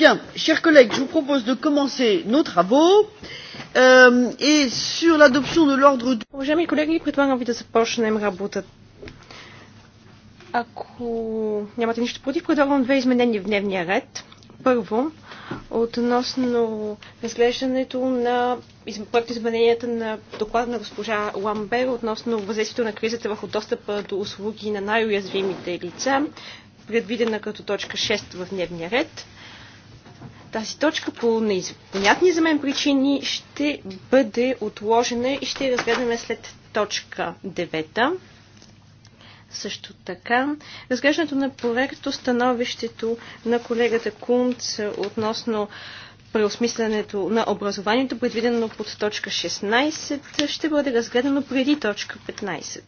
Bien, chers collègues, je vous propose de commencer nos travaux euh, et sur l'adoption de l'ordre du... Уважаеми колеги, предлагам ви да започнем работа. Ако нямате нищо против, предлагам две изменения в дневния ред. Първо, относно разглеждането на проект измененията на доклада на госпожа Ламбер относно въздействието на кризата върху достъпа до услуги на най-уязвимите лица, предвидена като точка 6 в дневния ред. Тази точка по непонятни за мен причини ще бъде отложена и ще разгледаме след точка 9. Също така, разглеждането на проекто становището на колегата Кунц относно преосмисленето на образованието, предвидено под точка 16, ще бъде разгледано преди точка 15.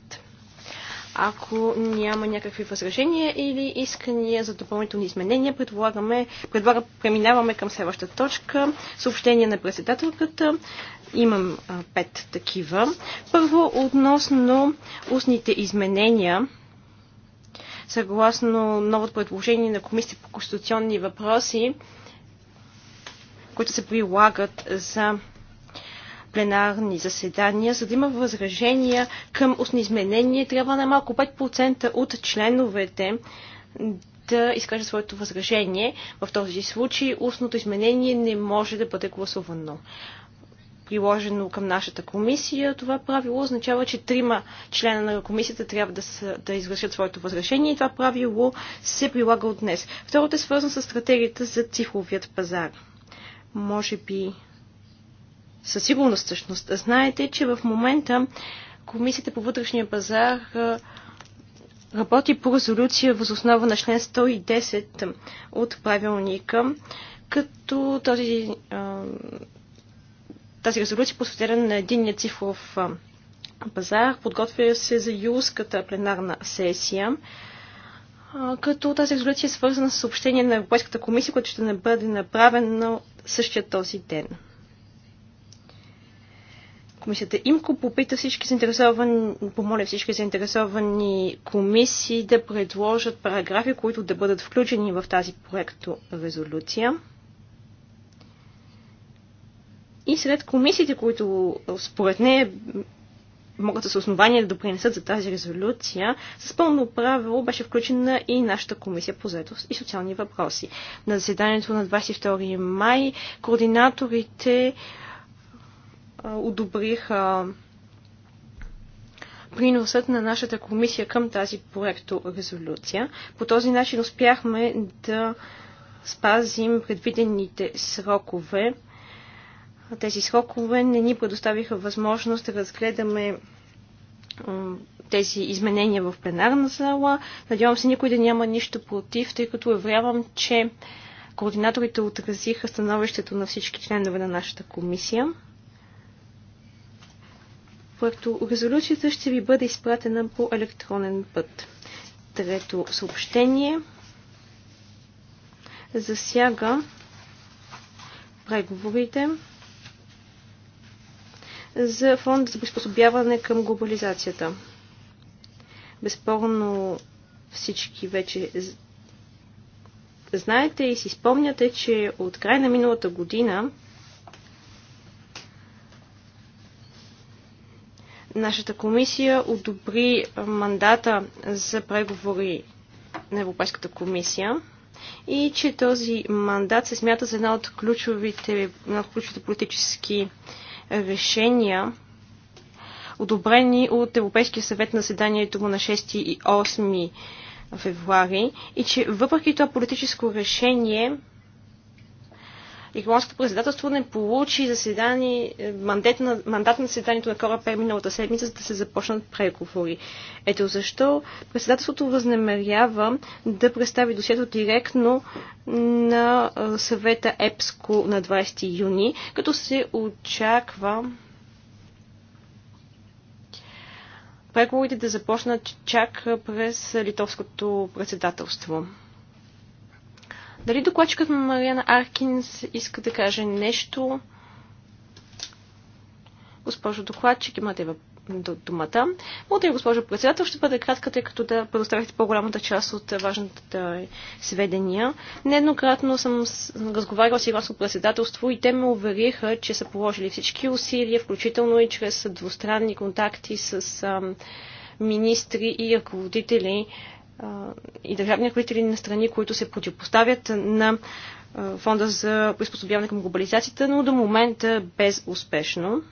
Ако няма някакви възражения или искания за допълнителни изменения, предлагаме, предлага, преминаваме към следващата точка. Съобщение на председателката. Имам а, пет такива. Първо, относно устните изменения, съгласно новото предложение на Комисията по конституционни въпроси, които се прилагат за пленарни заседания, за да има възражения към устни изменения, трябва на малко 5% от членовете да изкаже своето възражение. В този случай устното изменение не може да бъде гласувано приложено към нашата комисия, това правило означава, че трима члена на комисията трябва да, са, да извършат своето възрешение и това правило се прилага от днес. Второто е свързано с стратегията за цифровият пазар. Може би със сигурност всъщност. Знаете, че в момента Комисията по вътрешния пазар работи по резолюция въз основа на член 110 от правилника, като този, тази резолюция посветена на единния цифров пазар подготвя се за юлската пленарна сесия като тази резолюция е свързана с съобщение на Европейската комисия, което ще не бъде направено същия този ден. Комисията ИМКО попита всички заинтересовани, помоля всички заинтересовани комисии да предложат параграфи, които да бъдат включени в тази проекто резолюция. И сред комисиите, които според нея могат с основание да допринесат за тази резолюция, с пълно правило беше включена и нашата комисия по заедост и социални въпроси. На заседанието на 22 май координаторите одобриха приносът на нашата комисия към тази проекто резолюция. По този начин успяхме да спазим предвидените срокове. Тези срокове не ни предоставиха възможност да разгледаме тези изменения в пленарна зала. Надявам се никой да няма нищо против, тъй като уверявам, че координаторите отразиха становището на всички членове на нашата комисия. Проекто резолюцията ще ви бъде изпратена по електронен път. Трето съобщение засяга преговорите за фонд за приспособяване към глобализацията. Безспорно всички вече знаете и си спомняте, че от край на миналата година Нашата комисия одобри мандата за преговори на Европейската комисия и че този мандат се смята за една от ключовите, една от ключовите политически решения, одобрени от Европейския съвет на заседанието му на 6 и 8 февруари и че въпреки това политическо решение Ирландското председателство не получи заседание, мандат, на, мандат на заседанието на миналата седмица, за да се започнат преговори. Ето защо председателството възнамерява да представи досието директно на е, съвета ЕПСКО на 20 юни, като се очаква преговорите да започнат чак през литовското председателство. Дали докладчикът на Мариана Аркинс иска да каже нещо? Госпожо докладчик, имате въпрос думата. Благодаря, госпожо председател. Ще бъде кратка, тъй като да предоставяте по-голямата част от важните сведения. Неоднократно съм разговаряла с Иранското председателство и те ме увериха, че са положили всички усилия, включително и чрез двустранни контакти с министри и ръководители и държавни ръководители на страни, които се противопоставят на фонда за приспособяване към глобализацията, но до момента безуспешно.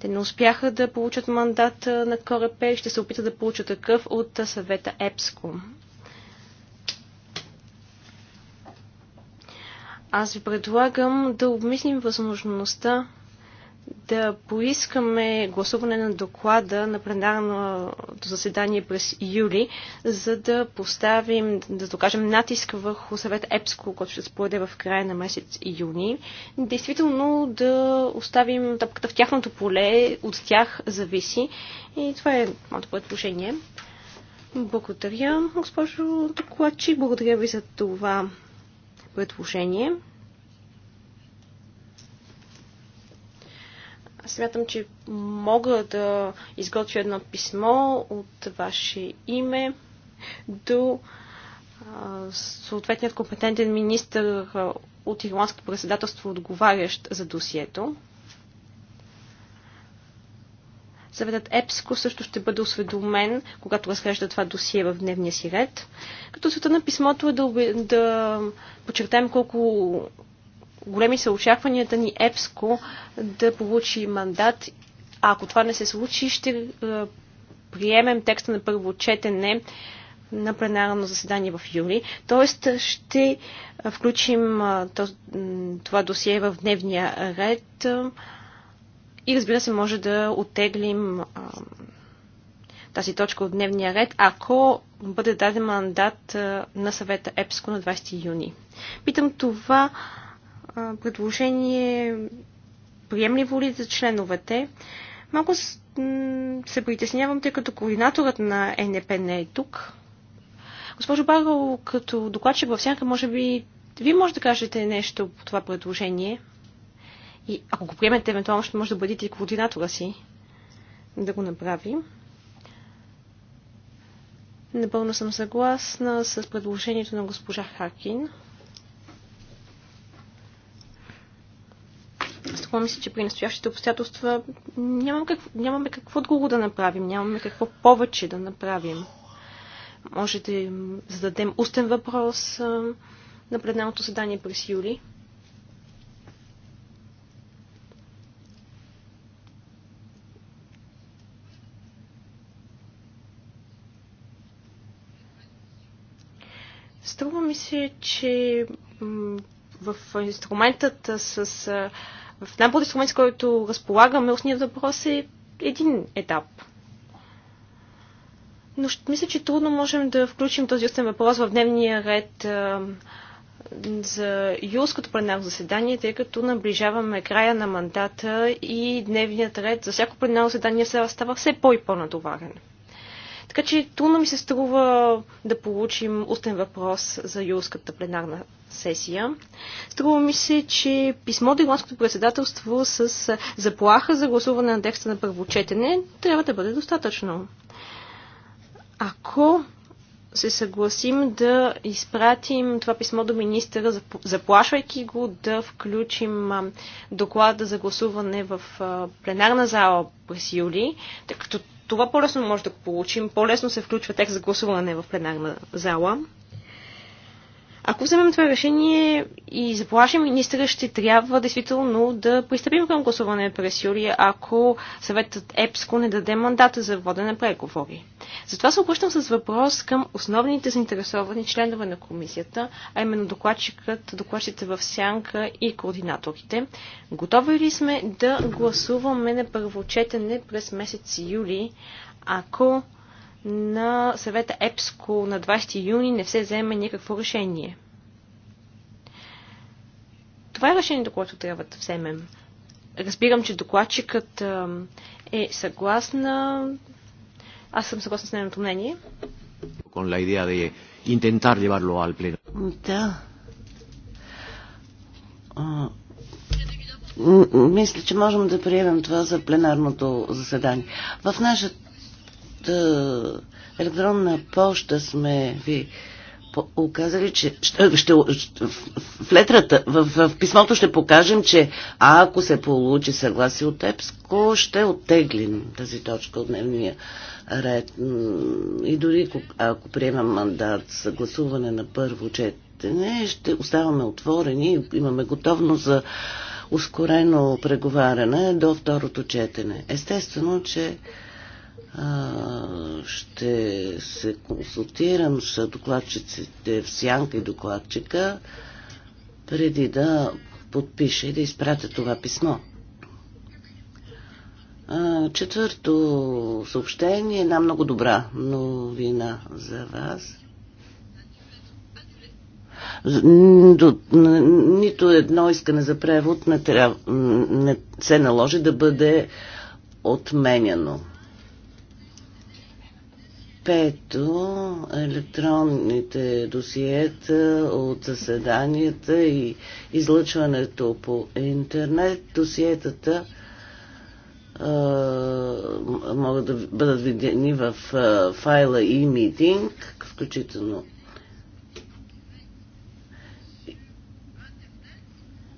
Те не успяха да получат мандат на Корепе и ще се опитат да получат такъв от съвета ЕПСКО. Аз ви предлагам да обмислим възможността да поискаме гласуване на доклада на пленарното заседание през юли, за да поставим, да докажем натиск върху съвет ЕПСКО, който ще се в края на месец юни. Действително да оставим тъпката в тяхното поле, от тях зависи. И това е моето предложение. Благодаря, госпожо докладчик. Благодаря ви за това предложение. Смятам, че мога да изготвя едно писмо от ваше име до съответният компетентен министр от Ирландското председателство, отговарящ за досието. Съветът ЕПСКО също ще бъде осведомен, когато разглежда това досие в дневния си ред. Като света на писмото е да, да подчертаем колко големи са очакванията ни ЕПСКО да получи мандат. А ако това не се случи, ще е, приемем текста на първо четене на пленарно заседание в юли. Тоест ще включим е, това досие в дневния ред е, и разбира се може да отеглим тази точка от дневния ред, ако бъде даден мандат на съвета ЕПСКО на 20 юни. Питам това предложение приемливо ли за членовете. Малко се притеснявам, тъй като координаторът на НП не е тук. Госпожо Баро, като докладчик във всяка, може би ви може да кажете нещо по това предложение. И ако го приемете, евентуално ще може да бъдете и координатора си да го направи. Напълно съм съгласна с предложението на госпожа Харкин. Струва ми се, че при настоящите обстоятелства нямам какво, нямаме какво друго да направим, нямаме какво повече да направим. Може да зададем устен въпрос на пленарното задание през юли. Струва ми се, че в инструментът с в набор инструмент, с който разполагаме, устният въпрос е един етап. Но мисля, че трудно можем да включим този устен въпрос в дневния ред а, за юлското пленарно заседание, тъй като наближаваме края на мандата и дневният ред за всяко пленарно заседание става все по- и по-натоварен. Така че трудно ми се струва да получим устен въпрос за юрската пленарна сесия. Струва ми се, че писмо до Ирландското председателство с заплаха за гласуване на текста на първо четене трябва да бъде достатъчно. Ако се съгласим да изпратим това писмо до министъра, заплашвайки го да включим доклада за гласуване в пленарна зала през юли, тъй като това по-лесно може да го получим. По-лесно се включва текст за гласуване в пленарна зала. Ако вземем това решение и заплашим министра, ще трябва действително да пристъпим към гласуване през юли, ако съветът ЕПСКО не даде мандата за водене на преговори. Затова се обръщам с въпрос към основните заинтересовани членове на комисията, а именно докладчикът, докладчиците в сянка и координаторите. Готови ли сме да гласуваме на първо четене през месец юли, ако на съвета ЕПСКО на 20 юни не се вземе никакво решение. Това е решението, което трябва да вземем. Разбирам, че докладчикът е съгласна. Аз съм съгласна с нейното мнение. Con la idea de intentar llevarlo al pleno. Да. мисля, че можем да приемем това за пленарното заседание. В нашата е, електронна поща сме ви оказали, че ще, ще, в летрата, в, в писмото ще покажем, че ако се получи съгласие от ЕПСКО, ще оттеглим тази точка от дневния ред. И дори ако приемам мандат за гласуване на първо четене, ще оставаме отворени, имаме готовност за ускорено преговаряне до второто четене. Естествено, че ще се консултирам с докладчиците в Сянка и докладчика преди да подпиша и да изпратя това писмо. Четвърто съобщение, една много добра новина за вас. Нито едно искане за превод не, трябва, не се наложи да бъде отменяно. Пето, електронните досиета от заседанията и излъчването по интернет. Досиетата е, могат да бъдат видени в е, файла и e митинг, включително.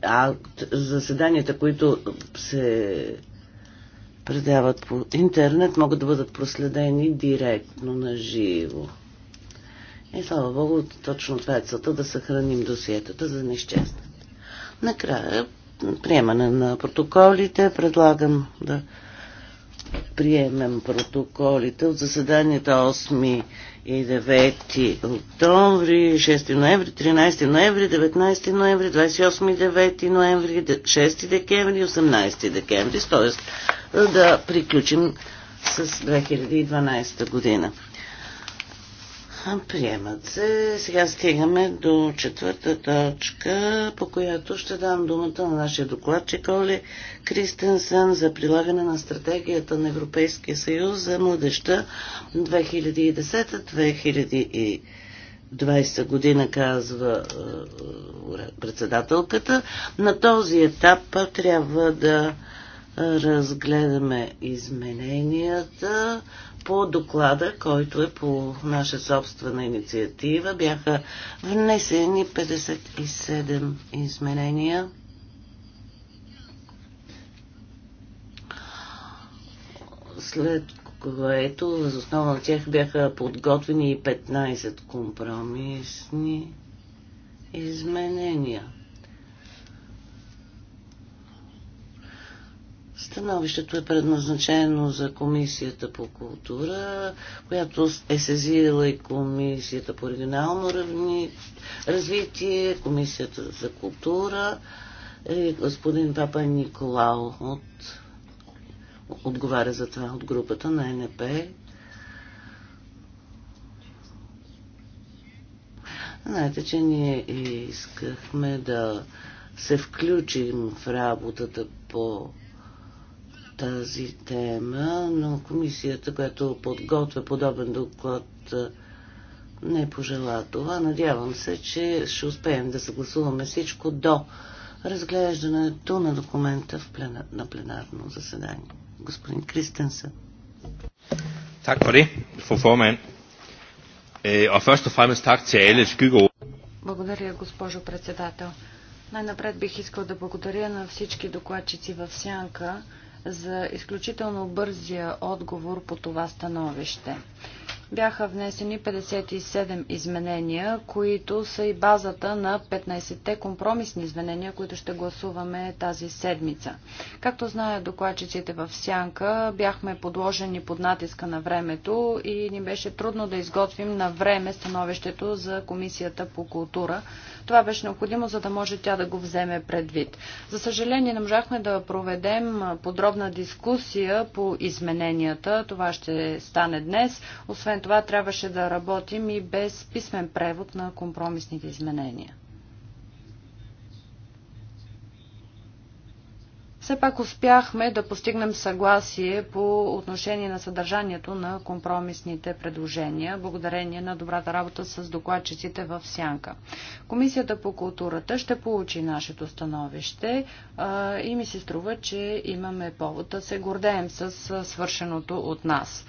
А заседанията, които се предават по интернет, могат да бъдат проследени директно на живо. И слава Богу, точно това е целта да съхраним досиетата, за да Накрая, приемане на протоколите, предлагам да приемем протоколите от заседанията 8 и 9 октомври, 6 ноември, 13 ноември, 19 ноември, 28 и 9 ноември, 6 декември, 18 декември, т.е да приключим с 2012 година. Приемат се. Сега стигаме до четвърта точка, по която ще дам думата на нашия докладчик Оли Кристенсен за прилагане на стратегията на Европейския съюз за младеща 2010-2020 година, казва е, е, председателката. На този етап трябва да разгледаме измененията по доклада, който е по наша собствена инициатива. Бяха внесени 57 изменения. След което, възоснова на тях бяха подготвени и 15 компромисни изменения. Становището е предназначено за Комисията по култура, която е сезирала и Комисията по регионално равни... развитие, Комисията за култура, и е, господин Папа Николао от... отговаря за това от групата на НП. Знаете, че ние искахме да се включим в работата по тази тема, но комисията, която подготвя подобен доклад, не пожела това. Надявам се, че ще успеем да съгласуваме всичко до разглеждането на документа в плена, на пленарно заседание. Господин Кристенсен. Так for det, fru formand. Øh, og først og fremmest tak til alle Благодаря, госпожо председател. Най-напред бих искал да благодаря на всички докладчици в Сянка, за изключително бързия отговор по това становище бяха внесени 57 изменения, които са и базата на 15-те компромисни изменения, които ще гласуваме тази седмица. Както знаят докладчиците в Сянка, бяхме подложени под натиска на времето и ни беше трудно да изготвим на време становището за Комисията по култура. Това беше необходимо, за да може тя да го вземе предвид. За съжаление, не можахме да проведем подробна дискусия по измененията. Това ще стане днес. Освен освен това, трябваше да работим и без писмен превод на компромисните изменения. Все пак успяхме да постигнем съгласие по отношение на съдържанието на компромисните предложения, благодарение на добрата работа с докладчиците в Сянка. Комисията по културата ще получи нашето становище а, и ми се струва, че имаме повод да се гордеем с свършеното от нас.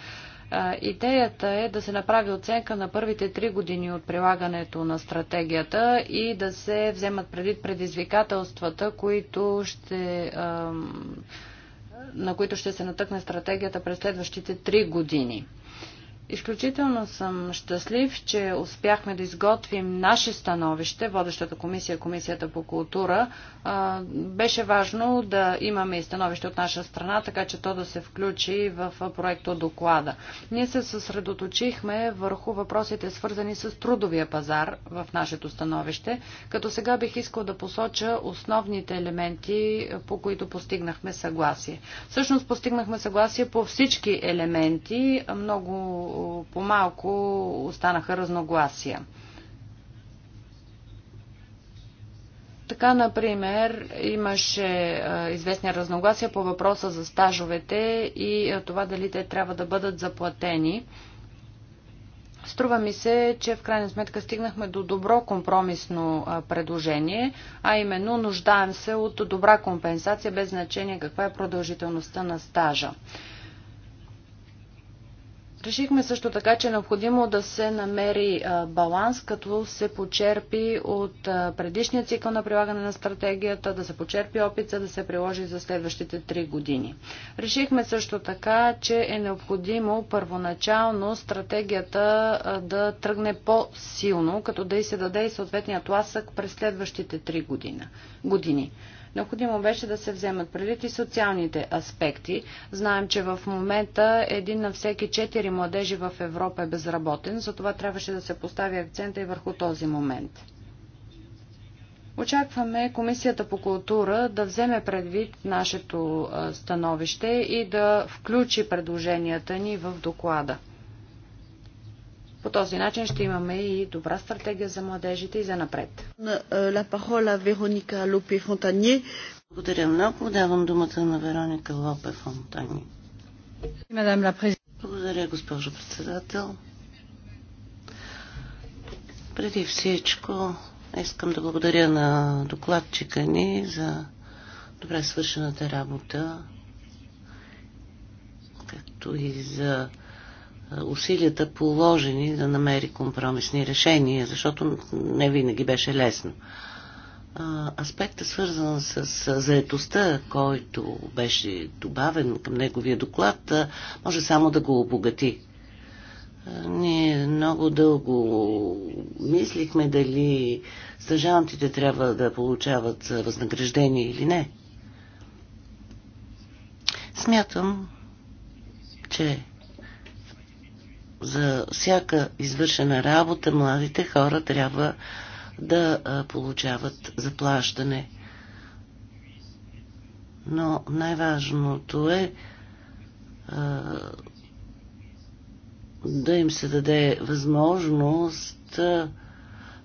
Идеята е да се направи оценка на първите три години от прилагането на стратегията и да се вземат предвид предизвикателствата, които ще, на които ще се натъкне стратегията през следващите три години. Изключително съм щастлив, че успяхме да изготвим наше становище, водещата комисия, Комисията по култура. Беше важно да имаме и становище от наша страна, така че то да се включи в проекто доклада. Ние се съсредоточихме върху въпросите, свързани с трудовия пазар в нашето становище, като сега бих искал да посоча основните елементи, по които постигнахме съгласие. Всъщност постигнахме съгласие по всички елементи, много по малко останаха разногласия. Така, например, имаше известни разногласия по въпроса за стажовете и това дали те трябва да бъдат заплатени. Струва ми се, че в крайна сметка стигнахме до добро компромисно предложение, а именно нуждаем се от добра компенсация без значение каква е продължителността на стажа. Решихме също така, че е необходимо да се намери баланс, като се почерпи от предишния цикъл на прилагане на стратегията, да се почерпи опит, за да се приложи за следващите три години. Решихме също така, че е необходимо първоначално стратегията да тръгне по-силно, като да и се даде и съответният ласък през следващите три години. Необходимо беше да се вземат предвид и социалните аспекти. Знаем, че в момента един на всеки четири младежи в Европа е безработен, затова трябваше да се постави акцента и върху този момент. Очакваме Комисията по култура да вземе предвид нашето становище и да включи предложенията ни в доклада. По този начин ще имаме и добра стратегия за младежите и за напред. La parole Лопе Фонтанье. Благодаря много. Давам думата на Вероника Лопе Фонтани. Благодаря, госпожо председател. Преди всичко искам да благодаря на докладчика ни за добре свършената работа, както и за е, усилията положени да намери компромисни решения, защото не винаги беше лесно. Аспекта свързан с заетостта, който беше добавен към неговия доклад, може само да го обогати. Ние много дълго мислихме дали стъжантите трябва да получават възнаграждение или не. Смятам, че за всяка извършена работа младите хора трябва да получават заплащане. Но най-важното е да им се даде възможност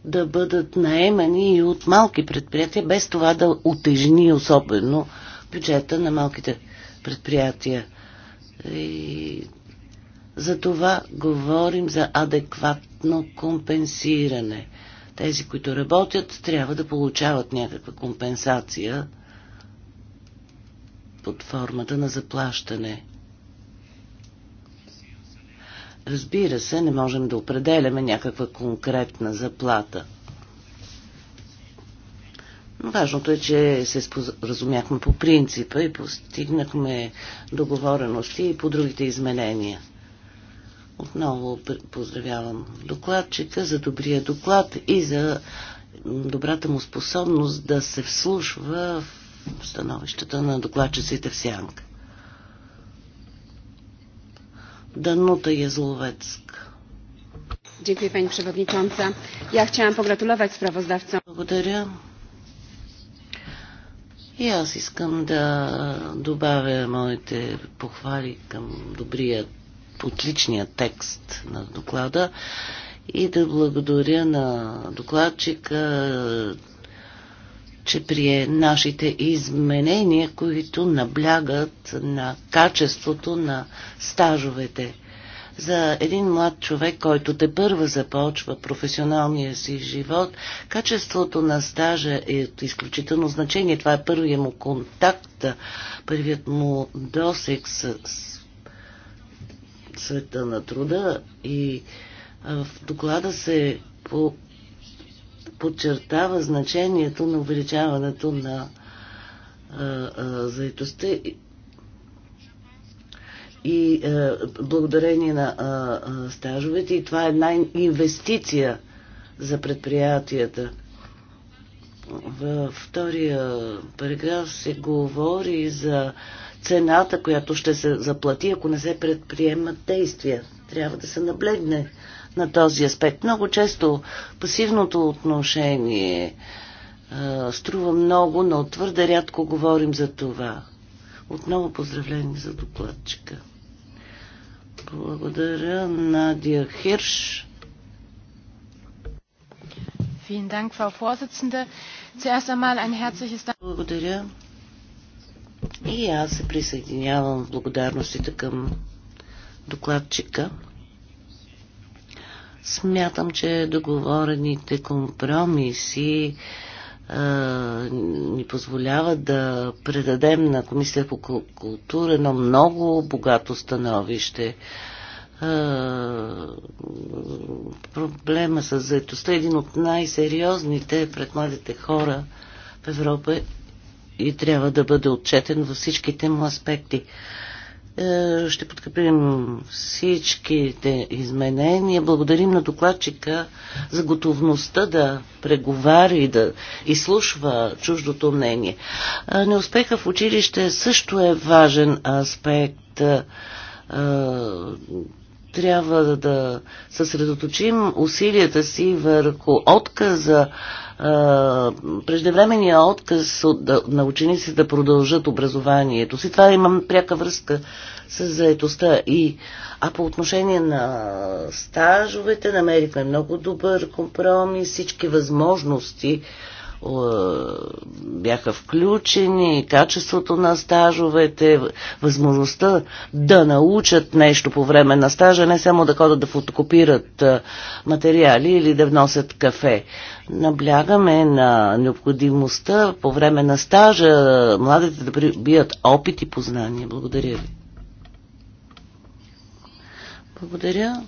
да бъдат наемани и от малки предприятия, без това да отежни особено бюджета на малките предприятия. И за това говорим за адекватно компенсиране. Тези, които работят, трябва да получават някаква компенсация под формата на заплащане. Разбира се, не можем да определяме някаква конкретна заплата. Но важното е, че се споразумяхме по принципа и постигнахме договорености и по другите изменения. Отново поздравявам докладчика за добрия доклад и за добрата му способност да се вслушва в становищата на докладчиците в Сянка. Данута Язловецк. Dziękuję Pani Przewodnicząca. Ja chciałam pogratulować sprawozdawcom. Благодаря. И аз искам да добавя моите похвали към добрият отличния текст на доклада и да благодаря на докладчика, че прие нашите изменения, които наблягат на качеството на стажовете. За един млад човек, който те първа започва професионалния си живот, качеството на стажа е от изключително значение. Това е първият му контакт, първият му досек с света на труда и в доклада се по подчертава значението на увеличаването на заедостта и, и а, благодарение на а, а, стажовете. И това е една инвестиция за предприятията. Във втория параграф се говори за цената, която ще се заплати, ако не се предприемат действия. Трябва да се наблегне на този аспект. Много често пасивното отношение а, струва много, но твърде рядко говорим за това. Отново поздравление за докладчика. Благодаря, Надя Хирш. Благодаря. И аз се присъединявам в благодарностите към докладчика. Смятам, че договорените компромиси е, ни позволяват да предадем на Комисия по култура едно много богато становище. Е, проблема с заедостта е един от най-сериозните пред младите хора в Европа и трябва да бъде отчетен във всичките му аспекти. Е, ще подкрепим всичките изменения. Благодарим на докладчика за готовността да преговаря и да изслушва чуждото мнение. Е, неуспеха в училище също е важен аспект е, трябва да, да съсредоточим усилията си върху отказа, а, преждевременния отказ от, да, на учениците да продължат образованието си. Това имам пряка връзка с заетостта. И, а по отношение на стажовете намерихме много добър компромис, всички възможности, е, бяха включени, качеството на стажовете, възможността да научат нещо по време на стажа, не само да ходят да фотокопират е, материали или да вносят кафе. Наблягаме на необходимостта по време на стажа младите да прибият опит и познания. Благодаря ви. Благодаря.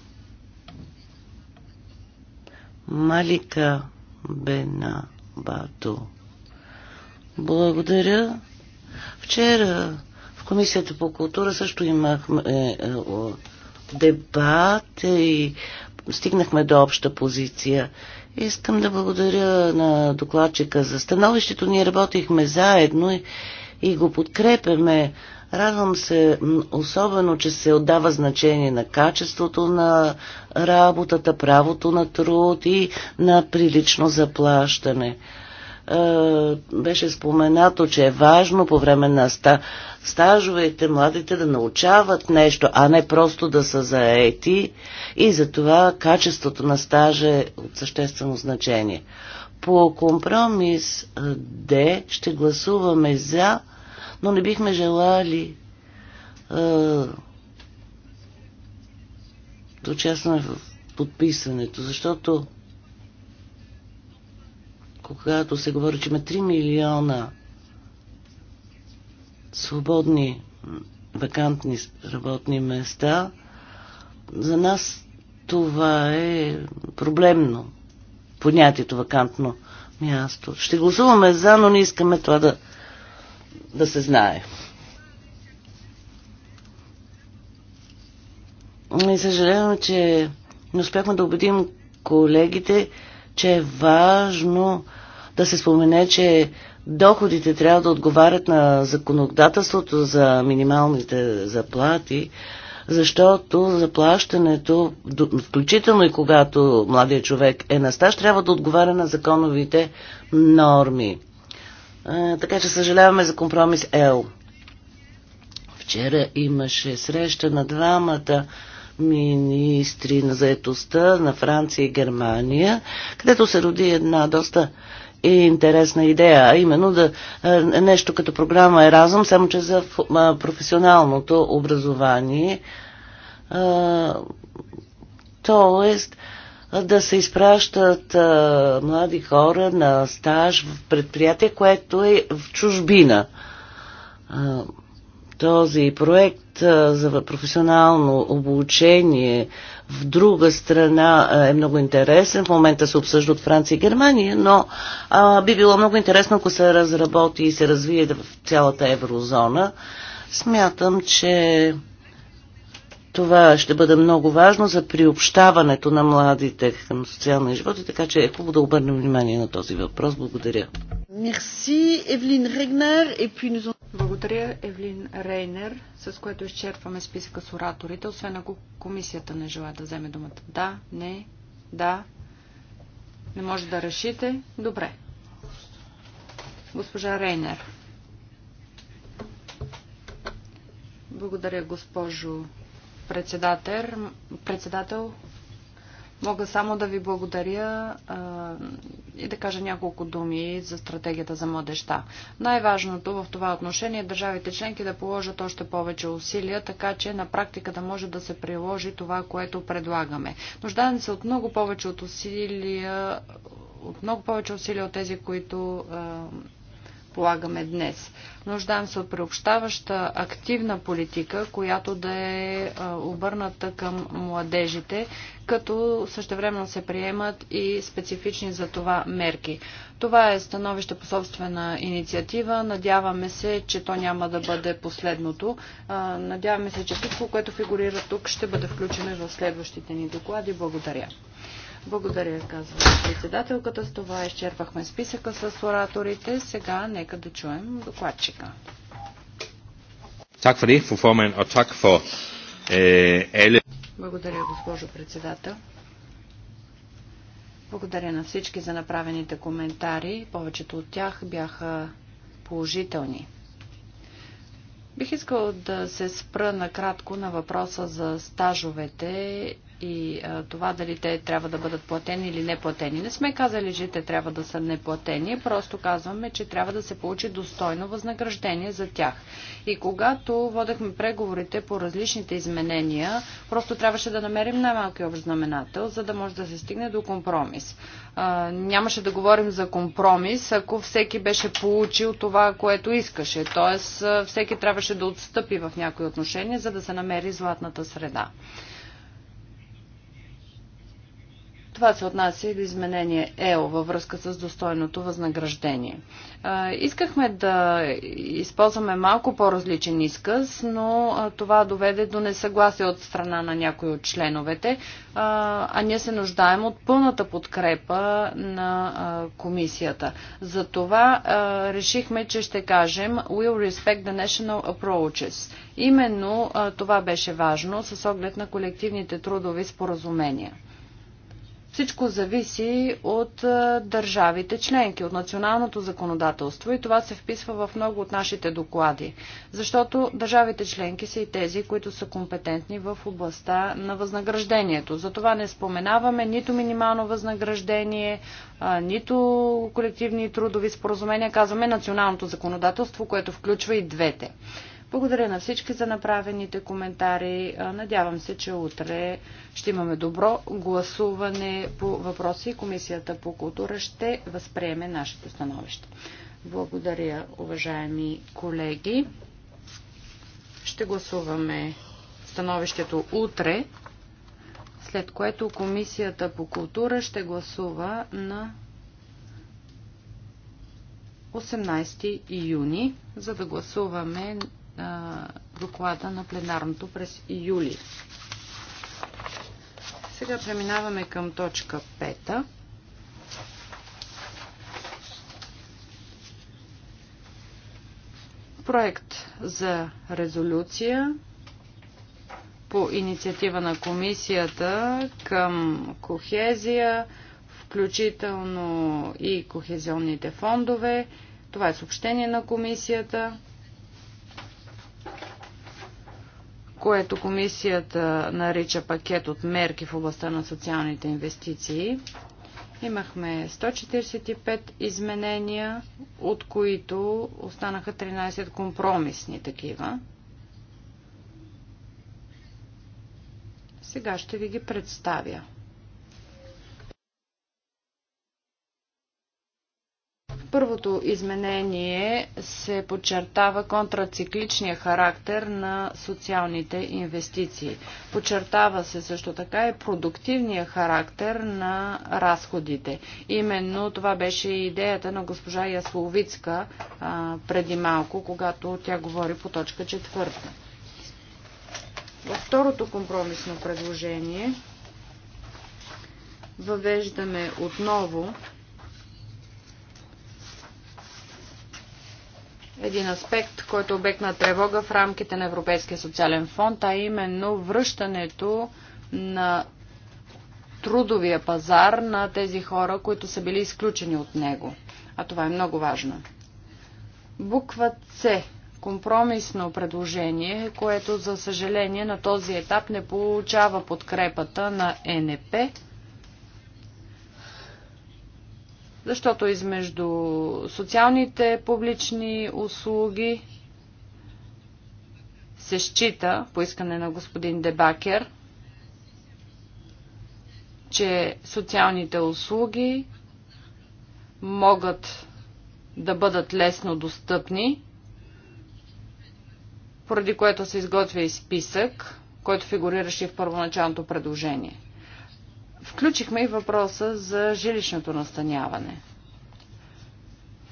Малика Бена. Бато. Благодаря. Вчера в Комисията по култура също имахме е, е, дебат и стигнахме до обща позиция. Искам да благодаря на докладчика за становището. Ние работихме заедно и, и го подкрепяме. Радвам се особено, че се отдава значение на качеството на работата, правото на труд и на прилично заплащане е, беше споменато, че е важно по време на стажовете младите да научават нещо, а не просто да са заети и затова качеството на стажа е от съществено значение. По компромис е, Д ще гласуваме за но не бихме желали да участваме в подписването, защото когато се говори, че има 3 милиона свободни вакантни работни места, за нас това е проблемно. Понятието вакантно място. Ще гласуваме за, но не искаме това да да се знае. И съжалявам, че не успяхме да убедим колегите, че е важно да се спомене, че доходите трябва да отговарят на законодателството за минималните заплати, защото заплащането, включително и когато младия човек е на стаж, трябва да отговаря на законовите норми така че съжаляваме за компромис Ел. Вчера имаше среща на двамата министри на заетостта на Франция и Германия, където се роди една доста интересна идея, а именно да нещо като програма разум, само че за професионалното образование. Тоест, да се изпращат а, млади хора на стаж в предприятие, което е в чужбина. А, този проект а, за професионално обучение в друга страна а, е много интересен. В момента се обсъжда от Франция и Германия, но а, би било много интересно, ако се разработи и се развие в цялата еврозона. Смятам, че това ще бъде много важно за приобщаването на младите към социалния живот, и така че е хубаво да обърнем внимание на този въпрос. Благодаря. Мерси, Евлин Регнер. Благодаря, Евлин Рейнер, с което изчерпваме списъка с ораторите, освен ако комисията не желая да вземе думата. Да, не, да. Не може да решите. Добре. Госпожа Рейнер. Благодаря, госпожо председател, председател мога само да ви благодаря а, и да кажа няколко думи за стратегията за младеща. Най-важното в това отношение е държавите членки да положат още повече усилия, така че на практика да може да се приложи това, което предлагаме. Нуждаем се от много повече от усилия от много повече усилия от тези, които а, разполагаме днес. Нуждаем се от приобщаваща активна политика, която да е обърната към младежите, като същевременно се приемат и специфични за това мерки. Това е становище по собствена инициатива. Надяваме се, че то няма да бъде последното. Надяваме се, че всичко, което фигурира тук, ще бъде включено и в следващите ни доклади. Благодаря. Благодаря, казва председателката. С това изчерпахме списъка с ораторите. Сега нека да чуем докладчика. Так øh, Благодаря, госпожо председател. Благодаря на всички за направените коментари. Повечето от тях бяха положителни. Бих искал да се спра накратко на въпроса за стажовете и а, това дали те трябва да бъдат платени или не платени. Не сме казали, че те трябва да са неплатени, просто казваме, че трябва да се получи достойно възнаграждение за тях. И когато водехме преговорите по различните изменения, просто трябваше да намерим най-малки общ знаменател, за да може да се стигне до компромис. А, нямаше да говорим за компромис, ако всеки беше получил това, което искаше. Тоест, всеки трябваше да отстъпи в някои отношения, за да се намери златната среда. Това се отнася и до изменение ЕО във връзка с достойното възнаграждение. Искахме да използваме малко по-различен изказ, но това доведе до несъгласие от страна на някои от членовете, а ние се нуждаем от пълната подкрепа на комисията. За това решихме, че ще кажем We'll respect the national approaches. Именно това беше важно с оглед на колективните трудови споразумения. Всичко зависи от държавите членки, от националното законодателство и това се вписва в много от нашите доклади, защото държавите членки са и тези, които са компетентни в областта на възнаграждението. Затова не споменаваме нито минимално възнаграждение, нито колективни трудови споразумения, казваме националното законодателство, което включва и двете. Благодаря на всички за направените коментари. Надявам се, че утре ще имаме добро гласуване по въпроси и Комисията по култура ще възприеме нашето становище. Благодаря, уважаеми колеги. Ще гласуваме становището утре, след което Комисията по култура ще гласува на 18 юни, за да гласуваме доклада на пленарното през юли. Сега преминаваме към точка 5. Проект за резолюция по инициатива на комисията към кохезия, включително и кохезионните фондове. Това е съобщение на комисията. което комисията нарича пакет от мерки в областта на социалните инвестиции. Имахме 145 изменения, от които останаха 13 компромисни такива. Сега ще ви ги представя. първото изменение се подчертава контрацикличния характер на социалните инвестиции. Подчертава се също така и продуктивния характер на разходите. Именно това беше и идеята на госпожа Ясловицка а, преди малко, когато тя говори по точка четвърта. Във второто компромисно предложение въвеждаме отново един аспект, който е обект на тревога в рамките на Европейския социален фонд, а именно връщането на трудовия пазар на тези хора, които са били изключени от него. А това е много важно. Буква С. Компромисно предложение, което за съжаление на този етап не получава подкрепата на НП. Защото измежду социалните публични услуги се счита, по искане на господин Дебакер, че социалните услуги могат да бъдат лесно достъпни, поради което се изготвя и списък, който фигурираше в първоначалното предложение. Включихме и въпроса за жилищното настаняване,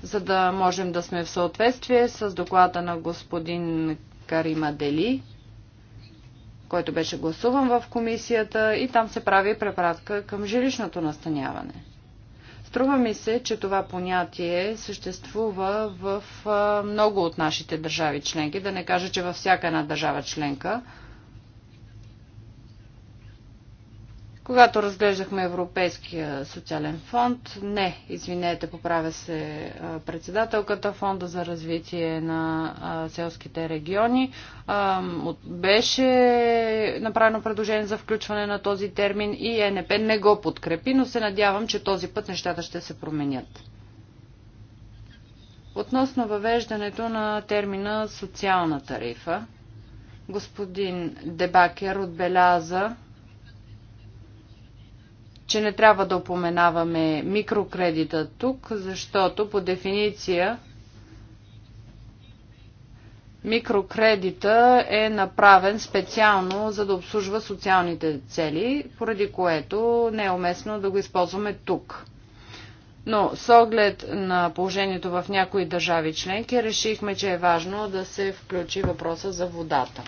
за да можем да сме в съответствие с доклада на господин Карима Дели, който беше гласуван в комисията и там се прави препратка към жилищното настаняване. Струва ми се, че това понятие съществува в много от нашите държави членки, да не кажа, че във всяка една държава членка – Когато разглеждахме Европейския социален фонд, не, извинете, поправя се председателката, Фонда за развитие на селските региони, беше направено предложение за включване на този термин и ЕНП не го подкрепи, но се надявам, че този път нещата ще се променят. Относно въвеждането на термина социална тарифа, господин Дебакер отбеляза, че не трябва да упоменаваме микрокредита тук, защото по дефиниция микрокредита е направен специално за да обслужва социалните цели, поради което не е уместно да го използваме тук. Но с оглед на положението в някои държави членки, решихме, че е важно да се включи въпроса за водата.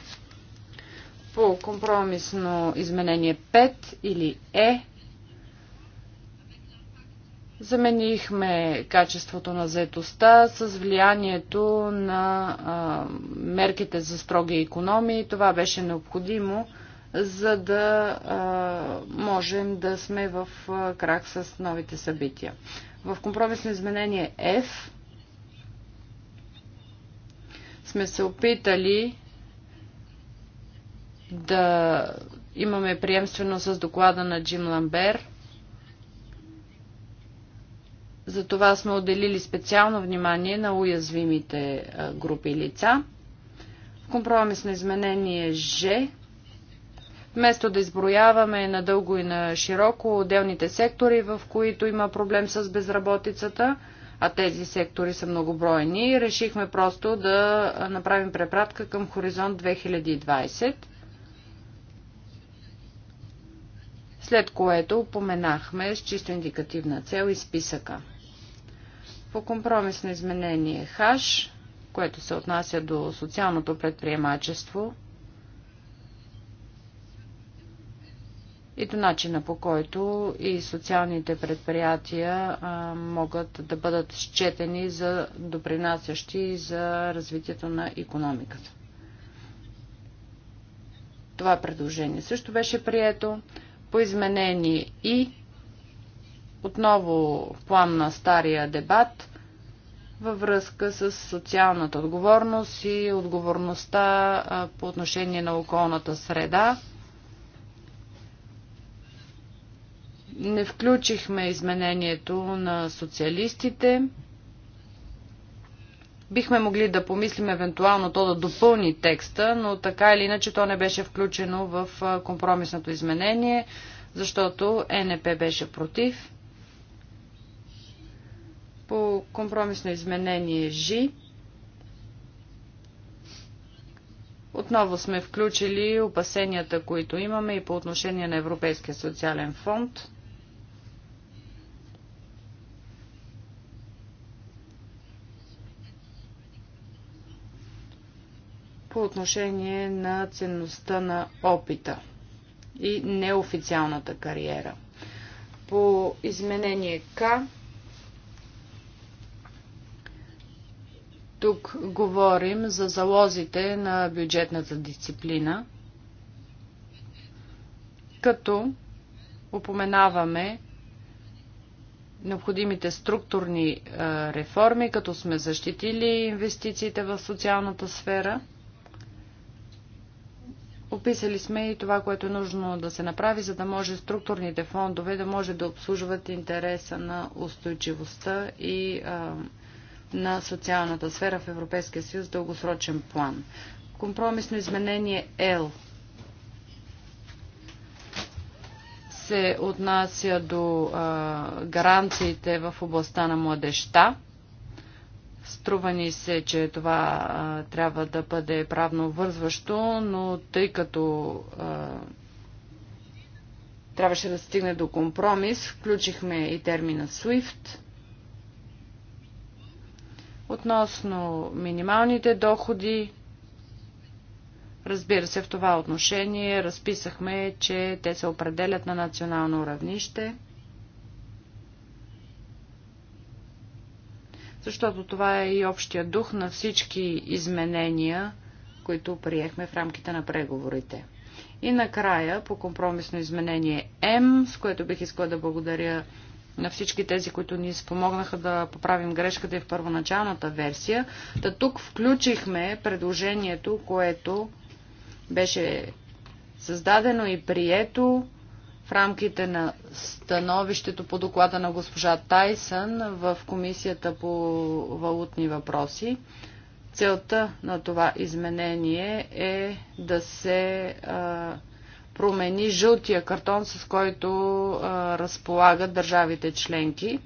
По компромисно изменение 5 или Е Заменихме качеството на заетостта с влиянието на а, мерките за строги економии. Това беше необходимо, за да а, можем да сме в а, крак с новите събития. В компромисно изменение F сме се опитали да имаме приемствено с доклада на Джим Ламбер – затова сме отделили специално внимание на уязвимите е, групи лица. В компромис на изменение Ж, вместо да изброяваме надълго и на широко отделните сектори, в които има проблем с безработицата, а тези сектори са многобройни, решихме просто да е, направим препратка към Хоризонт 2020, след което упоменахме с чисто индикативна цел и списъка. По компромисно изменение ХАШ, което се отнася до социалното предприемачество и до начина по който и социалните предприятия а, могат да бъдат счетени за допринасящи за развитието на економиката. Това предложение също беше прието по изменение и отново в план на стария дебат във връзка с социалната отговорност и отговорността по отношение на околната среда. Не включихме изменението на социалистите. Бихме могли да помислим евентуално то да допълни текста, но така или иначе то не беше включено в компромисното изменение, защото НП беше против. По компромисно изменение Жи отново сме включили опасенията, които имаме и по отношение на Европейския социален фонд. по отношение на ценността на опита и неофициалната кариера. По изменение К Тук говорим за залозите на бюджетната дисциплина, като упоменаваме необходимите структурни е, реформи, като сме защитили инвестициите в социалната сфера. Описали сме и това, което е нужно да се направи, за да може структурните фондове да може да обслужват интереса на устойчивостта и е, на социалната сфера в Европейския съюз дългосрочен план. Компромисно изменение L се отнася до а, гаранциите в областта на младеща. Струва ни се, че това а, трябва да бъде правно вързващо, но тъй като а, трябваше да стигне до компромис, включихме и термина SWIFT. Относно минималните доходи, разбира се, в това отношение разписахме, че те се определят на национално равнище, защото това е и общия дух на всички изменения, които приехме в рамките на преговорите. И накрая, по компромисно изменение М, с което бих искала да благодаря на всички тези, които ни спомогнаха да поправим грешката и в първоначалната версия. Та тук включихме предложението, което беше създадено и прието в рамките на становището по доклада на госпожа Тайсън в Комисията по валутни въпроси. Целта на това изменение е да се а, промени жълтия картон, с който а, разполагат държавите членки,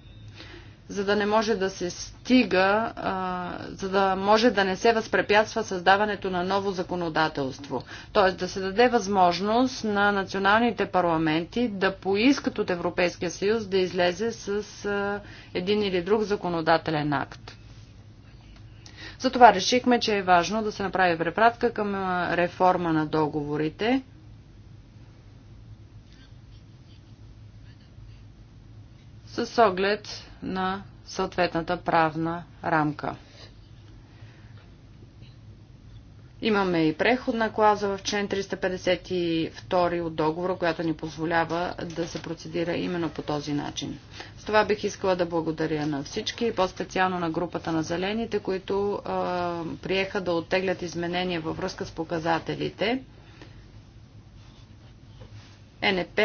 за да не може да се стига, а, за да може да не се възпрепятства създаването на ново законодателство. Тоест да се даде възможност на националните парламенти да поискат от Европейския съюз да излезе с а, един или друг законодателен акт. Затова решихме, че е важно да се направи препратка към реформа на договорите – с оглед на съответната правна рамка. Имаме и преходна клауза в член 352 от договора, която ни позволява да се процедира именно по този начин. С това бих искала да благодаря на всички и по-специално на групата на зелените, които е, приеха да оттеглят изменения във връзка с показателите. Е, НП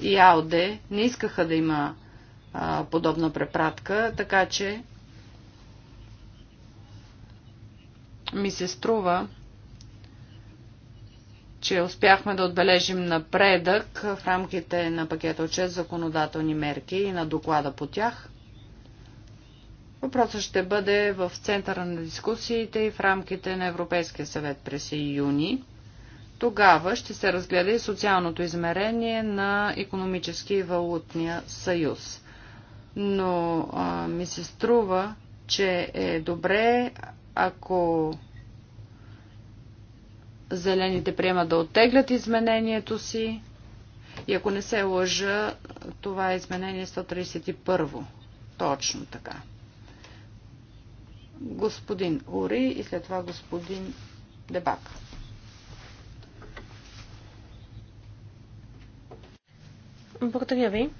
и Ауде не искаха да има а, подобна препратка, така че ми се струва, че успяхме да отбележим напредък в рамките на пакета от 6 законодателни мерки и на доклада по тях. Въпросът ще бъде в центъра на дискусиите и в рамките на Европейския съвет през юни. Тогава ще се разгледа и социалното измерение на економически и валутния съюз. Но а, ми се струва, че е добре, ако зелените приемат да оттеглят изменението си и ако не се лъжа, това е изменение 131. Точно така. Господин Ури и след това господин Дебак. Благодаря ви.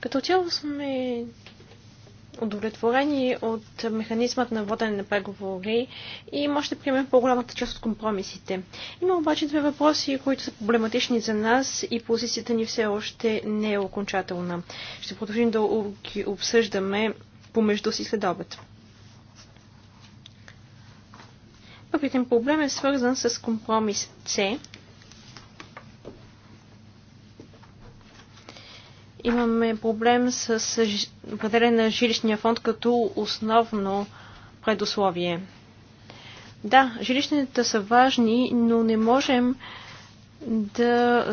Като цяло сме удовлетворени от механизмът на водене на преговори и може да приемем по-голямата част от компромисите. Има обаче две въпроси, които са проблематични за нас и позицията ни все още не е окончателна. Ще продължим да ги обсъждаме помежду си след обед. Първият проблем е свързан с компромис С, имаме проблем с определен на жилищния фонд като основно предусловие. Да, жилищните са важни, но не можем да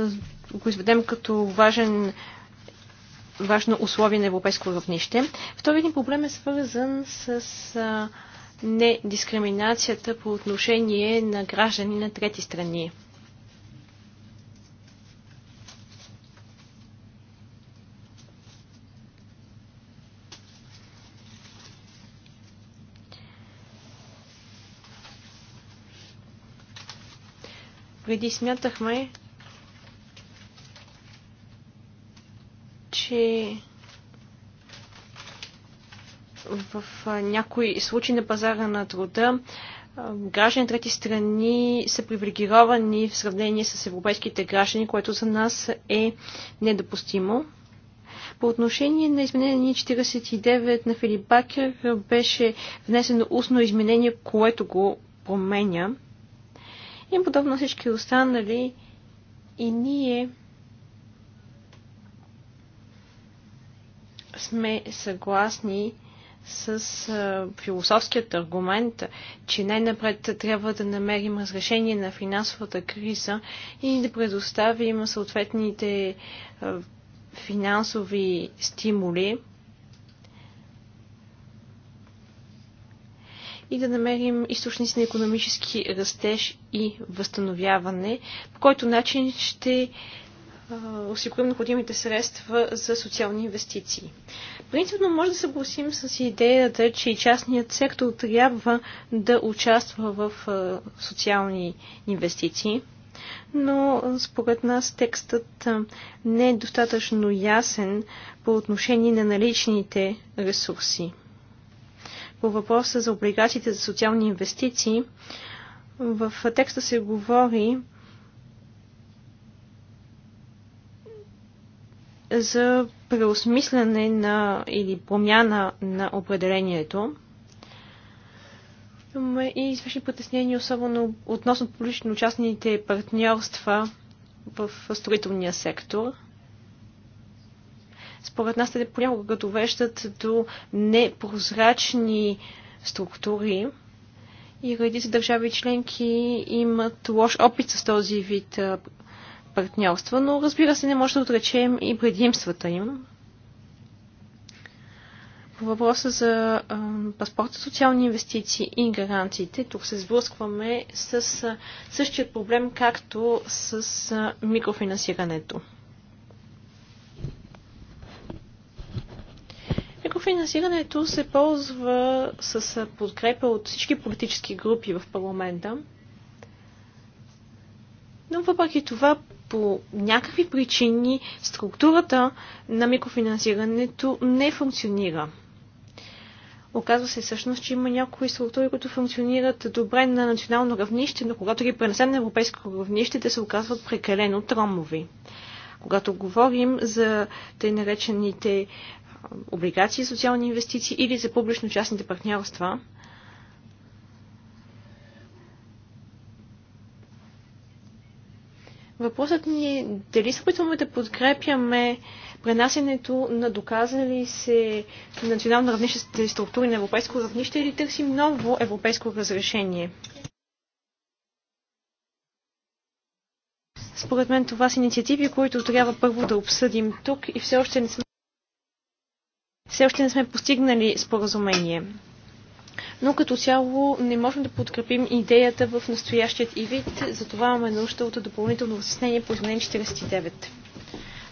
го изведем като важен важно условие на европейско равнище. Втори един проблем е свързан с а, недискриминацията по отношение на граждани на трети страни. Преди смятахме, че в някои случаи на пазара на труда граждани трети страни са привилегировани в сравнение с европейските граждани, което за нас е недопустимо. По отношение на изменение 49 на Филип Бакер беше внесено устно изменение, което го променя. И подобно всички останали, и ние сме съгласни с а, философският аргумент, че най-напред трябва да намерим разрешение на финансовата криза и да предоставим съответните а, финансови стимули и да намерим източници на економически растеж и възстановяване, по който начин ще осигурим необходимите средства за социални инвестиции. Принципно може да съгласим с идеята, че и частният сектор трябва да участва в социални инвестиции, но според нас текстът не е достатъчно ясен по отношение на наличните ресурси по въпроса за облигациите за социални инвестиции, в текста се говори за преосмислене на или промяна на определението. Имаме и извършни притеснения, особено относно публично-частните партньорства в строителния сектор – според нас те понякога довеждат до непрозрачни структури и редица държави членки имат лош опит с този вид партньорства, но разбира се не може да отречем и предимствата им. По въпроса за паспорта, социални инвестиции и гаранциите, тук се сблъскваме с същия проблем, както с микрофинансирането. Финансирането се ползва с подкрепа от всички политически групи в парламента. Но въпреки това, по някакви причини, структурата на микрофинансирането не функционира. Оказва се всъщност, че има някои структури, които функционират добре на национално равнище, но когато ги пренесем на европейско равнище, те се оказват прекалено тромови. Когато говорим за тъй наречените облигации, социални инвестиции или за публично-частните партньорства. Въпросът ни е дали се опитваме да подкрепяме пренасенето на доказали се национално равнище структури на европейско равнище или търсим ново европейско разрешение. Според мен това са инициативи, които трябва първо да обсъдим тук и все още не сме все още не сме постигнали споразумение. Но като цяло не можем да подкрепим идеята в настоящият и вид, затова имаме нужда от допълнително разяснение по изменение 49.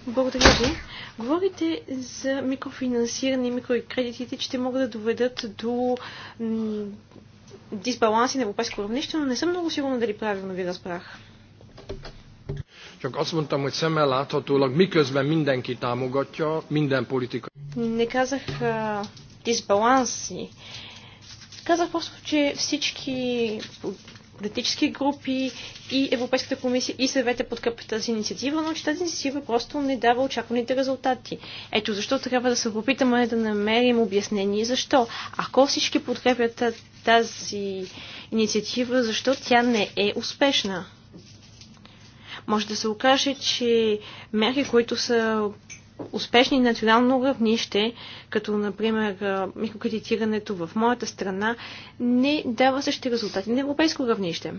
Благодаря ви. Говорите за микрофинансиране и микрокредитите, че те могат да доведат до дисбаланси на европейско равнище, но не съм много сигурна дали правилно ви разбрах. Csak azt mondtam, hogy szemmel láthatólag miközben mindenki támogatja, minden politika. Не казах дисбаланси. Казах просто, че всички политически групи и Европейската комисия и съвета подкрепят тази инициатива, но че тази инициатива просто не дава очакваните резултати. Ето защо трябва да се опитаме да намерим обяснение защо. Ако всички подкрепят тази инициатива, защо тя не е успешна? Може да се окаже, че мерки, които са успешни национално равнище, като например микрокредитирането в моята страна, не дава същите резултати на европейско равнище.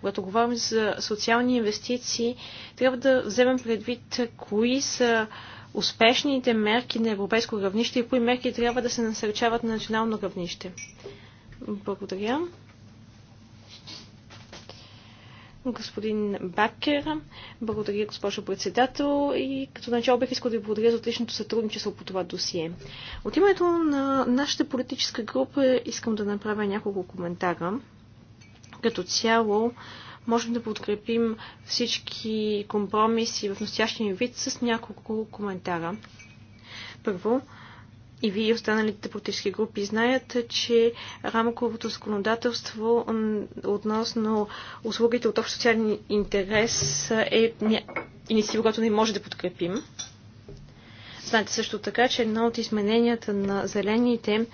Когато говорим за социални инвестиции, трябва да вземем предвид кои са успешните мерки на европейско равнище и кои мерки трябва да се насърчават на национално равнище. Благодаря. Господин Бакер, благодаря госпожо председател и като начало бих искал да ви благодаря за отличното сътрудничество по това досие. От името на нашата политическа група искам да направя няколко коментара. Като цяло, можем да подкрепим всички компромиси в настоящия вид с няколко коментара. Първо, и вие и останалите политически групи знаят, че рамковото законодателство относно услугите от общ социален интерес е инициатива, която не може да подкрепим. Знаете също така, че едно от измененията на зелените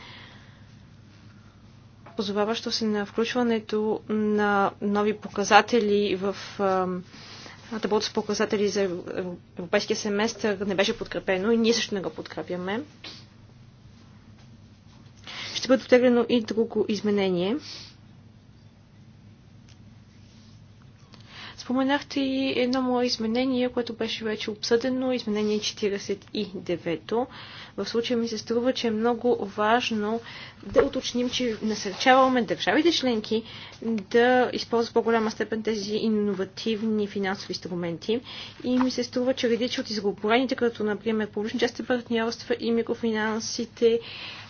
позоваващо се на включването на нови показатели в таблото с показатели за европейския семестър не беше подкрепено и ние също не го подкрепяме. Ще бъде оттеглено и друго изменение. Споменахте и едно мое изменение, което беше вече обсъдено, изменение 49. то В случая ми се струва, че е много важно да уточним, че насърчаваме държавите членки да използват по-голяма степен тези иновативни финансови инструменти. И ми се струва, че редича от изгоборените, като например публични части партньорства и микрофинансите,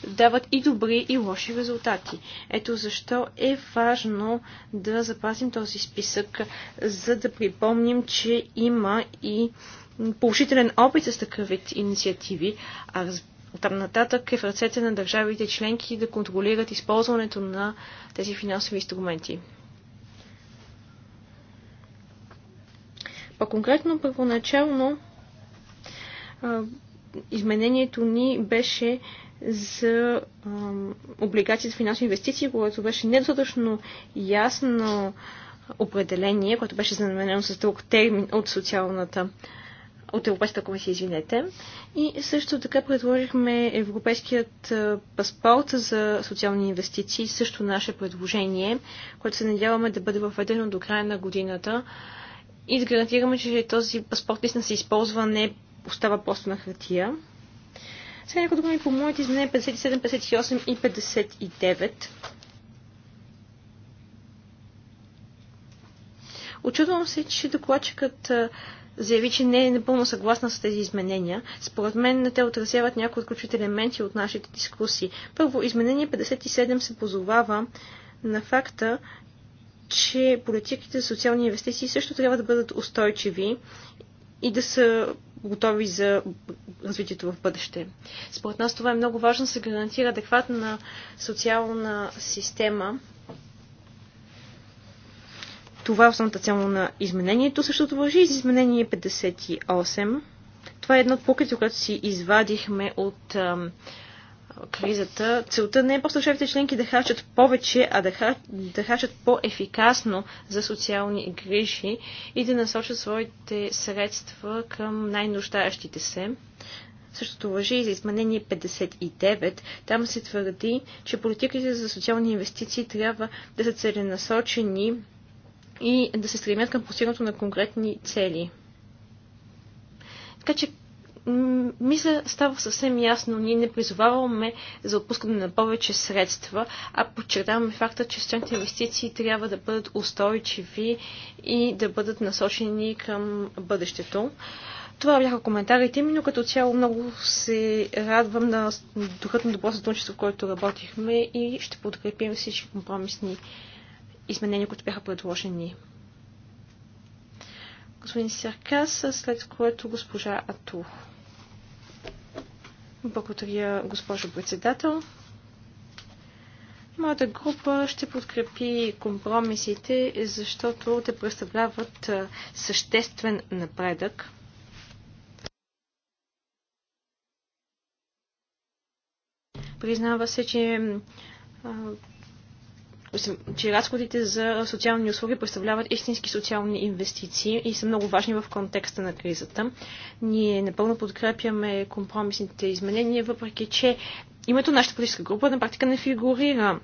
дават и добри, и лоши резултати. Ето защо е важно да запазим този списък за за да припомним, че има и положителен опит с такъв вид инициативи, а там нататък е в ръцете на държавите членки да контролират използването на тези финансови инструменти. По-конкретно, първоначално изменението ни беше за облигации за финансови инвестиции, което беше недостатъчно ясно определение, което беше знаменено с друг термин от социалната от Европейската комисия, извинете. И също така предложихме Европейският паспорт за социални инвестиции, също наше предложение, което се надяваме да бъде въведено до края на годината и да гарантираме, че този паспорт наистина се използва, не остава просто на хартия. Сега някои думи по моите изменения 57, 58 и 59. Очудвам се, че докладчикът заяви, че не е напълно съгласна с тези изменения. Според мен те отразяват някои от ключовите елементи от нашите дискусии. Първо, изменение 57 се позовава на факта, че политиките за социални инвестиции също трябва да бъдат устойчиви и да са готови за развитието в бъдеще. Според нас това е много важно да се гарантира адекватна социална система, това е основната цел на изменението. Същото въжи и за изменение 58. Това е едно от покрито, което си извадихме от ам, кризата. Целта не е просто шефите членки да харчат повече, а да, хар... да харчат по-ефикасно за социални грижи и да насочат своите средства към най-нуждаещите се. Същото въжи и за изменение 59. Там се твърди, че политиките за социални инвестиции трябва да са целенасочени и да се стремят към постигането на конкретни цели. Така че, мисля, става съвсем ясно. Ние не призоваваме за отпускане на повече средства, а подчертаваме факта, че социалните инвестиции трябва да бъдат устойчиви и да бъдат насочени към бъдещето. Това бяха коментарите ми, но като цяло много се радвам на духът на добро сътрудничество, в който работихме и ще подкрепим всички компромисни изменения, които бяха предложени. Господин Серкас, след което госпожа Атух. Благодаря, госпожо председател. Моята група ще подкрепи компромисите, защото те представляват съществен напредък. Признава се, че че разходите за социални услуги представляват истински социални инвестиции и са много важни в контекста на кризата. Ние напълно подкрепяме компромисните изменения, въпреки че името на нашата политическа група на практика не фигурира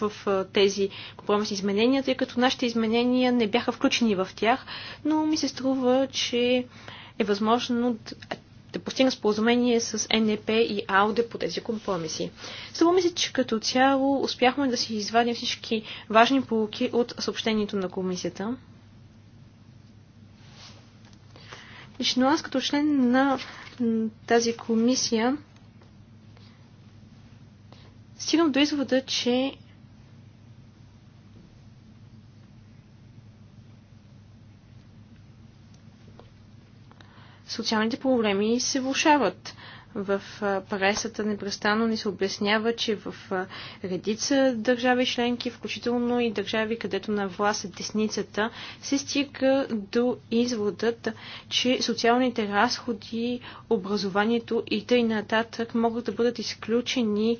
в тези компромисни изменения, тъй като нашите изменения не бяха включени в тях, но ми се струва, че е възможно да постигна споразумение с НДП и АУДЕ по тези компромиси. Само мисля, че като цяло успяхме да си извадим всички важни полуки от съобщението на комисията. Лично аз като член на тази комисия стигам до извода, че социалните проблеми се влушават. В пресата непрестанно ни се обяснява, че в редица държави членки, включително и държави, където на власт е десницата, се стига до изводът, че социалните разходи, образованието и тъй нататък могат да бъдат изключени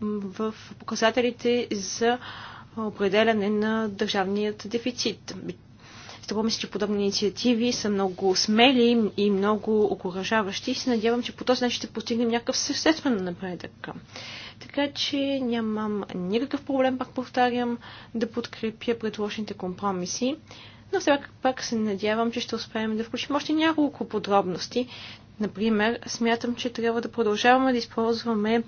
в показателите за определяне на държавният дефицит. Струва ми се, че подобни инициативи са много смели и много окоръжаващи и се надявам, че по този начин ще постигнем някакъв съществен напредък. Така че нямам никакъв проблем, пак повтарям, да подкрепя предложените компромиси. Но все пак, пак се надявам, че ще успеем да включим още няколко подробности. Например, смятам, че трябва да продължаваме да използваме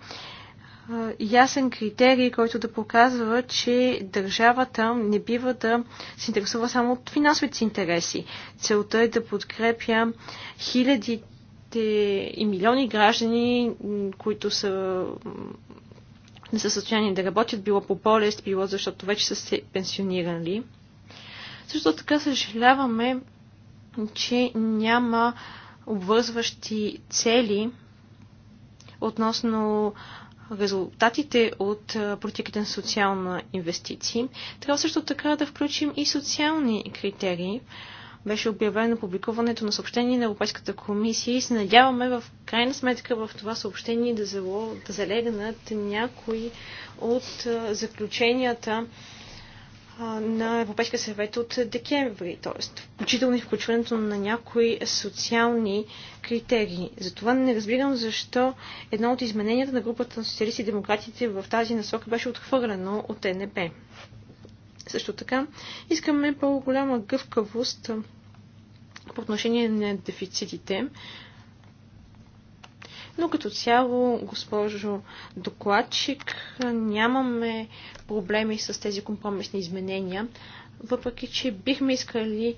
ясен критерий, който да показва, че държавата не бива да се интересува само от финансовите си интереси. Целта е да подкрепя хилядите и милиони граждани, които са не са състояние да работят, било по болест, било защото вече са се пенсионирали. Също така съжаляваме, че няма обвързващи цели относно резултатите от политиката на социална инвестиции. Трябва също така да включим и социални критерии. Беше обявено публикуването на съобщение на Европейската комисия и се надяваме в крайна сметка в това съобщение да, залегнат някои от заключенията на Европейския съвет от декември, т.е. включително и включването на някои социални критерии. Затова не разбирам защо едно от измененията на групата на социалисти и демократите в тази насока беше отхвърлено от ЕНП. Също така искаме по-голяма гъвкавост по отношение на дефицитите, но като цяло, госпожо докладчик, нямаме проблеми с тези компромисни изменения, въпреки че бихме искали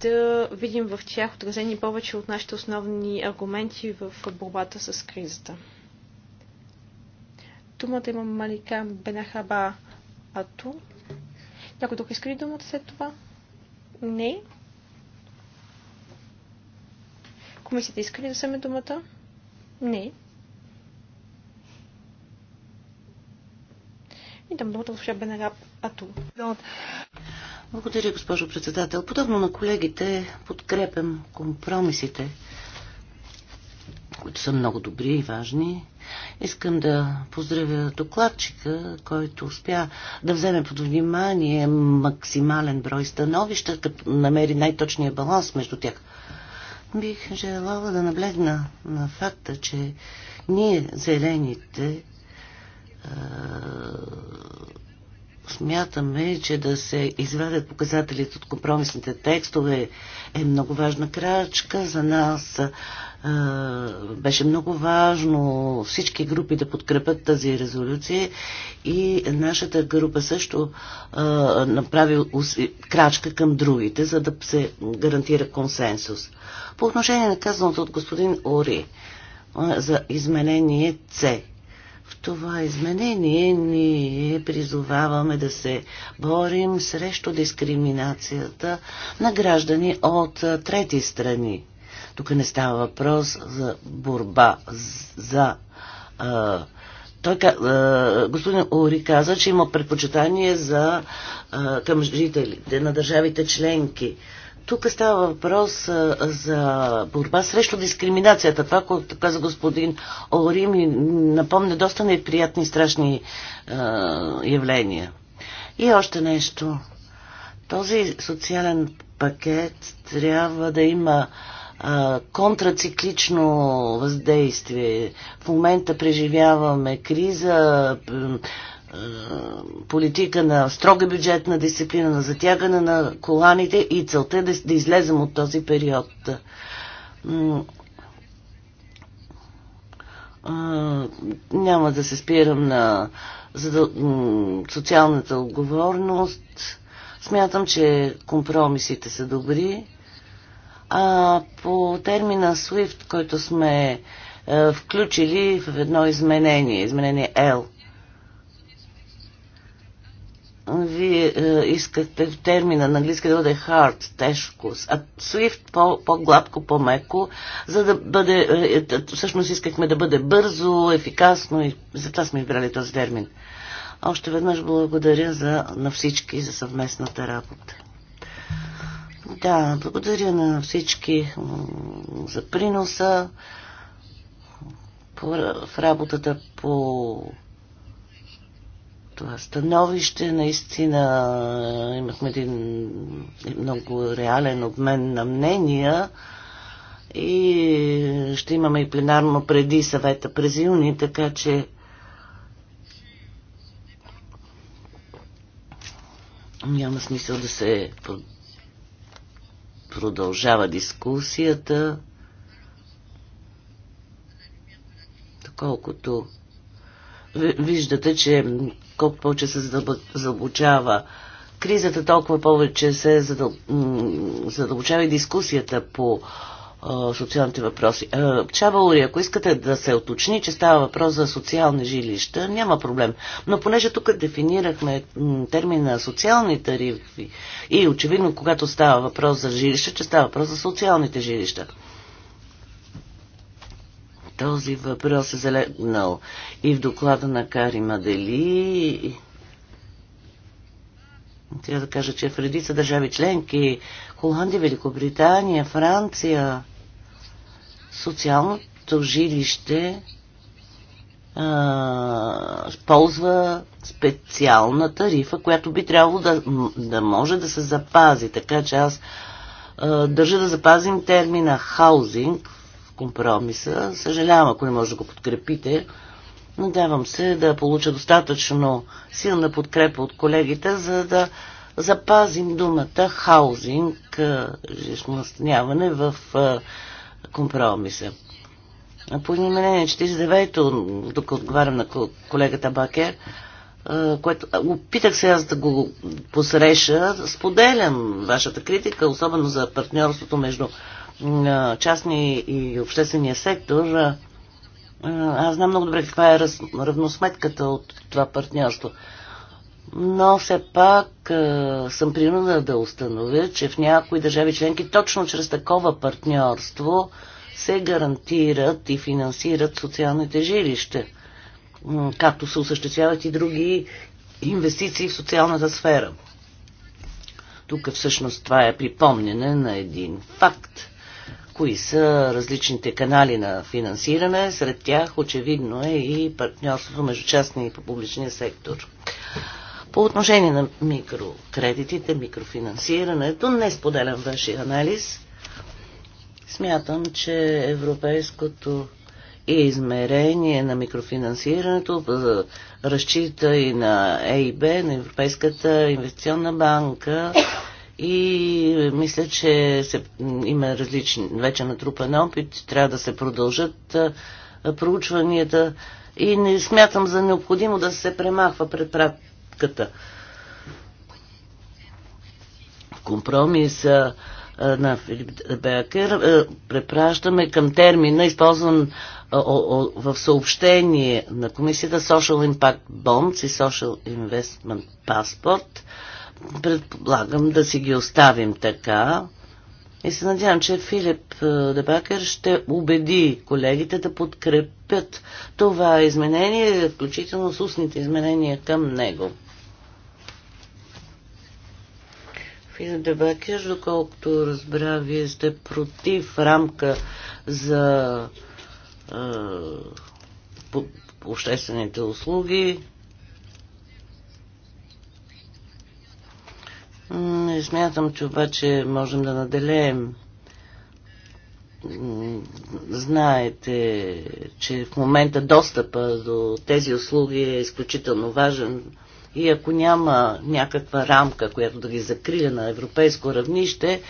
да видим в тях отразени повече от нашите основни аргументи в борбата с кризата. Думата има Малика Бенахаба Ату. Някой друг иска ли думата след това? Не. Комисията иска ли да вземе думата? Не. И да благодаря госпожа Бенараб Ату. Благодаря, госпожо председател. Подобно на колегите, подкрепям компромисите, които са много добри и важни. Искам да поздравя докладчика, който успя да вземе под внимание максимален брой становища, като намери най-точния баланс между тях. Бих желала да наблегна на факта, че ние, зелените, Смятаме, че да се извадят показателите от компромисните текстове е много важна крачка. За нас е, беше много важно всички групи да подкрепят тази резолюция и нашата група също е, направи крачка към другите, за да се гарантира консенсус. По отношение на казаното от господин Ори за изменение С в това изменение ние призоваваме да се борим срещу дискриминацията на граждани от трети страни. Тук не става въпрос за борба за. А, той, а, господин Ори каза, че има предпочитание за, а, към жителите на държавите членки. Тук става въпрос а, за борба срещу дискриминацията. Това, което каза господин Ори, ми напомня доста неприятни и страшни а, явления. И още нещо. Този социален пакет трябва да има а, контрациклично въздействие. В момента преживяваме криза, е, политика на строга бюджетна дисциплина, на затягане на коланите и целта е да, да излезем от този период. Е, няма да се спирам на социалната отговорност. Смятам, че компромисите са добри. А по термина SWIFT, който сме е, включили в едно изменение, изменение L, вие е, искате в термина на английски да бъде hard, тежко, а swift по, по-гладко, по-меко, за да бъде, е, е, всъщност искахме да бъде бързо, ефикасно и затова сме избрали този термин. Още веднъж благодаря за, на всички за съвместната работа. Да, благодаря на всички за приноса в работата по това становище. Наистина имахме един много реален обмен на мнения и ще имаме и пленарно преди съвета през юни, така че няма смисъл да се продължава дискусията. Доколкото виждате, че колко повече се задълбочава кризата, толкова повече се задълбочава и дискусията по социалните въпроси. Чавалури, ако искате да се оточни, че става въпрос за социални жилища, няма проблем. Но понеже тук дефинирахме термина социални тарифи и очевидно, когато става въпрос за жилища, че става въпрос за социалните жилища. Този въпрос е залегнал и в доклада на Кари Мадели. Трябва да кажа, че в редица държави членки Холандия, Великобритания, Франция социалното жилище а, ползва специална тарифа, която би трябвало да, да може да се запази. Така че аз а, държа да запазим термина хаузинг компромиса. Съжалявам, ако не може да го подкрепите. Надявам се да получа достатъчно силна подкрепа от колегите, за да запазим думата хаузинг, жилищно настаняване в компромиса. По изменение 49-то, тук отговарям на колегата Бакер, което опитах се аз да го посреша, споделям вашата критика, особено за партньорството между частния и обществения сектор, аз знам много добре каква е равносметката от това партньорство. Но все пак съм принуда да установя, че в някои държави членки точно чрез такова партньорство се гарантират и финансират социалните жилища, както се осъществяват и други инвестиции в социалната сфера. Тук всъщност това е припомнене на един факт – кои са различните канали на финансиране. Сред тях очевидно е и партньорството между частния и публичния сектор. По отношение на микрокредитите, микрофинансирането, не споделям вашия анализ. Смятам, че европейското измерение на микрофинансирането разчита и на ЕИБ, на Европейската инвестиционна банка и мисля, че се, има различни, вече натрупан опит, трябва да се продължат а, проучванията и не смятам за необходимо да се премахва предпратката. Компромиса на Филип Бекер препращаме към термина, използван в съобщение на комисията Social Impact Bonds и Social Investment Passport – Предполагам да си ги оставим така. И се надявам, че Филип е, Дебакер ще убеди колегите да подкрепят това изменение, включително с устните изменения към него. Филип Дебакер, доколкото разбра, вие сте против рамка за е, по, обществените услуги. Не смятам, че обаче можем да наделеем. Знаете, че в момента достъпа до тези услуги е изключително важен. И ако няма някаква рамка, която да ги закриля на европейско равнище,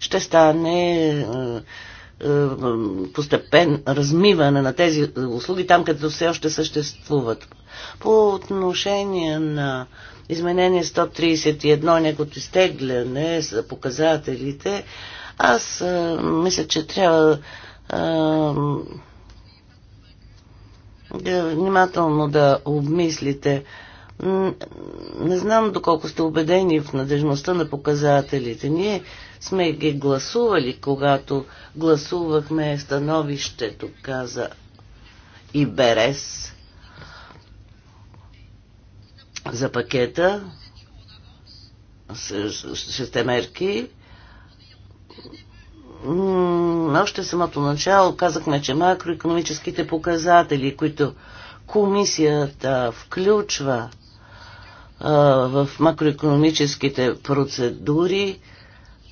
ще стане е, е, постепен размиване на тези услуги там, където все още съществуват. По отношение на Изменение 131, някото изтегляне за показателите. Аз а, мисля, че трябва а, внимателно да обмислите. Не знам доколко сте убедени в надежността на показателите. Ние сме ги гласували, когато гласувахме становището, каза и Берес за пакета с шесте мерки. Още самото начало казахме, че макроекономическите показатели, които комисията включва в макроекономическите процедури,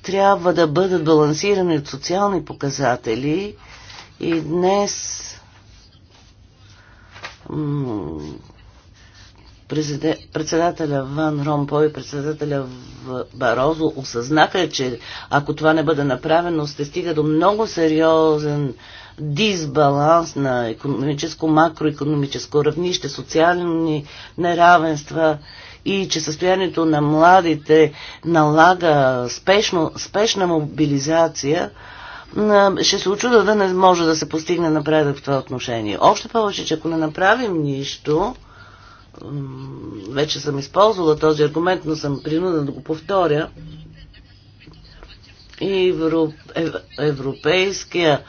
трябва да бъдат балансирани от социални показатели и днес председателя Ван Ромпо и председателя Барозо осъзнаха, че ако това не бъде направено, ще стига до много сериозен дисбаланс на економическо, макроекономическо равнище, социални неравенства и че състоянието на младите налага спешно, спешна мобилизация, ще се очуда да не може да се постигне напредък в това отношение. Още повече, че ако не направим нищо, вече съм използвала този аргумент, но съм принудена да го повторя. И Европейския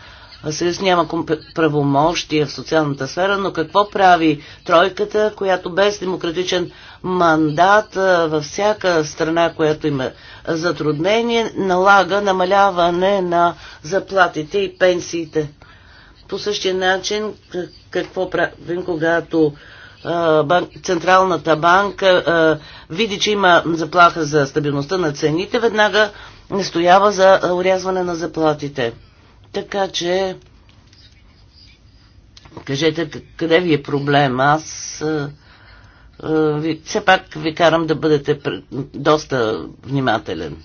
съюз няма правомощия в социалната сфера, но какво прави тройката, която без демократичен мандат във всяка страна, която има затруднение, налага намаляване на заплатите и пенсиите. По същия начин, какво правим, когато Централната банка види, че има заплаха за стабилността на цените, веднага настоява за урязване на заплатите. Така че, кажете къде ви е проблем. Аз все пак ви карам да бъдете доста внимателен.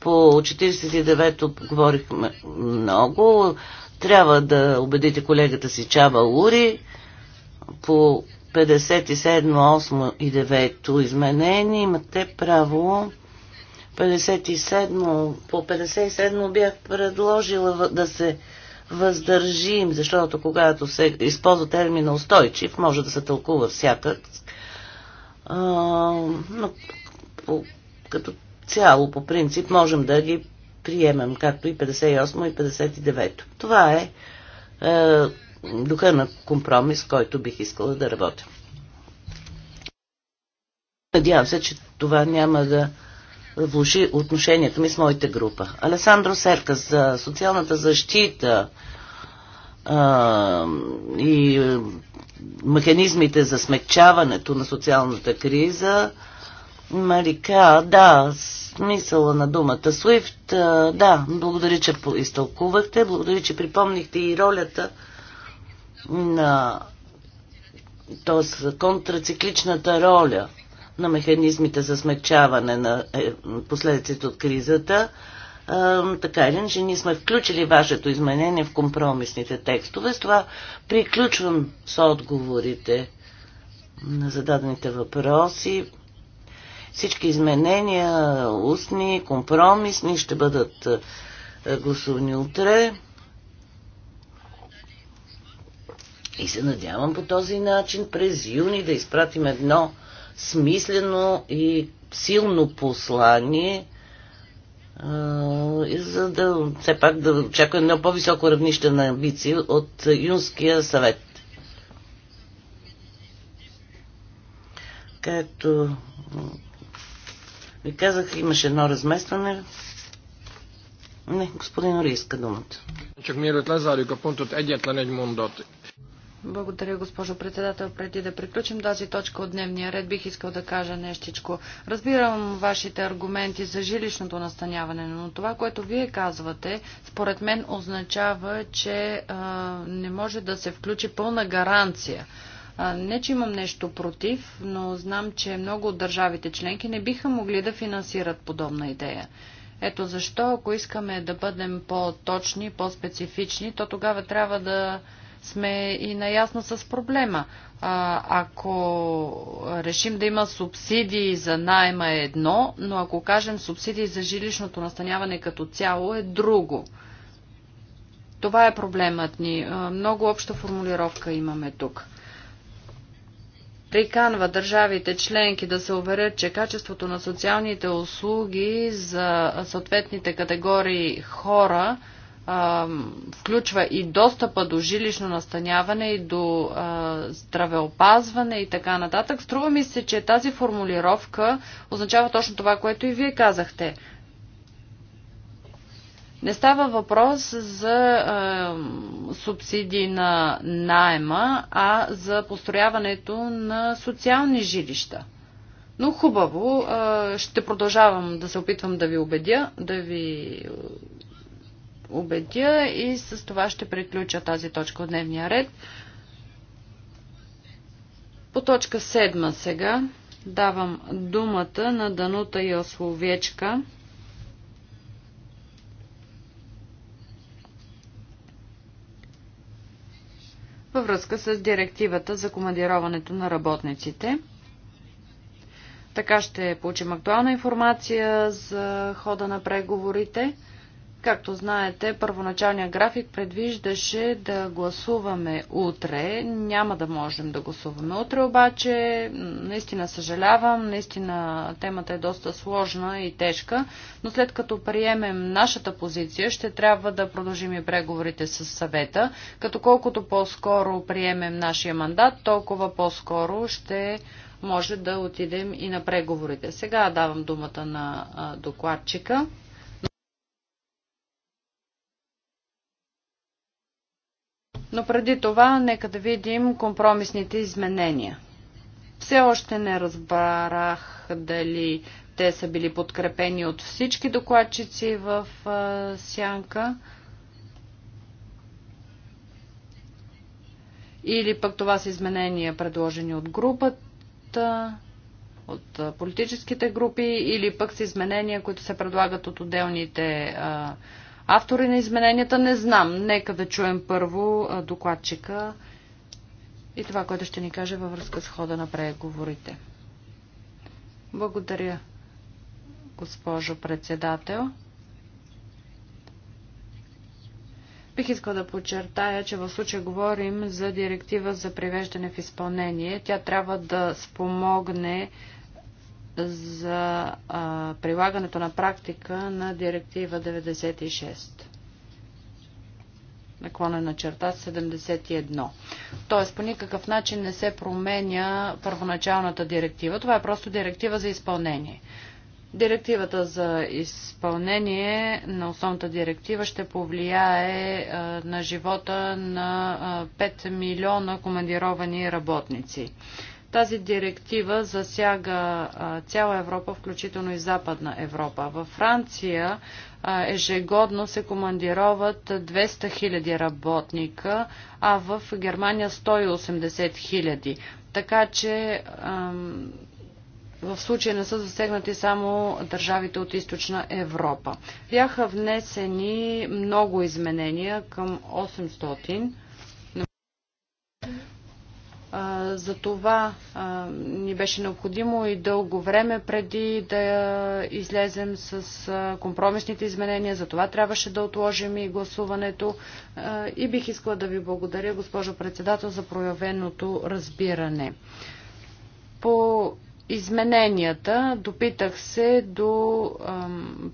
По 49-то говорихме много. Трябва да убедите колегата си Чава Лури по 57, 8 и 9 изменени, имате право 57, по 57 бях предложила да се въздържим, защото когато се използва термина устойчив, може да се тълкува всякак. Но по, като цяло, по принцип, можем да ги приемем, както и 58 и 59. Това е, е духа на компромис, който бих искала да работя. Надявам се, че това няма да влуши отношението ми с моите група. Алесандро Серка за социалната защита а, и механизмите за смягчаването на социалната криза. Марика, да, смисъла на думата. Swift, да, благодаря, че изтълкувахте, благодаря, че припомнихте и ролята на т.е. контрацикличната роля на механизмите за смягчаване на е, последиците от кризата, е, така или иначе ние сме включили вашето изменение в компромисните текстове. С това приключвам с отговорите на зададените въпроси. Всички изменения, устни, компромисни, ще бъдат е, гласувани утре. И се надявам по този начин през юни да изпратим едно смислено и силно послание, а, за да все пак да очакваме едно по-високо равнище на амбиции от Юнския съвет. Както ви казах, имаше едно разместване. Не, господин Ори иска думата. Csak mielőtt lezárjuk a pontot, egyetlen egy mondat. Благодаря, госпожо председател. Преди да приключим тази точка от дневния ред, бих искал да кажа нещичко. Разбирам вашите аргументи за жилищното настаняване, но това, което вие казвате, според мен означава, че а, не може да се включи пълна гаранция. А, не, че имам нещо против, но знам, че много от държавите членки не биха могли да финансират подобна идея. Ето защо, ако искаме да бъдем по-точни, по-специфични, то тогава трябва да сме и наясно с проблема. А, ако решим да има субсидии за найема е едно, но ако кажем субсидии за жилищното настаняване като цяло е друго. Това е проблемът ни. Много обща формулировка имаме тук. Приканва държавите членки да се уверят, че качеството на социалните услуги за съответните категории хора – а, включва и достъпа до жилищно настаняване и до а, здравеопазване и така нататък. Струва ми се, че тази формулировка означава точно това, което и вие казахте. Не става въпрос за е, субсидии на найема, а за построяването на социални жилища. Но хубаво, е, ще продължавам да се опитвам да ви убедя, да ви убедя и с това ще приключа тази точка от дневния ред. По точка 7 сега давам думата на Данута Йословечка. във връзка с директивата за командироването на работниците. Така ще получим актуална информация за хода на преговорите. Както знаете, първоначалният график предвиждаше да гласуваме утре. Няма да можем да гласуваме утре, обаче наистина съжалявам, наистина темата е доста сложна и тежка, но след като приемем нашата позиция, ще трябва да продължим и преговорите с съвета, като колкото по-скоро приемем нашия мандат, толкова по-скоро ще може да отидем и на преговорите. Сега давам думата на докладчика. Но преди това, нека да видим компромисните изменения. Все още не разбрах дали те са били подкрепени от всички докладчици в сянка. Или пък това са изменения, предложени от групата, от политическите групи, или пък са изменения, които се предлагат от отделните а, автори на измененията, не знам. Нека да чуем първо докладчика и това, което ще ни каже във връзка с хода на преговорите. Благодаря, госпожо председател. Бих искал да подчертая, че в случая говорим за директива за привеждане в изпълнение. Тя трябва да спомогне за а, прилагането на практика на директива 96 наклона на черта 71. Тоест по никакъв начин не се променя първоначалната директива. Това е просто директива за изпълнение. Директивата за изпълнение на основната директива ще повлияе на живота на 5 милиона командировани работници. Тази директива засяга цяла Европа, включително и Западна Европа. Във Франция ежегодно се командироват 200 000 работника, а в Германия 180 000. Така че в случая не са засегнати само държавите от източна Европа. Бяха внесени много изменения към 800 за това ни беше необходимо и дълго време преди да излезем с компромисните изменения. За това трябваше да отложим и гласуването. И бих искала да ви благодаря, госпожо председател, за проявеното разбиране. По измененията допитах се до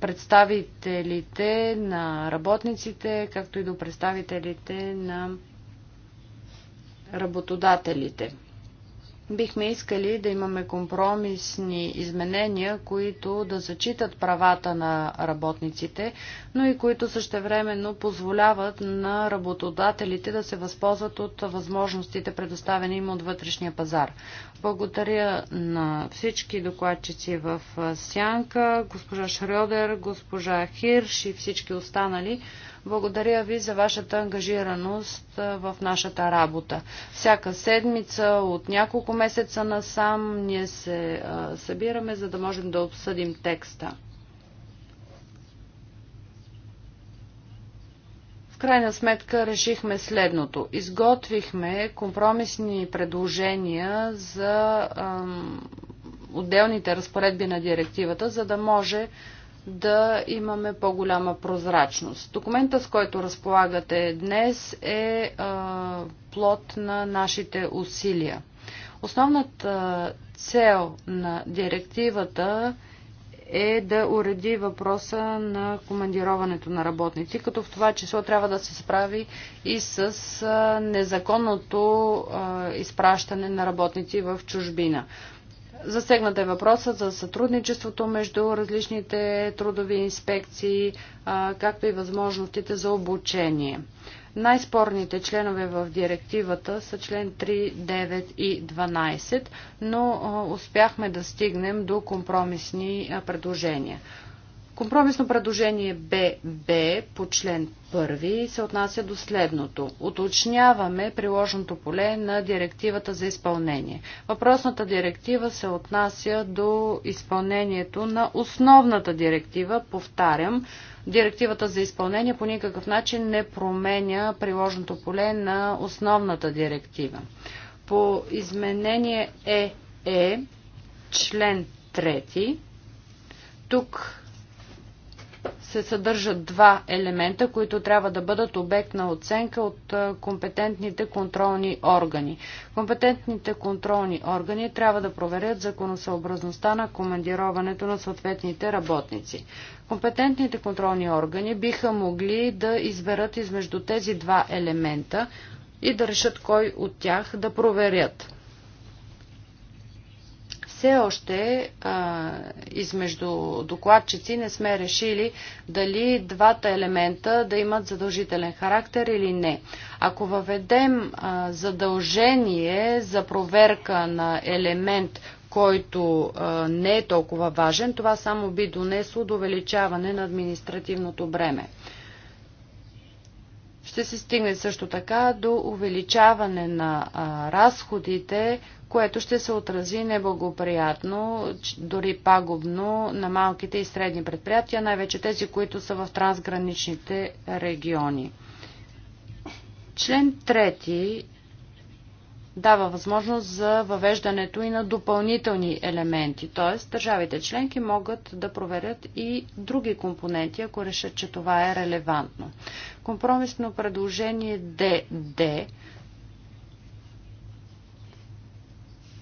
представителите на работниците, както и до представителите на работодателите. Бихме искали да имаме компромисни изменения, които да зачитат правата на работниците, но и които същевременно позволяват на работодателите да се възползват от възможностите предоставени им от вътрешния пазар. Благодаря на всички докладчици в Сянка, госпожа Шрёдер, госпожа Хирш и всички останали. Благодаря ви за вашата ангажираност в нашата работа. Всяка седмица, от няколко месеца насам, ние се събираме, за да можем да обсъдим текста. крайна сметка решихме следното. Изготвихме компромисни предложения за ам, отделните разпоредби на директивата, за да може да имаме по-голяма прозрачност. Документа, с който разполагате днес, е а, плод на нашите усилия. Основната цел на директивата е е да уреди въпроса на командироването на работници, като в това число трябва да се справи и с незаконното изпращане на работници в чужбина. Засегната е въпроса за сътрудничеството между различните трудови инспекции, както и възможностите за обучение. Най-спорните членове в директивата са член 3, 9 и 12, но успяхме да стигнем до компромисни предложения. Компромисно предложение ББ по член 1 се отнася до следното. Уточняваме приложното поле на директивата за изпълнение. Въпросната директива се отнася до изпълнението на основната директива, повтарям, Директивата за изпълнение по никакъв начин не променя приложното поле на основната директива. По изменение ЕЕ, е, член 3, тук се съдържат два елемента, които трябва да бъдат обект на оценка от компетентните контролни органи. Компетентните контролни органи трябва да проверят законосъобразността на командироването на съответните работници. Компетентните контролни органи биха могли да изберат измежду тези два елемента и да решат кой от тях да проверят. Все още а, измежду докладчици не сме решили дали двата елемента да имат задължителен характер или не. Ако въведем а, задължение за проверка на елемент, който а, не е толкова важен, това само би донесло до увеличаване на административното бреме. Ще се стигне също така до увеличаване на а, разходите, което ще се отрази неблагоприятно, дори пагубно на малките и средни предприятия, най-вече тези, които са в трансграничните региони. Член 3 дава възможност за въвеждането и на допълнителни елементи. Т.е. държавите членки могат да проверят и други компоненти, ако решат, че това е релевантно. Компромисно предложение ДД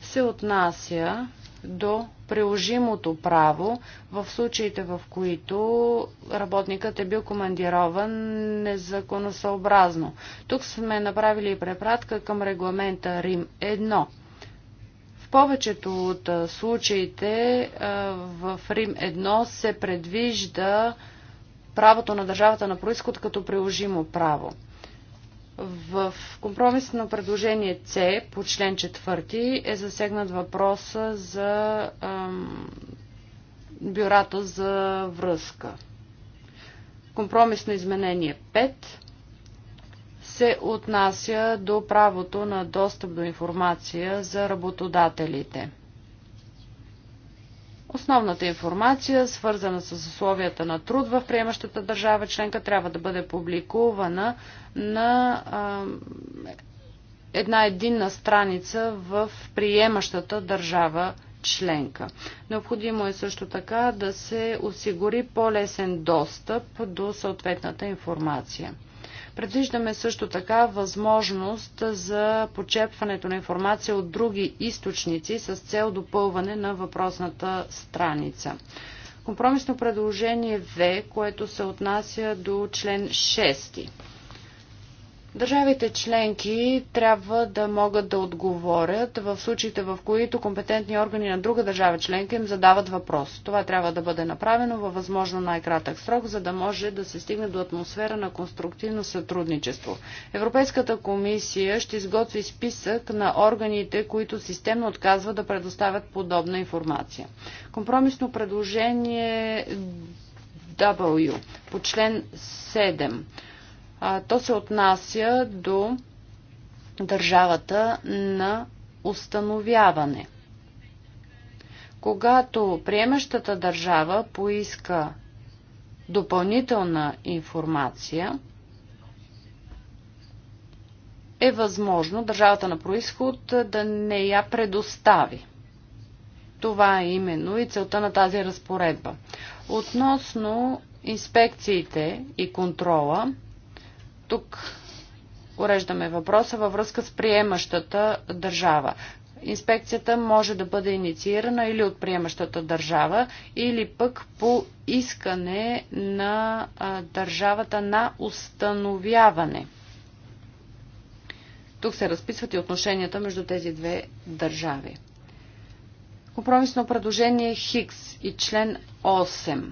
се отнася до приложимото право в случаите, в които работникът е бил командирован незаконосъобразно. Тук сме направили и препратка към регламента Рим 1. В повечето от случаите в Рим 1 се предвижда правото на държавата на происход като приложимо право. В компромисно предложение С по член 4 е засегнат въпроса за ам, бюрата за връзка. Компромисно изменение 5 се отнася до правото на достъп до информация за работодателите – Основната информация, свързана с условията на труд в приемащата държава членка, трябва да бъде публикувана на а, една единна страница в приемащата държава членка. Необходимо е също така да се осигури по-лесен достъп до съответната информация. Предвиждаме също така възможност за почепването на информация от други източници с цел допълване на въпросната страница. Компромисно предложение В, което се отнася до член 6. Държавите членки трябва да могат да отговорят в случаите, в които компетентни органи на друга държава членка им задават въпрос. Това трябва да бъде направено във възможно най-кратък срок, за да може да се стигне до атмосфера на конструктивно сътрудничество. Европейската комисия ще изготви списък на органите, които системно отказват да предоставят подобна информация. Компромисно предложение W по член 7 а, то се отнася до държавата на установяване. Когато приемащата държава поиска допълнителна информация, е възможно държавата на происход да не я предостави. Това е именно и целта на тази разпоредба. Относно инспекциите и контрола, тук уреждаме въпроса във връзка с приемащата държава. Инспекцията може да бъде инициирана или от приемащата държава, или пък по искане на държавата на установяване. Тук се разписват и отношенията между тези две държави. Компромисно предложение Хикс и член 8.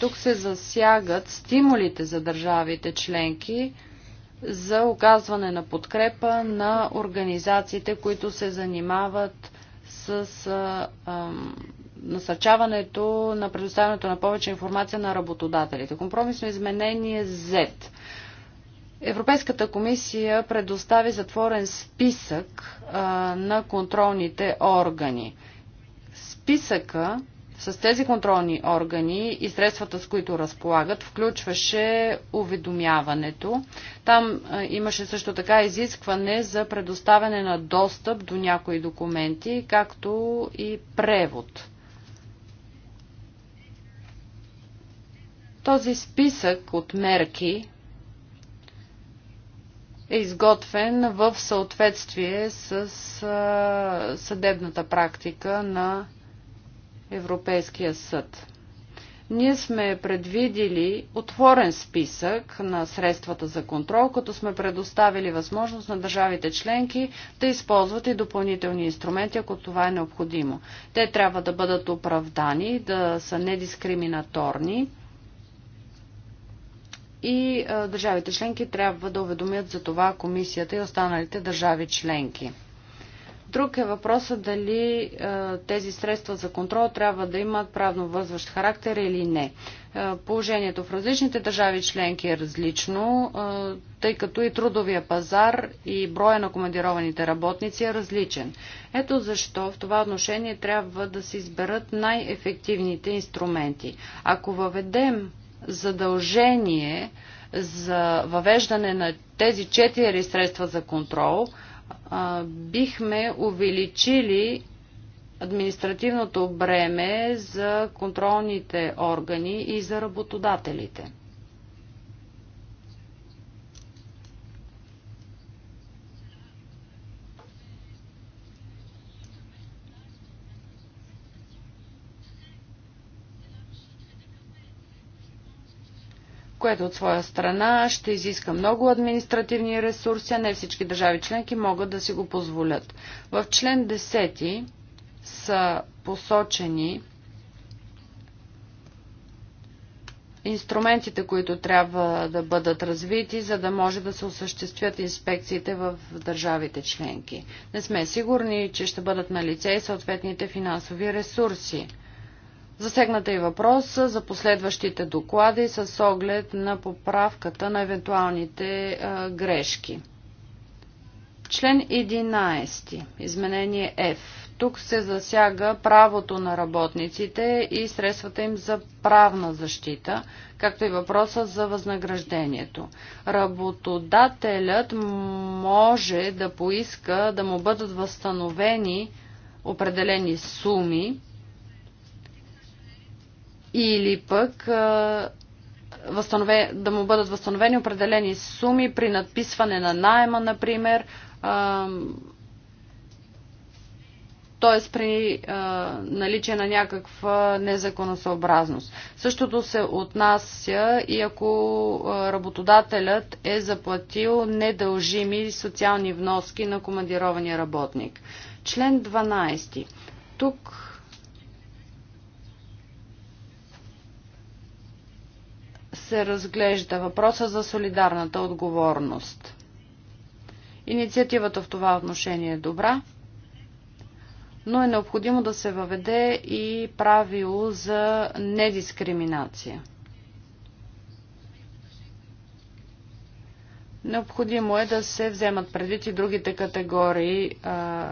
Тук се засягат стимулите за държавите членки за оказване на подкрепа на организациите, които се занимават с а, а, насърчаването на предоставянето на повече информация на работодателите. Компромисно изменение Z. Европейската комисия предостави затворен списък а, на контролните органи. Списъка с тези контролни органи и средствата, с които разполагат, включваше уведомяването. Там имаше също така изискване за предоставяне на достъп до някои документи, както и превод. Този списък от мерки е изготвен в съответствие с съдебната практика на Европейския съд. Ние сме предвидили отворен списък на средствата за контрол, като сме предоставили възможност на държавите членки да използват и допълнителни инструменти, ако това е необходимо. Те трябва да бъдат оправдани, да са недискриминаторни и държавите членки трябва да уведомят за това комисията и останалите държави членки. Друг е въпросът дали е, тези средства за контрол трябва да имат правно възващ характер или не. Е, положението в различните държави членки е различно, е, тъй като и трудовия пазар и броя на командированите работници е различен. Ето защо в това отношение трябва да се изберат най-ефективните инструменти. Ако въведем задължение за въвеждане на тези четири средства за контрол, бихме увеличили административното бреме за контролните органи и за работодателите. което от своя страна ще изиска много административни ресурси, а не всички държави членки могат да си го позволят. В член 10 са посочени инструментите, които трябва да бъдат развити, за да може да се осъществят инспекциите в държавите членки. Не сме сигурни, че ще бъдат на лице и съответните финансови ресурси. Засегната и въпрос за последващите доклади с оглед на поправката на евентуалните грешки. Член 11. Изменение F. Тук се засяга правото на работниците и средствата им за правна защита, както и въпроса за възнаграждението. Работодателят може да поиска да му бъдат възстановени определени суми, или пък възстанове, да му бъдат възстановени определени суми при надписване на найема, например, т.е. при наличие на някаква незаконосъобразност. Същото се отнася и ако работодателят е заплатил недължими социални вноски на командирования работник. Член 12. Тук се разглежда въпроса за солидарната отговорност. Инициативата в това отношение е добра, но е необходимо да се въведе и правило за недискриминация. Необходимо е да се вземат предвид и другите категории а,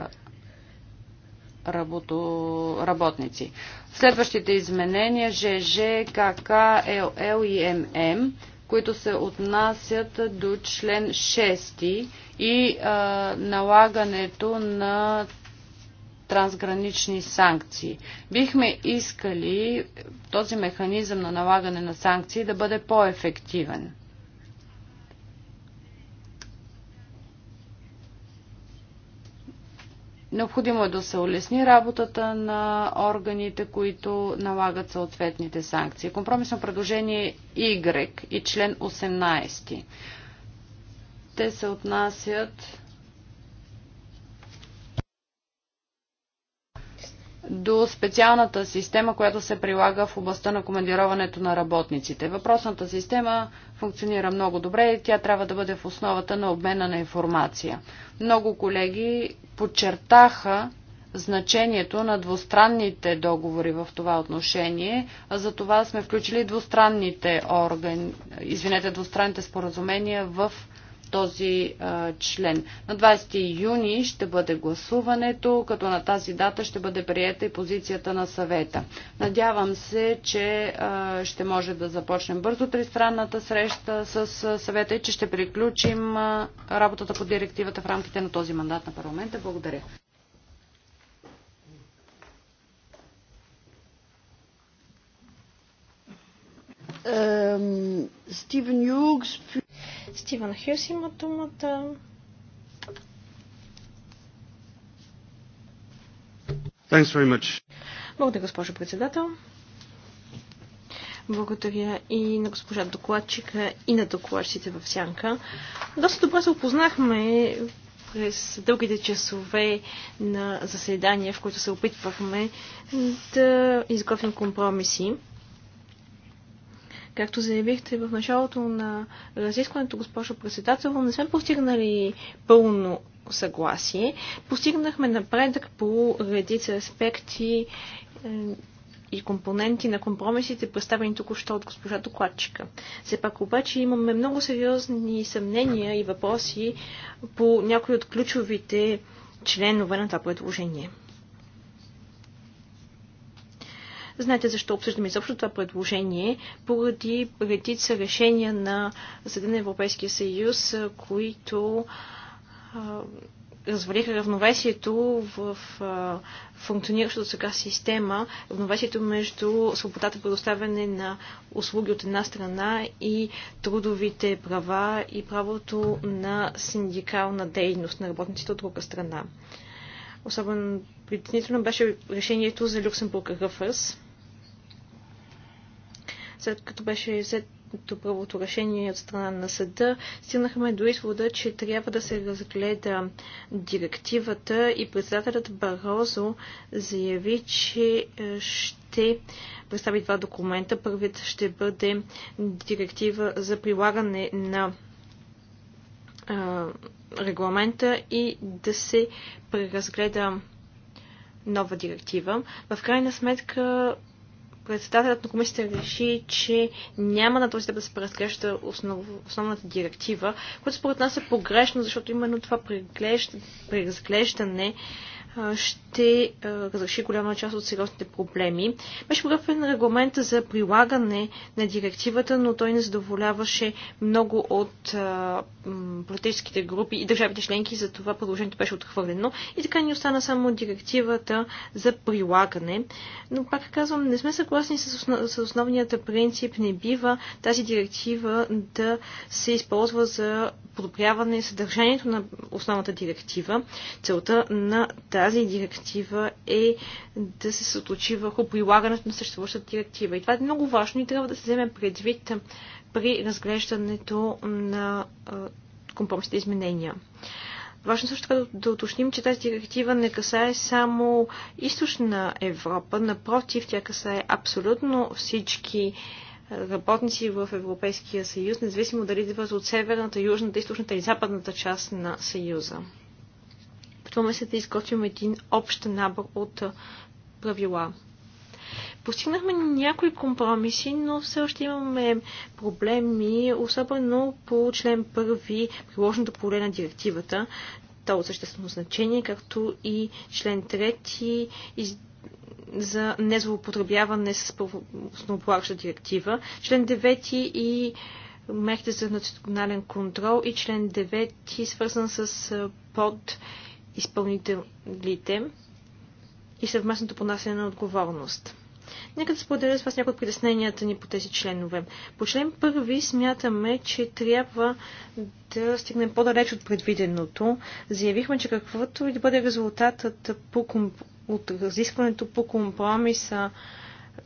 работо... работници. Следващите изменения ЖЖ, КК, ЛЛ и ММ, които се отнасят до член 6 и а, налагането на трансгранични санкции. Бихме искали този механизъм на налагане на санкции да бъде по-ефективен. Необходимо е да се улесни работата на органите, които налагат съответните санкции. Компромисно предложение Y и член 18. Те се отнасят до специалната система, която се прилага в областта на командироването на работниците. Въпросната система функционира много добре и тя трябва да бъде в основата на обмена на информация. Много колеги подчертаха значението на двустранните договори в това отношение. а За това сме включили двустранните органи, извинете, двустранните споразумения в този а, член. На 20 юни ще бъде гласуването, като на тази дата ще бъде приета и позицията на съвета. Надявам се, че а, ще може да започнем бързо тристранната среща с а, съвета и че ще приключим а, работата по директивата в рамките на този мандат на парламента. Благодаря. Стивен Hughes. Стивън Хюс има думата. Thanks very much. Благодаря, госпожо председател. Благодаря и на госпожа докладчика и на докладчите в Сянка. Доста добре се опознахме през дългите часове на заседания, в които се опитвахме да изготвим компромиси. Както заявихте в началото на разискването, госпожо председател, не сме постигнали пълно съгласие. Постигнахме напредък по редица аспекти е, и компоненти на компромисите, представени току-що от госпожа докладчика. Все пак обаче имаме много сериозни съмнения и въпроси по някои от ключовите членове на това предложение. Знаете защо обсъждаме изобщо това предложение, поради редица решения на Съда на Европейския съюз, които развалиха равновесието в функциониращата сега система, равновесието между свободата предоставяне на услуги от една страна и трудовите права и правото на синдикална дейност на работниците от друга страна. Особено притеснително беше решението за Люксембург Ръфърс след като беше взето правото решение от страна на съда, стигнахме до извода, че трябва да се разгледа директивата и председателят Барозо заяви, че е, ще представи два документа. Първият ще бъде директива за прилагане на е, регламента и да се преразгледа нова директива. В крайна сметка председателят на комисията реши, че няма на този да се преразглежда основ, основната директива, което според нас е погрешно, защото именно това преразглеждане ще разреши голяма част от сериозните проблеми. Беше подготвен регламент за прилагане на директивата, но той не задоволяваше много от политическите групи и държавите членки, за това предложението беше отхвърлено. И така ни остана само директивата за прилагане. Но пак казвам, не сме съгласни с, основ... с основният принцип. Не бива тази директива да се използва за подобряване съдържанието на основната директива. Целта на тази директива е да се съточи върху прилагането на съществуващата директива. И това е много важно и трябва да се вземе предвид при разглеждането на компромисните изменения. Важно също така да, да уточним, че тази директива не касае само източна Европа, напротив, тя касае абсолютно всички работници в Европейския съюз, независимо дали идват от северната, южната, източната или западната част на съюза. Опитваме се да изготвим един общ набор от правила. Постигнахме някои компромиси, но все още имаме проблеми, особено по член първи, приложното поле на директивата. То е от съществено значение, както и член трети, за незлоупотребяване с основополагаща директива, член 9 и мерките за национален контрол и член 9 свързан с под изпълнителите и съвместното понасене на отговорност. Нека да споделя с вас някои от притесненията ни по тези членове. По член първи смятаме, че трябва да стигнем по-далеч от предвиденото. Заявихме, че каквото и да бъде резултатът по от разискването по компромиса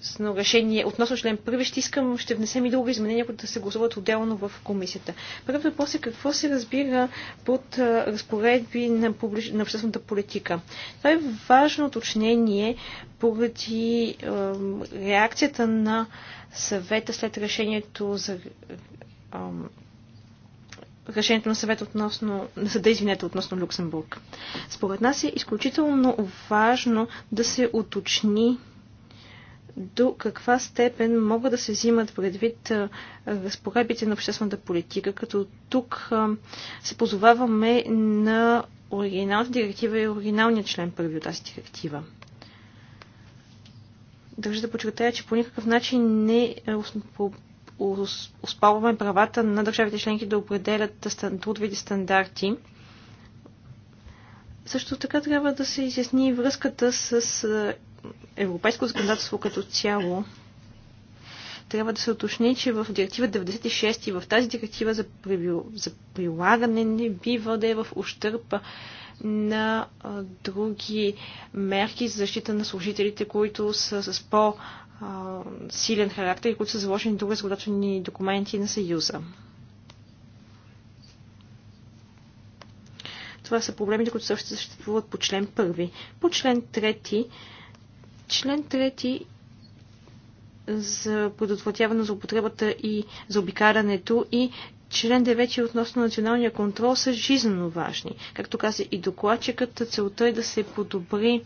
с на решение относно член първи, ще искам, ще внесем и други изменения, които да се гласуват отделно в комисията. Първият въпрос е какво се разбира под разпоредби на, публич... на обществената политика. Това е важно уточнение поради е, реакцията на съвета след решението за решението на съвет относно, на съда, извинете, относно Люксембург. Според нас е изключително важно да се уточни до каква степен могат да се взимат предвид разпоредбите на обществената политика, като тук се позоваваме на оригиналната директива и оригиналния член първи от тази директива. Държа да подчертая, че по никакъв начин не е успорваме правата на държавите членки да определят трудовите стандарти. Също така трябва да се изясни връзката с европейско законодателство като цяло. Трябва да се уточни, че в директива 96 и в тази директива за, прибил, за прилагане не бива да е в ущърпа на а, други мерки за защита на служителите, които са с по- силен характер и които са заложени в други документи на Съюза. Това са проблемите, които също съществуват по член 1. По член 3, член 3 за предотвратяване за употребата и за обикарането и член 9 относно националния контрол са жизненно важни. Както каза и докладчикът, целта е да се подобри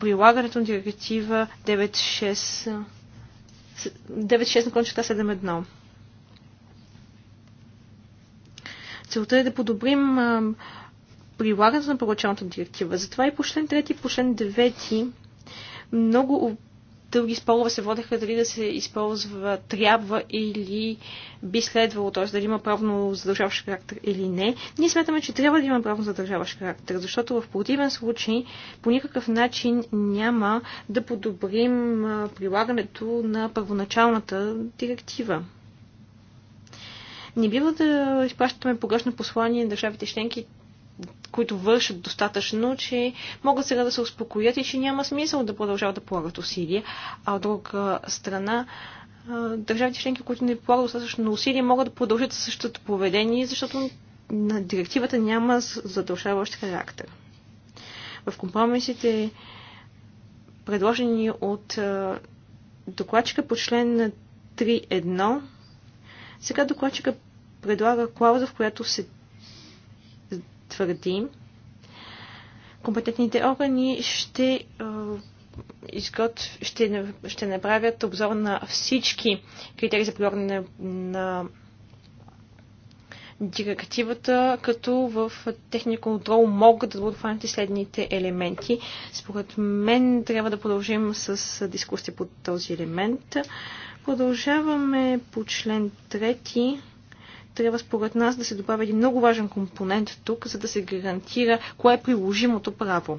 прилагането на директива 96 96 на кончета 71. Целта е да подобрим прилагането на първоначалната директива. Затова и по член 3 и по член 9 много дълги спорове се водеха дали да се използва трябва или би следвало, т.е. дали има правно задържаващ характер или не. Ние смятаме, че трябва да има правно задържаващ характер, защото в противен случай по никакъв начин няма да подобрим прилагането на първоначалната директива. Не бива да изпращаме погрешно послание на държавите членки, които вършат достатъчно, че могат сега да се успокоят и че няма смисъл да продължават да полагат усилия. А от друга страна, държавите членки, които не полагат достатъчно усилия, могат да продължат същото поведение, защото на директивата няма задължаващ характер. В компромисите, предложени от докладчика по член 3.1, сега докладчика предлага клауза, в която се твърди, компетентните органи ще изгод, ще, ще направят обзор на всички критерии за прилагане на, на директивата, като в техния контрол могат да бъдат фанати следните елементи. Според мен трябва да продължим с дискусия по този елемент. Продължаваме по член 3 трябва според нас да се добави един много важен компонент тук, за да се гарантира кое е приложимото право.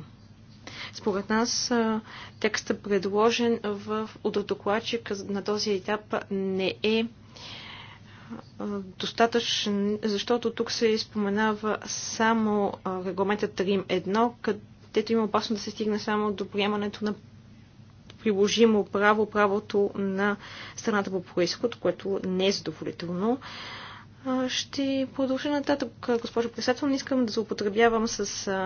Според нас текста предложен в, от на този етап не е достатъчен, защото тук се споменава само регламентът Рим 1, където има опасно да се стигне само до приемането на приложимо право, правото на страната по происход, което не е задоволително. Ще продължа нататък, госпожо председател. Не искам да злоупотребявам с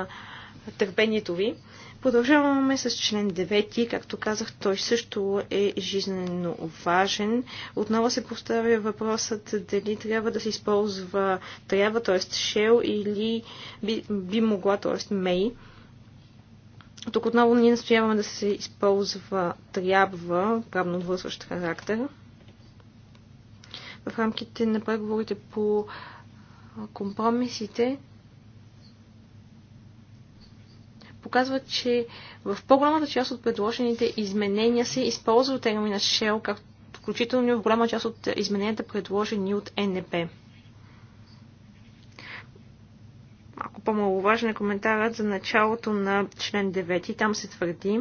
търпението ви. Продължаваме с член 9. Както казах, той също е жизненно важен. Отново се поставя въпросът дали трябва да се използва трябва, т.е. shell или би, би могла, т.е. may. Тук отново ние настояваме да се използва трябва, правно вързващ характер в рамките на преговорите по компромисите показва, че в по-голямата част от предложените изменения се използва термина Shell, както включително в голяма част от измененията, предложени от НП. Малко по-маловажен е коментарът за началото на член 9. Там се твърди,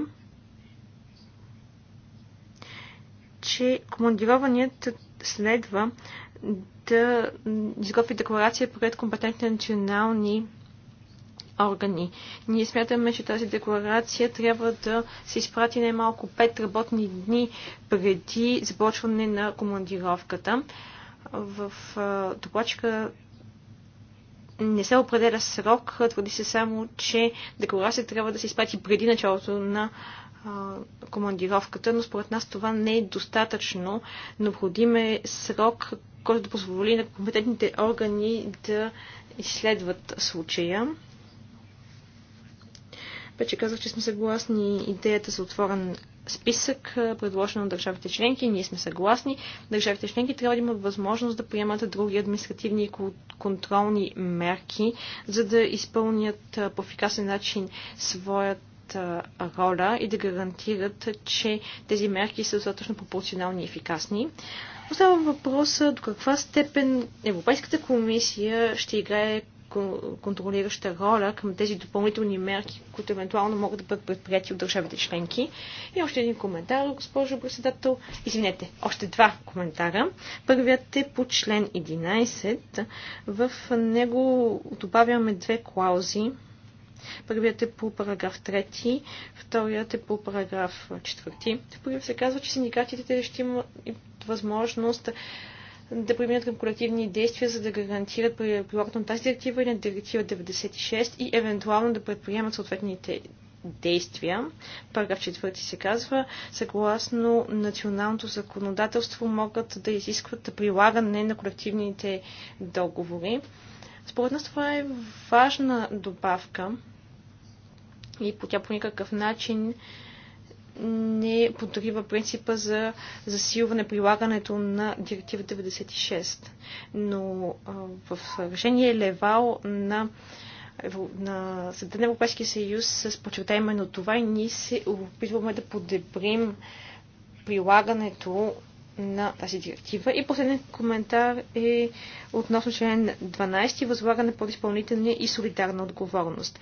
че командированият следва да изготви декларация пред компетентни национални органи. Ние смятаме, че тази декларация трябва да се изпрати най-малко 5 работни дни преди започване на командировката. В докладчика не се определя срок, твърди се само, че декларация трябва да се изпрати преди началото на командировката, но според нас това не е достатъчно. Необходим е срок, който да позволи на компетентните органи да изследват случая. Вече казах, че сме съгласни идеята за отворен списък, предложен от държавите членки. Ние сме съгласни. Държавите членки трябва да имат възможност да приемат други административни и контролни мерки, за да изпълнят по ефикасен начин своят роля и да гарантират, че тези мерки са достатъчно пропорционални и ефикасни. Остава въпроса до каква степен Европейската комисия ще играе контролираща роля към тези допълнителни мерки, които евентуално могат да бъдат предприяти от държавите членки. И още един коментар, госпожо председател. Извинете, още два коментара. Първият е по член 11. В него добавяме две клаузи, Първият е по параграф 3, вторият е по параграф 4. В първият се казва, че синдикатите ще имат възможност да преминат към колективни действия, за да гарантират прилагането на тази директива или на директива 96 и евентуално да предприемат съответните действия. Параграф 4 се казва, съгласно националното законодателство могат да изискват прилагане на колективните договори. Според нас това е важна добавка и по тя по никакъв начин не подрива принципа за засилване прилагането на директива 96. Но а, в решение Левал на на Съда на Европейския съюз с почерта именно това и ние се опитваме да подобрим прилагането на тази директива. И последният коментар е относно член 12 възлагане под изпълнителния и солидарна отговорност.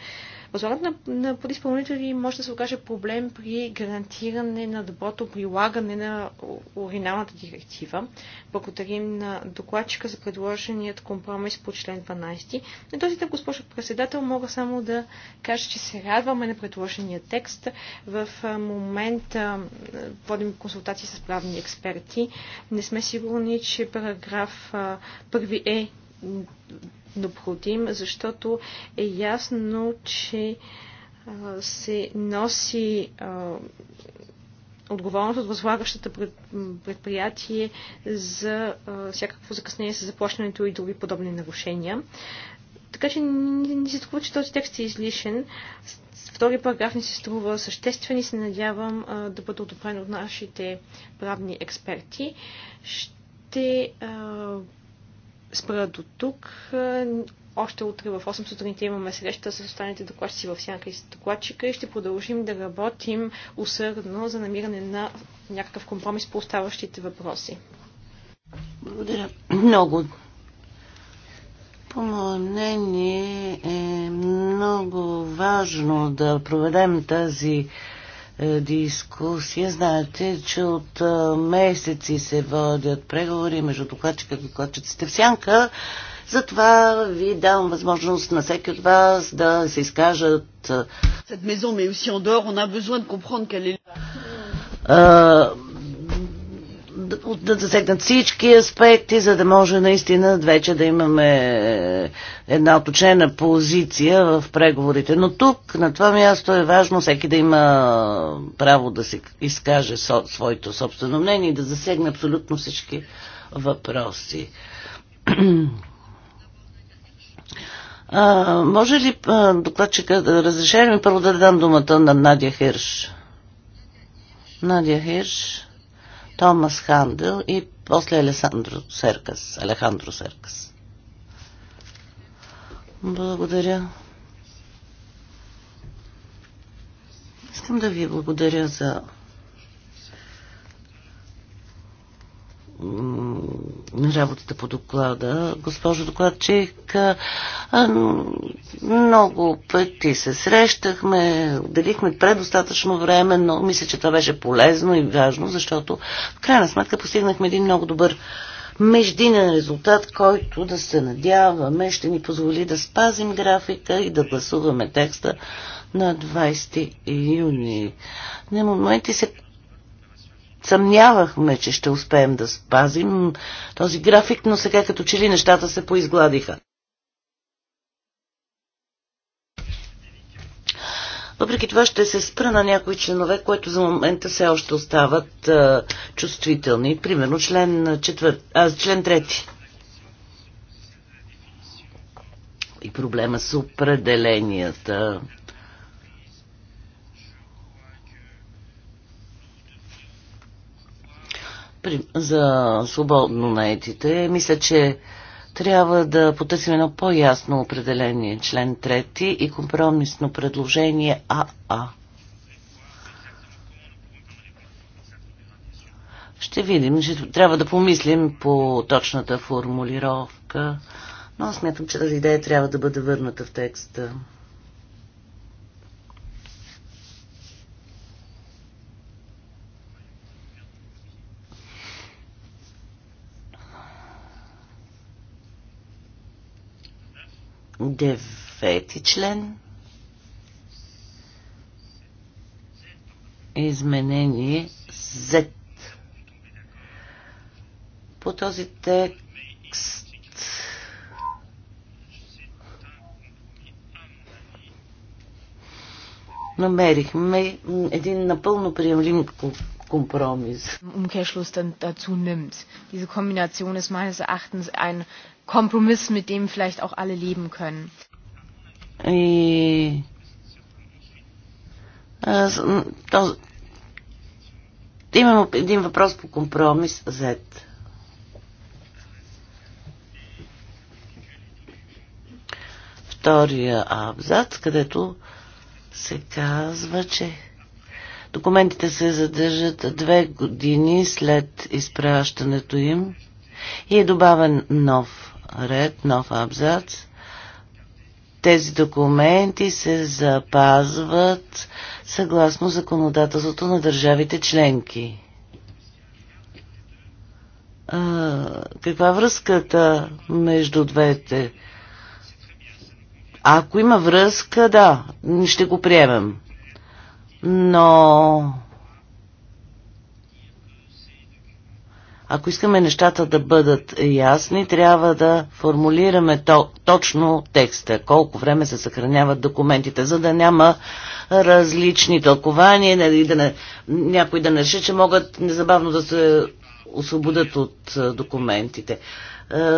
Възлагането на, на подиспълнители може да се окаже проблем при гарантиране на доброто прилагане на оригиналната директива. Благодарим на докладчика за предложеният компромис по член 12. На този тъп, госпожо председател, мога само да кажа, че се радваме на предложения текст. В момента водим консултации с правни експерти. Не сме сигурни, че параграф първи е необходим, защото е ясно, че се носи отговорност от възлагащата предприятие за всякакво закъснение с заплащането и други подобни нарушения. Така че не се струва, че този текст е излишен. Втори параграф не се струва съществен и се надявам а, да бъде одобрен от нашите правни експерти. Ще а, спра до тук. Е, още утре в 8 сутринта имаме среща с останалите докладчици в сянка и с докладчика и ще продължим да работим усърдно за намиране на някакъв компромис по оставащите въпроси. Благодаря много. По мое мнение е много важно да проведем тази е, дискусия. Знаете, че от е, месеци се водят преговори между докладчика и докладчиците в сянка. Затова ви давам възможност на всеки от вас да се изкажат. Е, Cette maison, mais aussi en dehors, on a besoin de comprendre quelle est да засегнат всички аспекти, за да може наистина вече да имаме е, една оточнена позиция в преговорите. Но тук, на това място е важно всеки да има право да се изкаже своето собствено мнение и да засегне абсолютно всички въпроси. А, може ли а, докладчика да разрешаваме първо да дам думата на Надя Хирш? Надя Хирш. Томас Хандел и после Алесандро Серкас. Алехандро Серкас. Благодаря. Искам да ви благодаря за на работата по доклада. Госпожо докладчик, много пъти се срещахме, отделихме предостатъчно време, но мисля, че това беше полезно и важно, защото в крайна сметка постигнахме един много добър междинен резултат, който да се надяваме ще ни позволи да спазим графика и да гласуваме текста на 20 юни. На моменти се съмнявахме, че ще успеем да спазим този график, но сега като че ли нещата се поизгладиха. Въпреки това ще се спра на някои членове, които за момента все още остават а, чувствителни. Примерно член, четвър... а, член трети. И проблема с определенията. за свободно наетите, мисля, че трябва да потърсим едно по-ясно определение, член 3 и компромисно предложение АА. Ще видим, че трябва да помислим по точната формулировка, но смятам, че тази идея трябва да бъде върната в текста. Девети член. Изменение Z. По този текст намерихме един напълно приемлив Kompromiss. Im Umkehrschluss dann dazu nimmt. Diese Kombination ist meines Erachtens ein Kompromiss, mit dem vielleicht auch alle leben können. имам един въпрос по компромис Втория абзац, където се казва, че документите се задържат две години след изпращането им и е добавен нов ред, нов абзац. Тези документи се запазват съгласно законодателството на държавите членки. А, каква връзката между двете? Ако има връзка, да, ще го приемем. Но Ако искаме нещата да бъдат ясни, трябва да формулираме то, точно текста, колко време се съхраняват документите, за да няма различни тълкования и нали, да не, някой да не реши, че могат незабавно да се освободят от документите.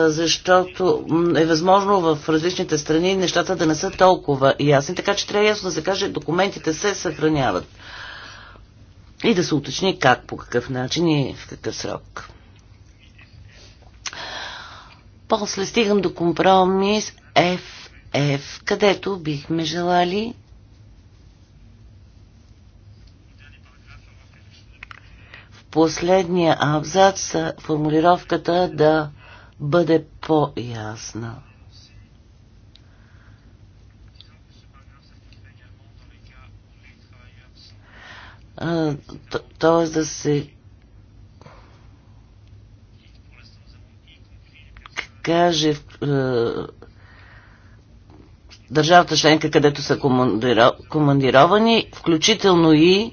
Защото е възможно в различните страни нещата да не са толкова ясни, така че трябва ясно да се каже, документите се съхраняват. И да се уточни как, по какъв начин и в какъв срок. После стигам до компромис FF, където бихме желали в последния абзац формулировката да бъде по-ясна. Тоест да се каже в, е, държавата членка, където са командиро, командировани, включително и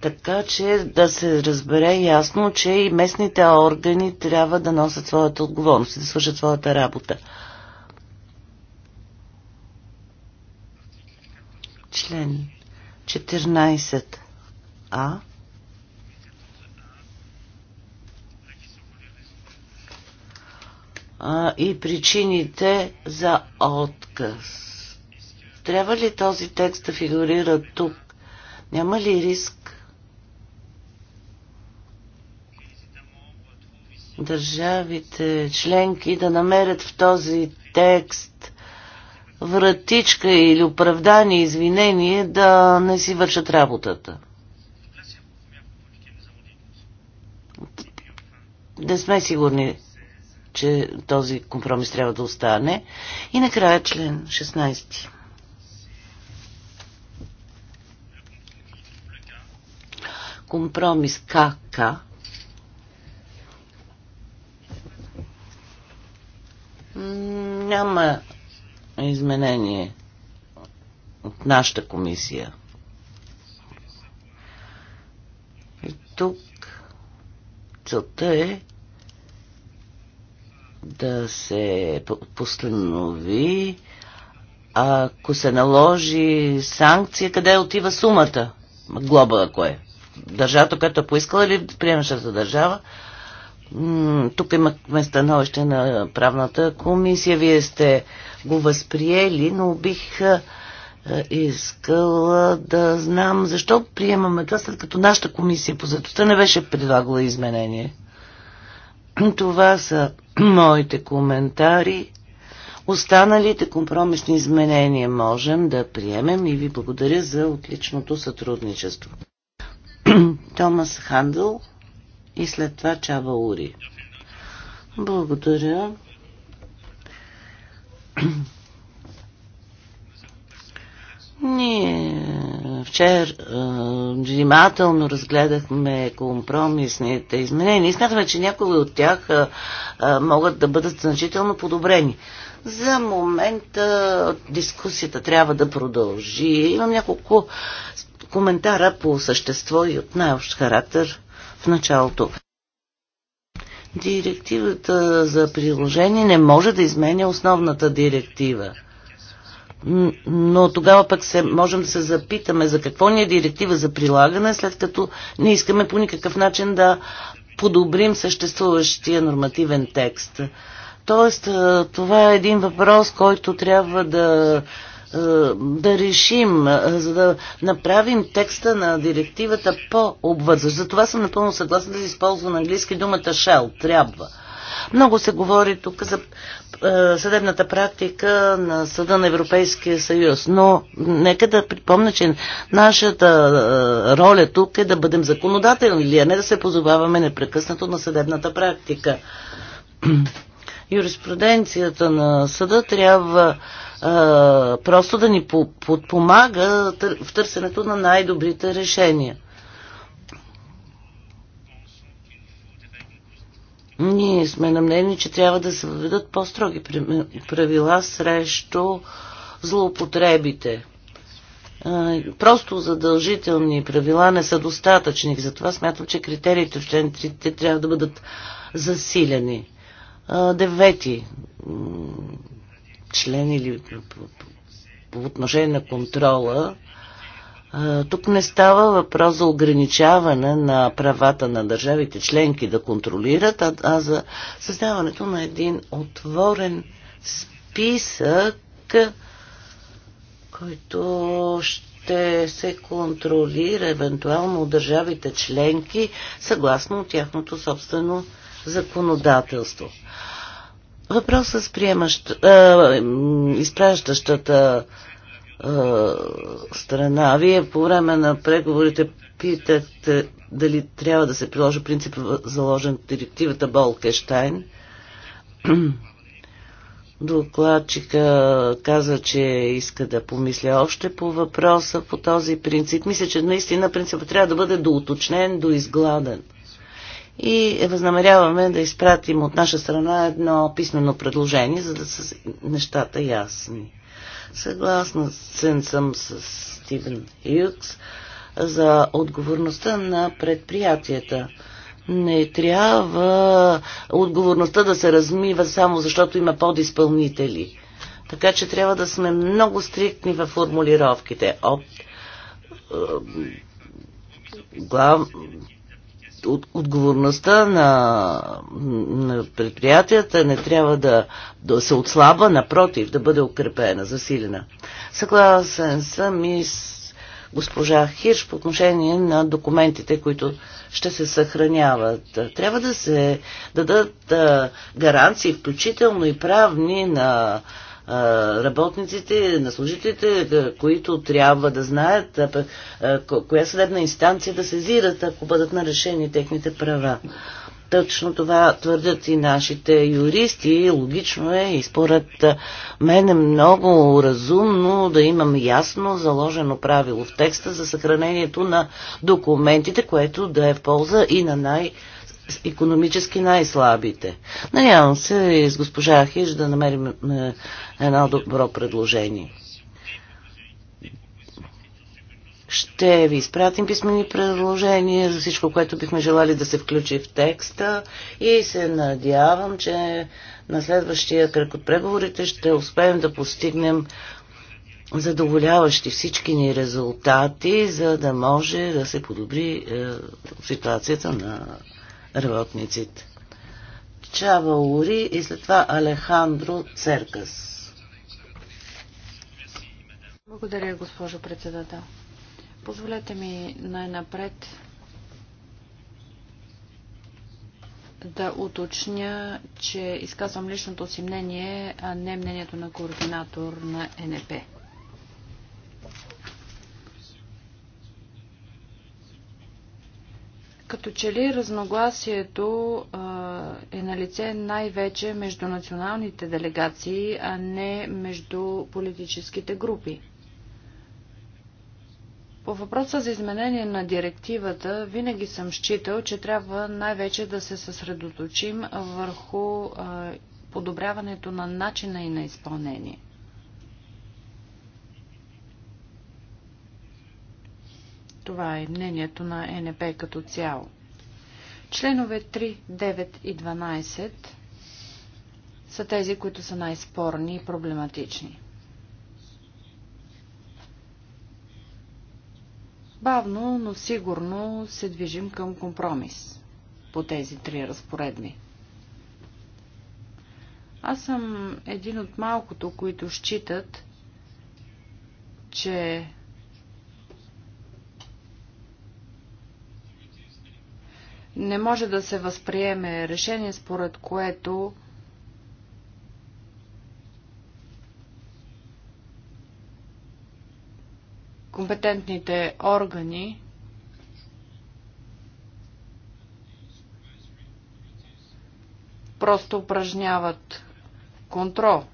така че да се разбере ясно, че и местните органи трябва да носят своята отговорност и да свършат своята работа. 14а. и причините за отказ. Трябва ли този текст да фигурира тук? Няма ли риск? Държавите членки да намерят в този текст вратичка или оправдание, извинение да не си вършат работата. Не сме сигурни, че този компромис трябва да остане. И накрая член 16. компромис КК. Няма изменение от нашата комисия. И тук целта е да се постанови, ако се наложи санкция, къде отива сумата? Глоба, ако е. Държавата, която е поискала или приемащата държава, тук имахме становище на правната комисия, вие сте го възприели, но бих искала да знам защо приемаме това, след като нашата комисия по заедостта не беше предлагала изменение. Това са моите коментари. Останалите компромисни изменения можем да приемем и ви благодаря за отличното сътрудничество. Томас Хандъл и след това Чаба Ури. Благодаря. Ние вчера внимателно разгледахме компромисните изменения и смятаме, че някои от тях могат да бъдат значително подобрени. За момента дискусията трябва да продължи. Имам няколко коментара по същество и от най-общ характер началото. Директивата за приложение не може да изменя основната директива. Но тогава пък се, можем да се запитаме за какво ни е директива за прилагане, след като не искаме по никакъв начин да подобрим съществуващия нормативен текст. Тоест, това е един въпрос, който трябва да е, да решим, е, за да направим текста на директивата по-обвързващ. Затова съм напълно съгласна да използвам на английски думата shall, трябва. Много се говори тук за е, съдебната практика на Съда на Европейския съюз, но нека да припомня, че нашата роля тук е да бъдем законодателни, а не да се позоваваме непрекъснато на съдебната практика. Юриспруденцията на съда трябва просто да ни подпомага в търсенето на най-добрите решения. Ние сме на мнение, че трябва да се въведат по-строги правила срещу злоупотребите. Просто задължителни правила не са достатъчни. Затова смятам, че критериите в член 3 трябва да бъдат засилени. Девети член или по отношение на контрола, тук не става въпрос за ограничаване на правата на държавите членки да контролират, а, за създаването на един отворен списък, който ще се контролира евентуално от държавите членки съгласно тяхното собствено законодателство. Въпросът с приемащ, а, изпращащата а, страна. Вие по време на преговорите питате дали трябва да се приложи принцип заложен в директивата Болкештайн. Докладчика каза, че иска да помисля още по въпроса по този принцип. Мисля, че наистина принципът трябва да бъде доуточнен, доизгладен и възнамеряваме да изпратим от наша страна едно писмено предложение, за да са нещата ясни. Съгласна съм с Стивен Юкс за отговорността на предприятията. Не трябва отговорността да се размива само защото има подизпълнители. Така че трябва да сме много стриктни във формулировките. От, е, глав, от, отговорността на, на предприятията не трябва да, да се отслабва, напротив, да бъде укрепена, засилена. Съгласен съм и с госпожа Хирш по отношение на документите, които ще се съхраняват. Трябва да се дадат гаранции, включително и правни, на работниците, на служителите, които трябва да знаят коя съдебна инстанция да сезират, ако бъдат нарешени техните права. Точно това твърдят и нашите юристи. Логично е и според мен е много разумно да имам ясно заложено правило в текста за съхранението на документите, което да е в полза и на най- економически най-слабите. Надявам се с госпожа Хиш да намерим е, едно добро предложение. Ще ви изпратим писмени предложения за всичко, което бихме желали да се включи в текста и се надявам, че на следващия кръг от преговорите ще успеем да постигнем задоволяващи всички ни резултати, за да може да се подобри е, ситуацията на работниците. Чава Ури и след това Алехандро Церкас. Благодаря, госпожо председател. Позволете ми най-напред да уточня, че изказвам личното си мнение, а не мнението на координатор на НП. Като че ли разногласието а, е на лице най-вече между националните делегации, а не между политическите групи. По въпроса за изменение на директивата, винаги съм считал, че трябва най-вече да се съсредоточим върху а, подобряването на начина и на изпълнение. Това е мнението на НП като цяло. Членове 3, 9 и 12 са тези, които са най-спорни и проблематични. Бавно, но сигурно се движим към компромис по тези три разпоредни. Аз съм един от малкото, които считат, че Не може да се възприеме решение, според което компетентните органи просто упражняват контрол.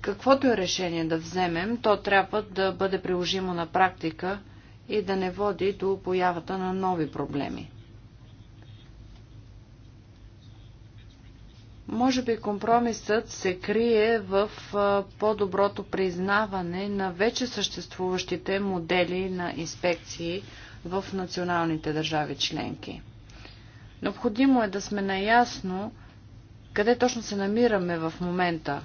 Каквото е решение да вземем, то трябва да бъде приложимо на практика и да не води до появата на нови проблеми. Може би компромисът се крие в по-доброто признаване на вече съществуващите модели на инспекции в националните държави членки. Необходимо е да сме наясно къде точно се намираме в момента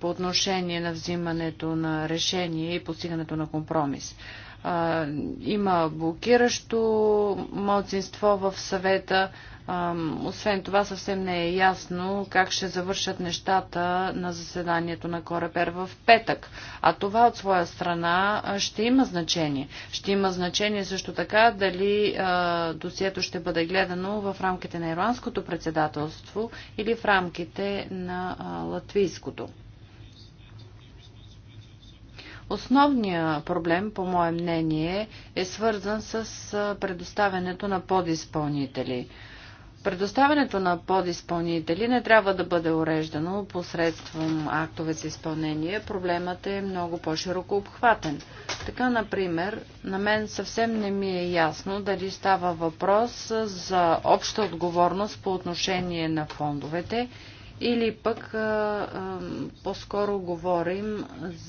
по отношение на взимането на решение и постигането на компромис а, има блокиращо младсинство в съвета. А, освен това съвсем не е ясно как ще завършат нещата на заседанието на Корепер в петък. А това от своя страна ще има значение. Ще има значение също така дали а, досието ще бъде гледано в рамките на ирландското председателство или в рамките на а, латвийското. Основният проблем, по мое мнение, е свързан с предоставянето на подизпълнители. Предоставянето на подизпълнители не трябва да бъде уреждано посредством актове за изпълнение. Проблемът е много по-широко обхватен. Така, например, на мен съвсем не ми е ясно дали става въпрос за обща отговорност по отношение на фондовете или пък по-скоро говорим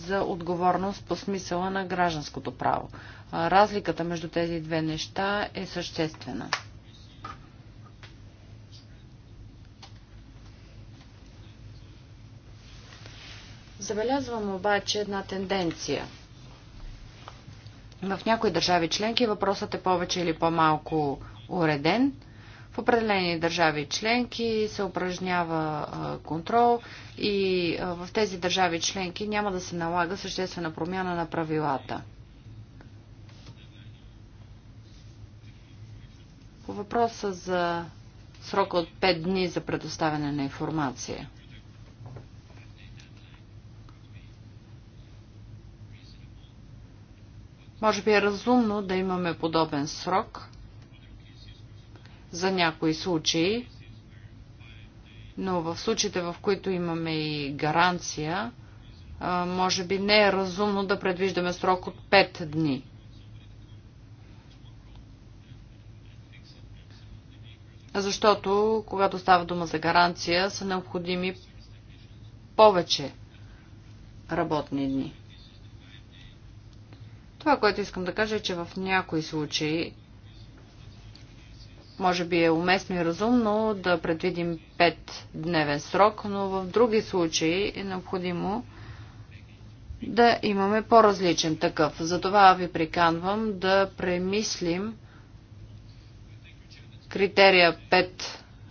за отговорност по смисъла на гражданското право. Разликата между тези две неща е съществена. Забелязвам обаче една тенденция. В някои държави членки въпросът е повече или по-малко уреден – в определени държави членки се упражнява контрол и в тези държави членки няма да се налага съществена промяна на правилата. По въпроса за срока от 5 дни за предоставяне на информация. Може би е разумно да имаме подобен срок – за някои случаи, но в случаите, в които имаме и гаранция, може би не е разумно да предвиждаме срок от 5 дни. Защото, когато става дума за гаранция, са необходими повече работни дни. Това, което искам да кажа е, че в някои случаи може би е уместно и разумно да предвидим 5-дневен срок, но в други случаи е необходимо да имаме по-различен такъв. Затова ви приканвам да премислим критерия 5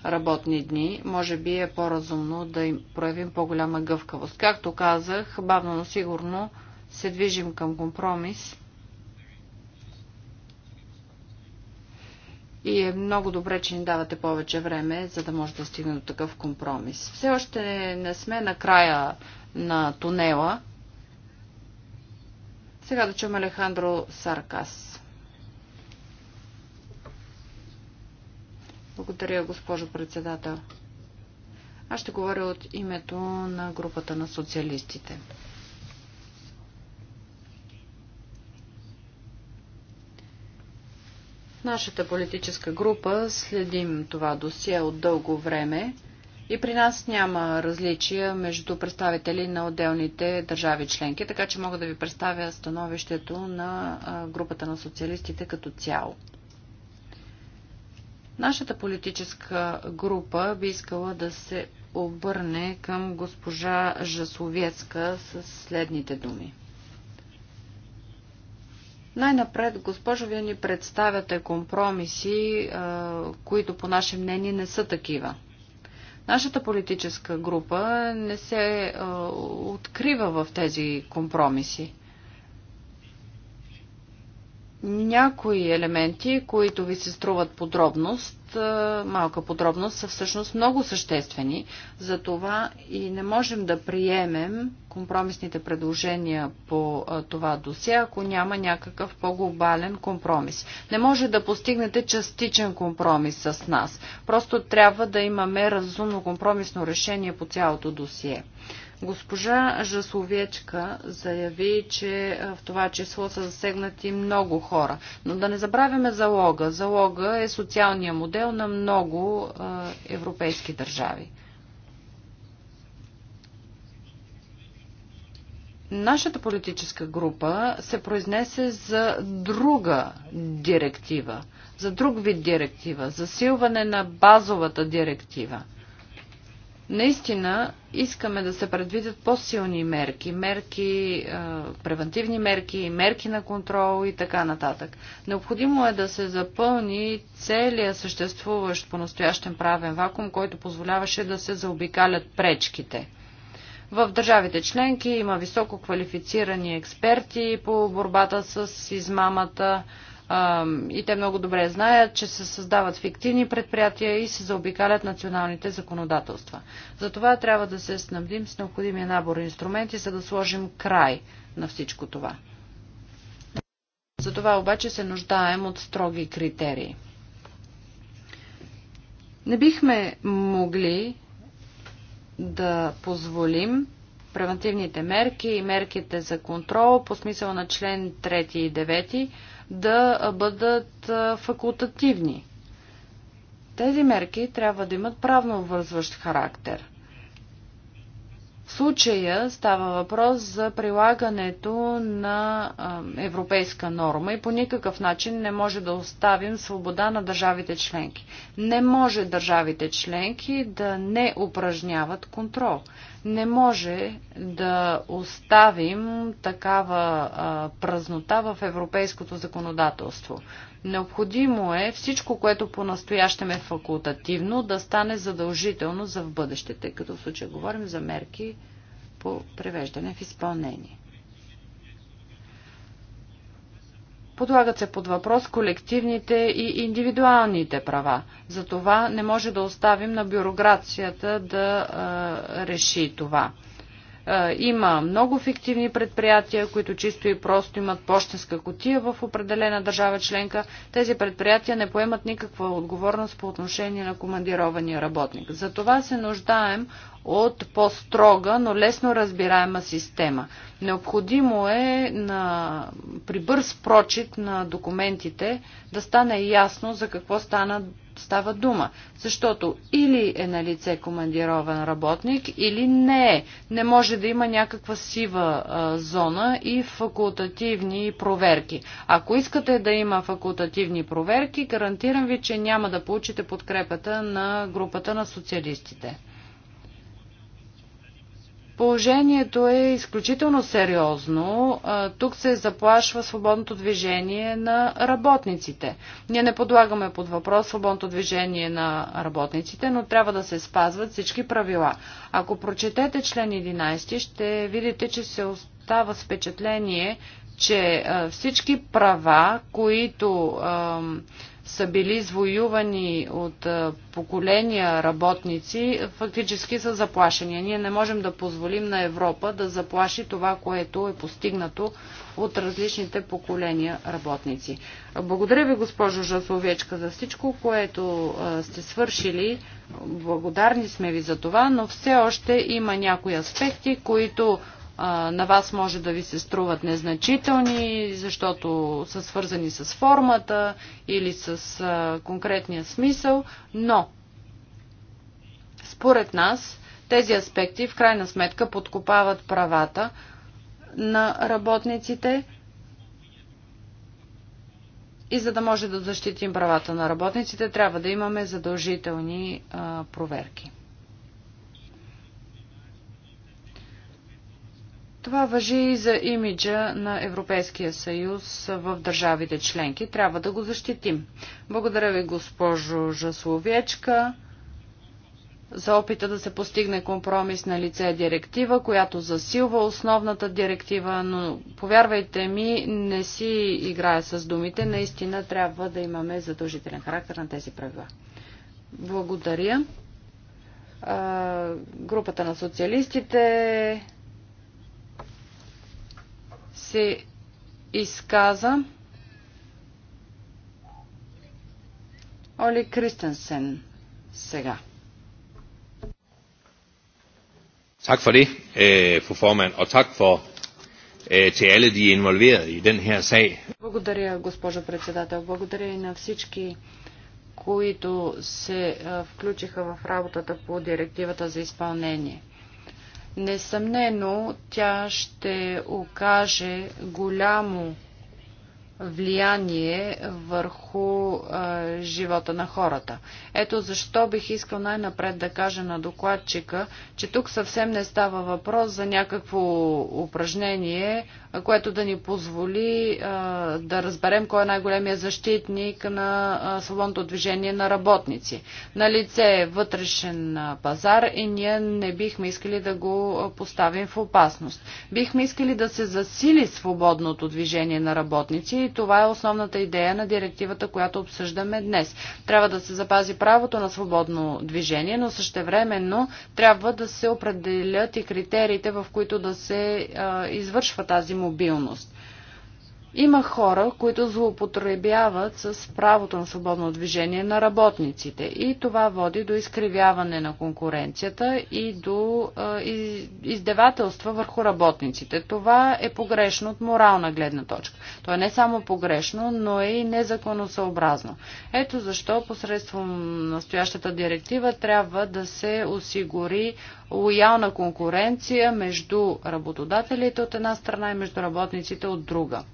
работни дни. Може би е по-разумно да им проявим по-голяма гъвкавост. Както казах, бавно, но сигурно се движим към компромис И е много добре, че ни давате повече време, за да може да стигне до такъв компромис. Все още не, не сме на края на тунела. Сега да чуем Алехандро Саркас. Благодаря, госпожо председател. Аз ще говоря от името на групата на социалистите. Нашата политическа група следим това досие от дълго време и при нас няма различия между представители на отделните държави членки, така че мога да ви представя становището на групата на социалистите като цяло. Нашата политическа група би искала да се обърне към госпожа Жасовецка с следните думи. Най-напред, госпожо, вие ни представяте компромиси, които по наше мнение не са такива. Нашата политическа група не се открива в тези компромиси. Някои елементи, които ви се струват подробност, малка подробност, са всъщност много съществени. Затова и не можем да приемем компромисните предложения по това досе, ако няма някакъв по-глобален компромис. Не може да постигнете частичен компромис с нас. Просто трябва да имаме разумно компромисно решение по цялото досие. Госпожа Жасовечка заяви, че в това число са засегнати много хора. Но да не забравяме залога. Залога е социалния модел на много европейски държави. Нашата политическа група се произнесе за друга директива, за друг вид директива, засилване на базовата директива – Наистина искаме да се предвидят по-силни мерки, мерки, превентивни мерки, мерки на контрол и така нататък. Необходимо е да се запълни целият съществуващ по-настоящен правен вакуум, който позволяваше да се заобикалят пречките. В държавите членки има високо квалифицирани експерти по борбата с измамата, и те много добре знаят, че се създават фиктивни предприятия и се заобикалят националните законодателства. Затова трябва да се снабдим с необходимия набор инструменти, за да сложим край на всичко това. Затова обаче се нуждаем от строги критерии. Не бихме могли да позволим превентивните мерки и мерките за контрол по смисъл на член 3 и 9 да бъдат факултативни. Тези мерки трябва да имат правно обвързващ характер – в случая става въпрос за прилагането на европейска норма и по никакъв начин не може да оставим свобода на държавите членки. Не може държавите членки да не упражняват контрол. Не може да оставим такава празнота в европейското законодателство. Необходимо е всичко, което по-настоящем е факултативно, да стане задължително за в бъдещете, като в случая говорим за мерки по превеждане в изпълнение. Подлагат се под въпрос колективните и индивидуалните права. Затова не може да оставим на бюрокрацията да а, реши това. Е, има много фиктивни предприятия, които чисто и просто имат почтенска котия в определена държава членка. Тези предприятия не поемат никаква отговорност по отношение на командирования работник. Затова се нуждаем от по-строга, но лесно разбираема система. Необходимо е на, при бърз прочит на документите да стане ясно за какво стана става дума. Защото или е на лице командирован работник, или не е. Не може да има някаква сива а, зона и факултативни проверки. Ако искате да има факултативни проверки, гарантирам ви, че няма да получите подкрепата на групата на социалистите. Положението е изключително сериозно. Тук се заплашва свободното движение на работниците. Ние не подлагаме под въпрос свободното движение на работниците, но трябва да се спазват всички правила. Ако прочетете член 11, ще видите, че се остава с впечатление, че всички права, които са били извоювани от поколения работници, фактически са заплашени. Ние не можем да позволим на Европа да заплаши това, което е постигнато от различните поколения работници. Благодаря ви, госпожо Жасловечка, за всичко, което сте свършили. Благодарни сме ви за това, но все още има някои аспекти, които на вас може да ви се струват незначителни, защото са свързани с формата или с конкретния смисъл, но според нас тези аспекти в крайна сметка подкопават правата на работниците и за да може да защитим правата на работниците, трябва да имаме задължителни проверки. Това въжи и за имиджа на Европейския съюз в държавите членки. Трябва да го защитим. Благодаря ви, госпожо Жасловечка, за опита да се постигне компромис на лице директива, която засилва основната директива, но повярвайте ми, не си играя с думите. Наистина трябва да имаме задължителен характер на тези правила. Благодаря. А, групата на социалистите се изказа Оли Кристенсен сега. Tak for det, øh, fru formand, og tak for øh, til alle de er involverede i den her sag. Благодаря, госпожо председател. Благодаря и на всички, които се включиха в работата по директивата за изпълнение. Несъмнено тя ще окаже голямо влияние върху а, живота на хората. Ето защо бих искал най-напред да кажа на докладчика, че тук съвсем не става въпрос за някакво упражнение което да ни позволи да разберем кой е най-големия защитник на свободното движение на работници. На лице е вътрешен пазар и ние не бихме искали да го поставим в опасност. Бихме искали да се засили свободното движение на работници и това е основната идея на директивата, която обсъждаме днес. Трябва да се запази правото на свободно движение, но същевременно трябва да се определят и критериите, в които да се извършва тази мобилност. Има хора, които злоупотребяват с правото на свободно движение на работниците и това води до изкривяване на конкуренцията и до издевателства върху работниците. Това е погрешно от морална гледна точка. То е не само погрешно, но е и незаконосъобразно. Ето защо посредством настоящата директива трябва да се осигури лоялна конкуренция между работодателите от една страна и между работниците от друга.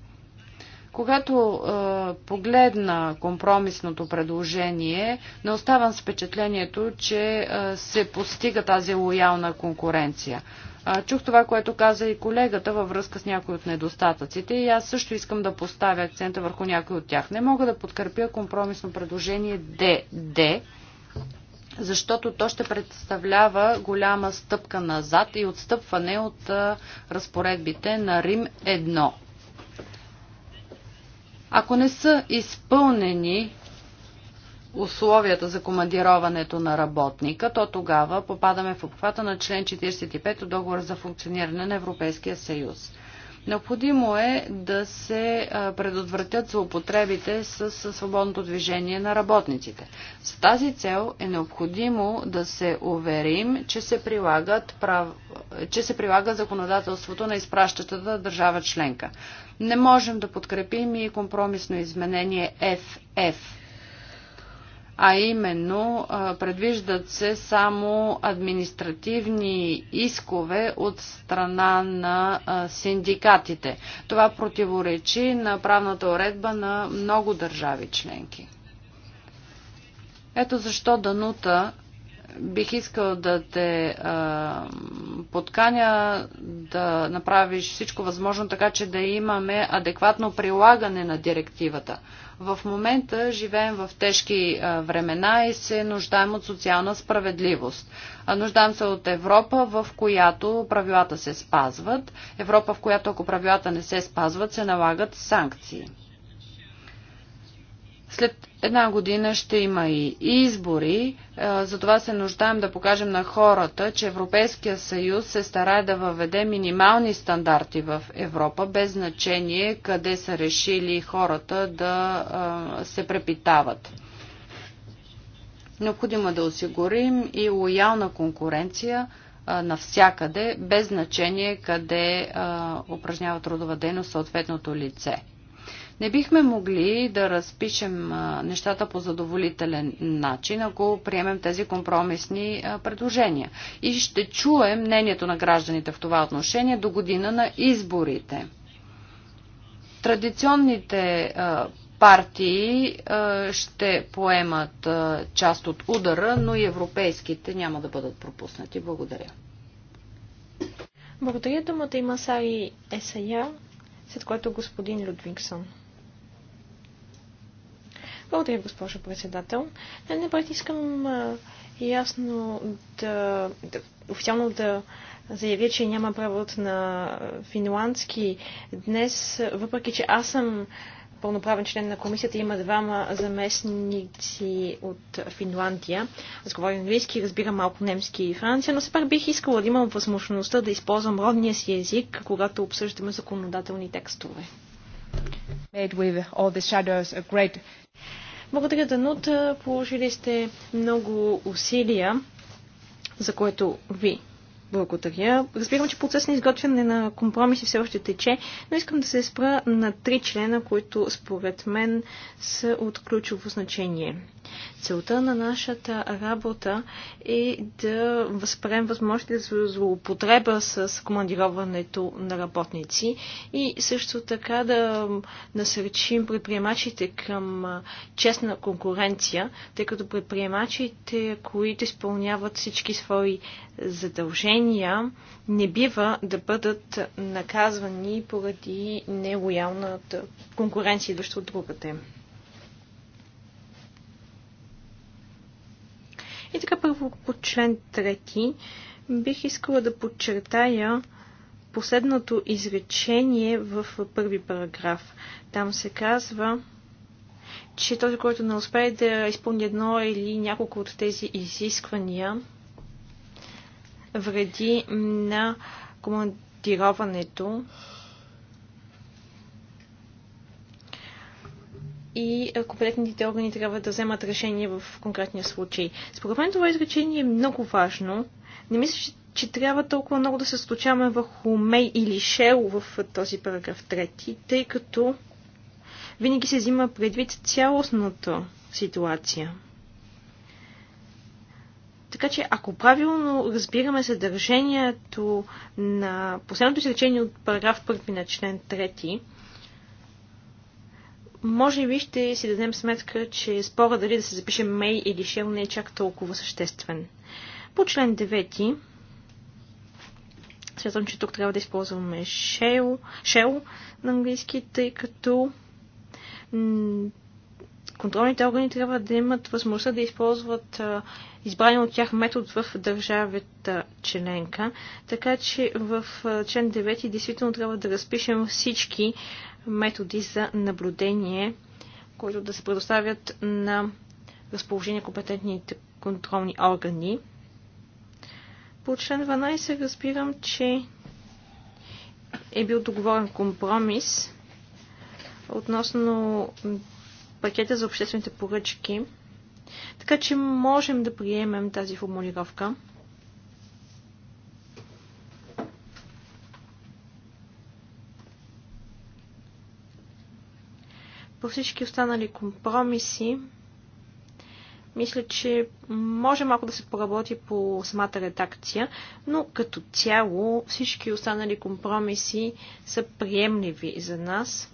Когато е, погледна компромисното предложение, не оставам с впечатлението, че е, се постига тази лоялна конкуренция. Е, чух това, което каза и колегата във връзка с някои от недостатъците и аз също искам да поставя акцента върху някои от тях. Не мога да подкрепя компромисно предложение ДД, защото то ще представлява голяма стъпка назад и отстъпване от разпоредбите на Рим 1. Ако не са изпълнени условията за командироването на работника, то тогава попадаме в обхвата на член 45 от договора за функциониране на Европейския съюз. Необходимо е да се предотвратят злоупотребите с свободното движение на работниците. С тази цел е необходимо да се уверим, че се, прилагат прав... че се прилага законодателството на изпращащата държава членка. Не можем да подкрепим и компромисно изменение FF а именно предвиждат се само административни искове от страна на синдикатите. Това противоречи на правната уредба на много държави членки. Ето защо Данута бих искал да те а, подканя да направиш всичко възможно, така че да имаме адекватно прилагане на директивата. В момента живеем в тежки а, времена и се нуждаем от социална справедливост. А, нуждаем се от Европа, в която правилата се спазват. Европа, в която ако правилата не се спазват, се налагат санкции. След една година ще има и избори, е, затова се нуждаем да покажем на хората, че Европейския съюз се старае да въведе минимални стандарти в Европа, без значение къде са решили хората да е, се препитават. Необходимо е да осигурим и лоялна конкуренция навсякъде, без значение къде упражнява трудова дейност съответното лице. Не бихме могли да разпишем нещата по задоволителен начин, ако приемем тези компромисни предложения. И ще чуем мнението на гражданите в това отношение до година на изборите. Традиционните партии ще поемат част от удара, но и европейските няма да бъдат пропуснати. Благодаря. Благодаря думата има Сари Есая, след което господин Людвигсон. Благодаря, госпожо председател. не бъде, искам ясно да, да официално да заявя, че няма превод на финландски днес, въпреки че аз съм пълноправен член на комисията, има двама заместници от Финландия. Аз говоря английски, разбира малко немски и франция, но все пак бих искала да имам възможността да използвам родния си език, когато обсъждаме законодателни текстове благодаря, Данут. Положили сте много усилия, за което ви благодаря. Разбирам, че процес на изготвяне на компромиси все още тече, но искам да се спра на три члена, които според мен са от ключово значение. Целта на нашата работа е да възпрем възможности за злоупотреба с командироването на работници и също така да насречим предприемачите към честна конкуренция, тъй като предприемачите, които изпълняват всички свои задължения, не бива да бъдат наказвани поради нелоялната конкуренция, идваща от другата. И така първо по член 3 бих искала да подчертая последното изречение в първи параграф. Там се казва, че този, който не успее да изпълни едно или няколко от тези изисквания, вреди на командироването и е, компетентните органи трябва да вземат решение в конкретния случай. Според мен това изречение е много важно. Не мисля, че, че трябва толкова много да се случаваме върху Мей или Шел в е, този параграф трети, тъй като винаги се взима предвид цялостната ситуация. Така че, ако правилно разбираме съдържанието на последното изречение от параграф 1 на член 3, може би ще си дадем сметка, че спора дали да се запише Мей или Шел не е чак толкова съществен. По член 9 Смятам, че тук трябва да използваме Шел, Шел на английски, тъй като контролните органи трябва да имат възможността да използват избрания от тях метод в държавата членка. Така че в член 9 действително трябва да разпишем всички методи за наблюдение, които да се предоставят на разположение компетентните контролни органи. По член 12 разбирам, че е бил договорен компромис относно пакета за обществените поръчки, така че можем да приемем тази формулировка. по всички останали компромиси, мисля, че може малко да се поработи по самата редакция, но като цяло всички останали компромиси са приемливи за нас.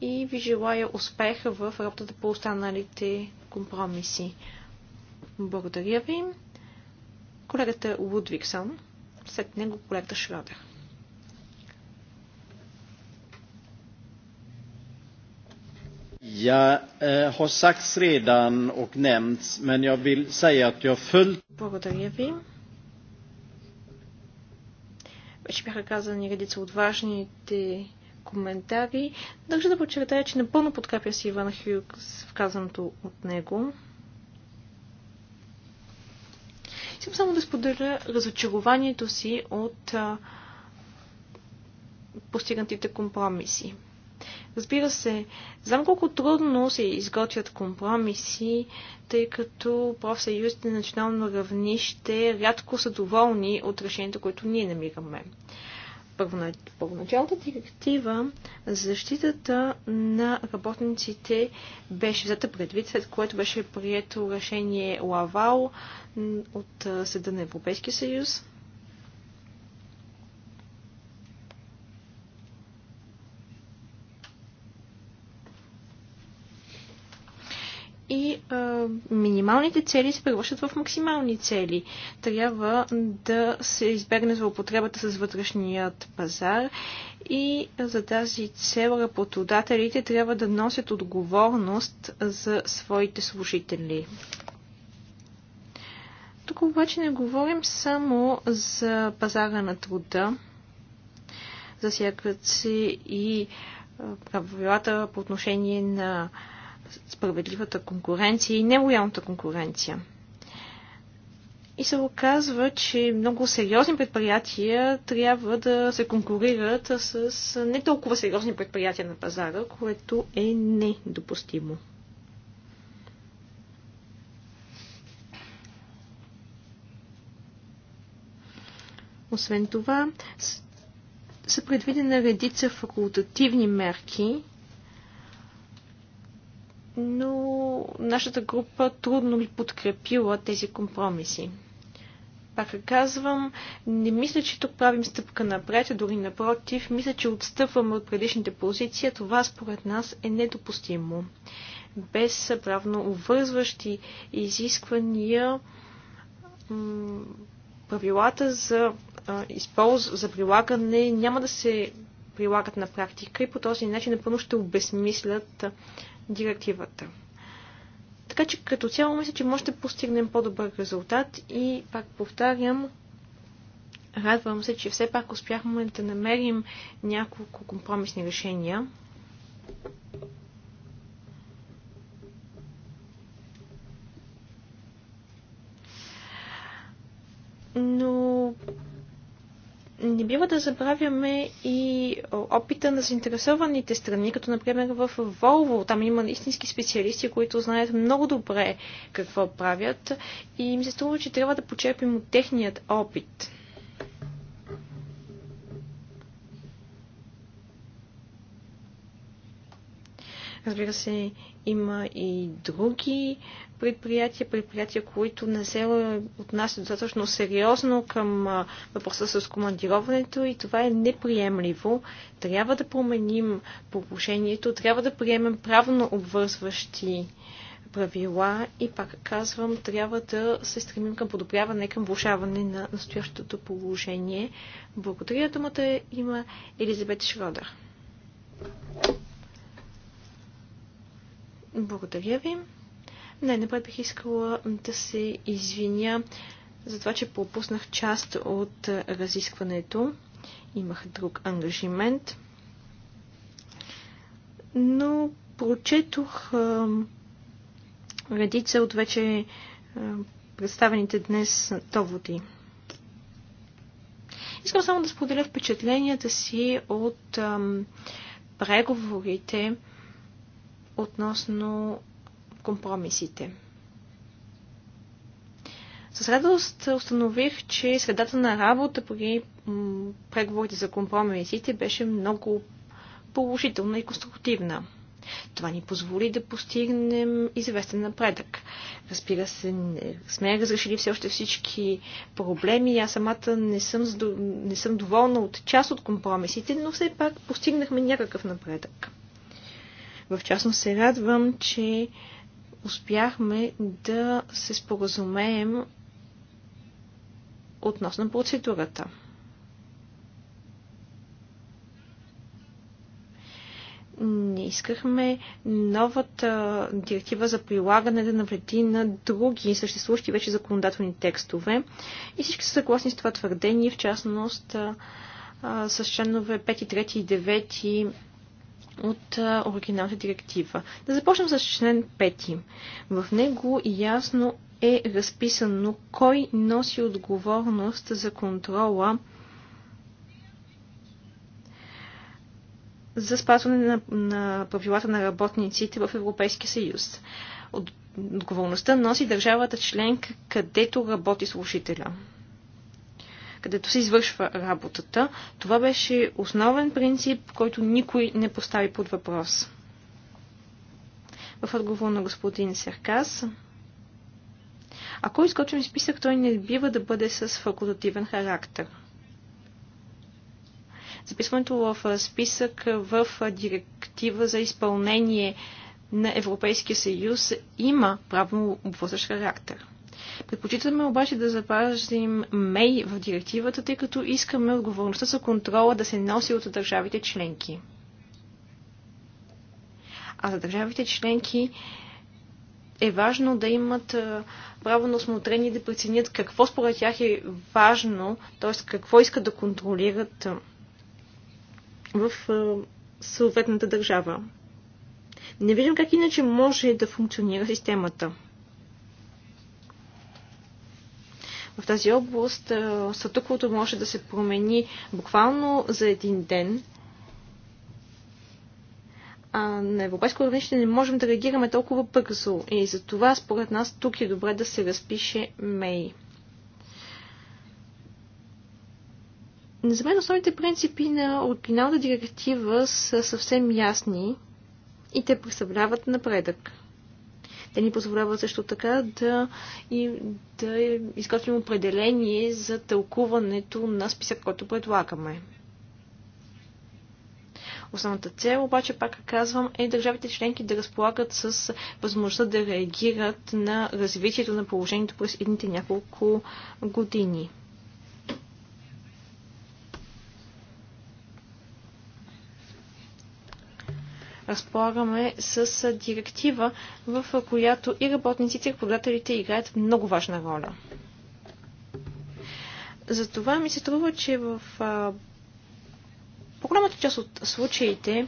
И ви желая успеха в работата по останалите компромиси. Благодаря ви. Колегата Лудвиксън, след него колегата Шрадер. Eh, har sagts redan och nämnts, men jag vill säga att jag följt... Благодаря ви. Вече бяха казани редица от важните коментари. Държа да подчертая, че напълно подкрепя си Иван Хюк в казаното от него. Искам само да споделя разочарованието си от а, постигнатите компромиси. Разбира се, знам колко трудно се изготвят компромиси, тъй като профсъюзите на национално равнище рядко са доволни от решението, което ние намираме. Първоначалната директива за защитата на работниците беше взета предвид, след което беше прието решение Лавал от Съда на Европейския съюз. и а, минималните цели се превръщат в максимални цели. Трябва да се избегне злоупотребата с вътрешният пазар и за тази цел работодателите трябва да носят отговорност за своите служители. Тук обаче не говорим само за пазара на труда. Засягат се и правилата по отношение на справедливата конкуренция и нелоялната конкуренция. И се оказва, че много сериозни предприятия трябва да се конкурират с не толкова сериозни предприятия на пазара, което е недопустимо. Освен това, са предвидени редица факултативни мерки, но нашата група трудно би подкрепила тези компромиси. Пак казвам, не мисля, че тук правим стъпка напред, а дори напротив, мисля, че отстъпваме от предишните позиции, това според нас е недопустимо. Без правно увързващи изисквания правилата за, използ... за прилагане няма да се прилагат на практика и по този начин напълно ще обезмислят директивата. Така че като цяло мисля, че може да постигнем по-добър резултат и пак повтарям, радвам се, че все пак успяхме да намерим няколко компромисни решения. Но не бива да забравяме и опита на заинтересованите страни, като например в Волво. Там има истински специалисти, които знаят много добре какво правят и ми се струва, че трябва да почерпим от техният опит. Разбира се, има и други предприятия, предприятия, които не се отнасят достатъчно сериозно към въпроса с командироването и това е неприемливо. Трябва да променим положението, трябва да приемем правно обвързващи правила и пак казвам, трябва да се стремим към подобряване, към влушаване на настоящото положение. Благодаря думата има Елизабет Шродър. Благодаря ви. Не, напред бих искала да се извиня за това, че пропуснах част от разискването. Имах друг ангажимент. Но прочетох редица от вече представените днес доводи. Искам само да споделя впечатленията си от ам, преговорите относно компромисите. С радост установих, че средата на работа при преговорите за компромисите беше много положителна и конструктивна. Това ни позволи да постигнем известен напредък. Разбира се, не сме разрешили все още всички проблеми. Аз самата не съм, не съм доволна от част от компромисите, но все пак постигнахме някакъв напредък. В частност се радвам, че успяхме да се споразумеем относно процедурата. не искахме новата директива за прилагане да навреди на други съществуващи вече законодателни текстове. И всички са съгласни с това твърдение, в частност с членове 5, 3 и 9 от оригиналната директива. Да започнем с член 5. В него ясно е разписано кой носи отговорност за контрола за спазване на, на правилата на работниците в Европейския съюз. Отговорността носи държавата членка, където работи служителя където се извършва работата. Това беше основен принцип, който никой не постави под въпрос. В отговор на господин Серкас, ако изкочим списък, той не бива да бъде с факултативен характер. Записването в списък в директива за изпълнение на Европейския съюз има правно обвързващ характер. Предпочитаме обаче да запазим МЕЙ в директивата, тъй като искаме отговорността за контрола да се носи от държавите членки. А за държавите членки е важно да имат право на осмотрение да преценят какво според тях е важно, т.е. какво искат да контролират в съответната държава. Не виждам как иначе може да функционира системата. в тази област е, статуквото може да се промени буквално за един ден. А на европейско равнище не можем да реагираме толкова бързо и за това според нас тук е добре да се разпише МЕИ. За мен основните принципи на оригинална директива са съвсем ясни и те представляват напредък. Те ни позволяват също така да, и, да изготвим определение за тълкуването на списък, който предлагаме. Основната цел обаче, пак казвам, е държавите членки да разполагат с възможността да реагират на развитието на положението през едните няколко години. разполагаме с директива, в която и работниците, и работодателите играят много важна роля. Затова ми се струва, че в по-голямата част от случаите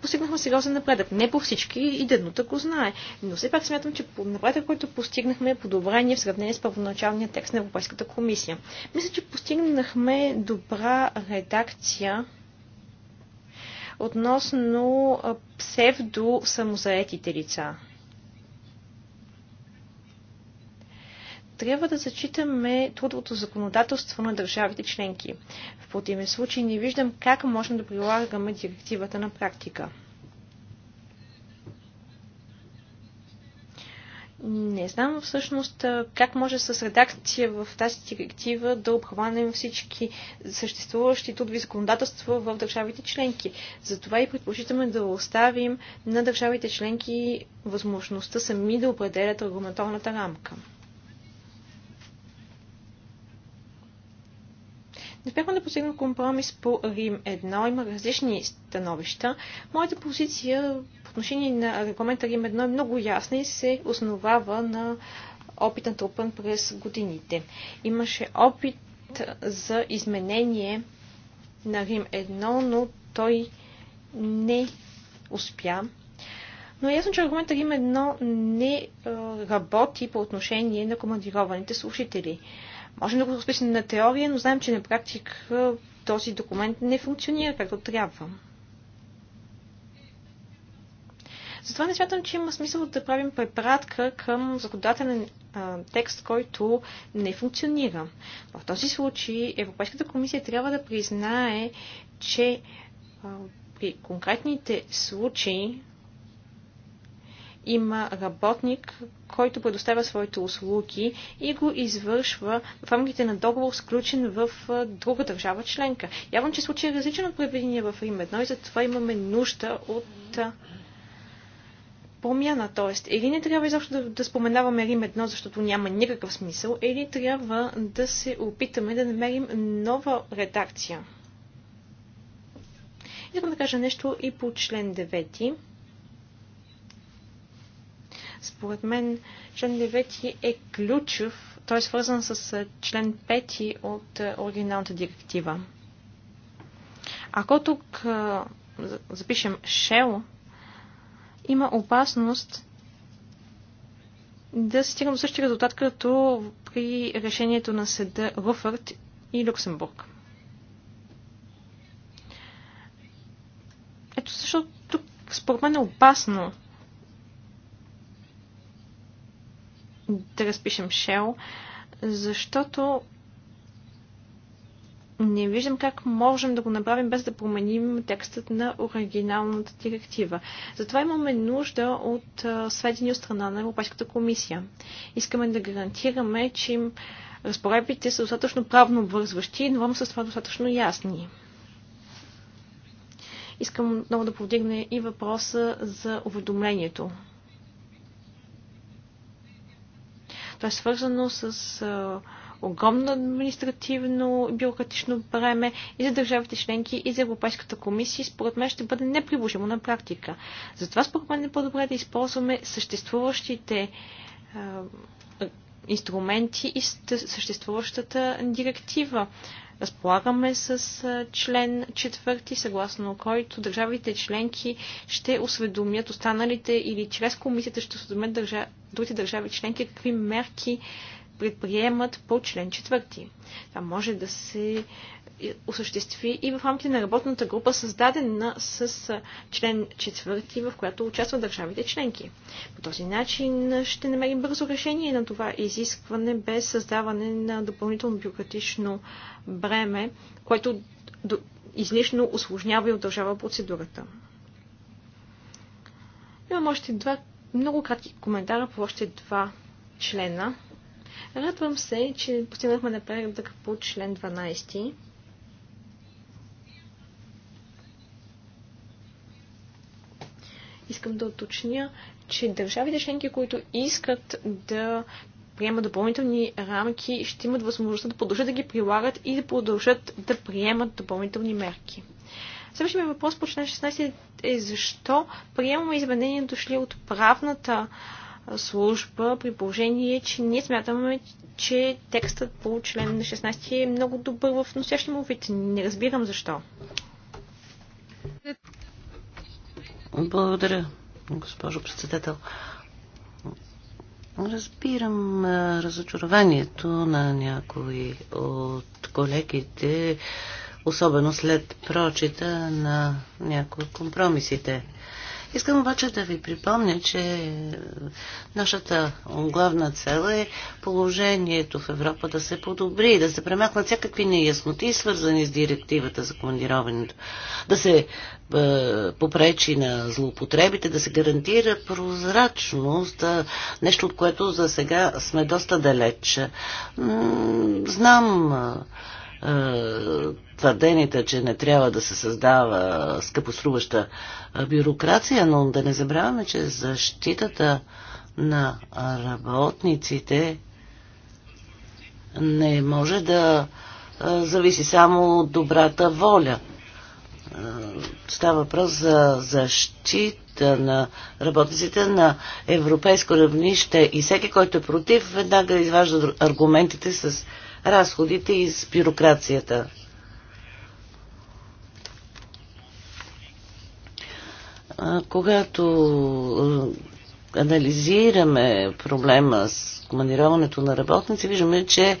постигнахме сериозен напредък. Не по всички и деднота го знае. Но все пак смятам, че напредък, който постигнахме е подобрение в сравнение с първоначалния текст на Европейската комисия. Мисля, че постигнахме добра редакция относно псевдо самозаетите лица. трябва да зачитаме трудовото законодателство на държавите членки. В противен случай не виждам как можем да прилагаме директивата на практика. Не знам всъщност как може с редакция в тази директива да обхванем всички съществуващи трудови законодателства в държавите членки. Затова и предпочитаме да оставим на държавите членки възможността сами да определят регламентарната рамка. Не бяхме да постигнем компромис по Рим 1. Има различни становища. Моята позиция отношение на регламента Рим 1 е много ясна и се основава на опит трупан през годините. Имаше опит за изменение на Рим 1, но той не успя. Но е ясно, че аргументът Рим 1 не е, работи по отношение на командированите слушатели. Може да го разпишем на теория, но знаем, че на практика този документ не функционира както трябва. Затова не смятам, че има смисъл да правим препратка към законодателен текст, който не функционира. В този случай Европейската комисия трябва да признае, че при конкретните случаи има работник, който предоставя своите услуги и го извършва в рамките на договор, сключен в друга държава членка. Явно, че случай е различен от предвидения в Рим 1 и затова имаме нужда от промяна. Тоест, или не трябва изобщо да, да споменаваме Рим едно, защото няма никакъв смисъл, или трябва да се опитаме да намерим нова редакция. Искам да кажа нещо и по член 9. Според мен член 9 е ключов, той е свързан с член 5 от оригиналната директива. Ако тук запишем shell, има опасност да се до същия резултат, като при решението на съда Руфърт и Люксембург. Ето също тук според мен е опасно да разпишем Shell, защото не виждам как можем да го направим без да променим текстът на оригиналната директива. Затова имаме нужда от сведения от страна на Европейската комисия. Искаме да гарантираме, че им разпоредбите са достатъчно правно обвързващи, но с това достатъчно ясни. Искам много да повдигне и въпроса за уведомлението. Това е свързано с огромно административно и бюрократично бреме и за държавите членки, и за Европейската комисия, според мен ще бъде неприложимо на практика. Затова според мен е по-добре да използваме съществуващите инструменти и съществуващата директива. Разполагаме с член четвърти, съгласно който държавите членки ще осведомят останалите или чрез комисията ще осведомят държа... другите държави членки какви мерки предприемат по член 4. Това може да се е, осъществи и в рамките на работната група, създадена с член 4, в която участват държавите членки. По този начин ще намерим бързо решение на това изискване без създаване на допълнително бюрократично бреме, което излишно осложнява и удължава процедурата. Имам още два много кратки коментара по още два члена. Радвам се, че постигнахме напредък по член 12. Искам да уточня, че държавите членки, които искат да приемат допълнителни рамки, ще имат възможността да продължат да ги прилагат и да продължат да приемат допълнителни мерки. Следващия ми въпрос по член 16 е защо приемаме изменения дошли от правната служба, при положение, че ние смятаме, че текстът по член 16 е много добър в носящия му вид. Не разбирам защо. Благодаря, госпожо председател. Разбирам разочарованието на някои от колегите, особено след прочита на някои от компромисите. Искам обаче да ви припомня, че нашата главна цел е положението в Европа да се подобри да се премахнат всякакви неясноти, свързани с директивата за командироването, да се е, попречи на злоупотребите, да се гарантира прозрачност, да, е, нещо от което за сега сме доста далеч. Знам е, твърдените, че не трябва да се създава скъпоструваща бюрокрация, но да не забравяме, че защитата на работниците не може да зависи само от добрата воля. Става въпрос за защита на работниците на европейско равнище и всеки, който е против, веднага изважда аргументите с разходите и с бюрокрацията. когато анализираме проблема с командироването на работници, виждаме, че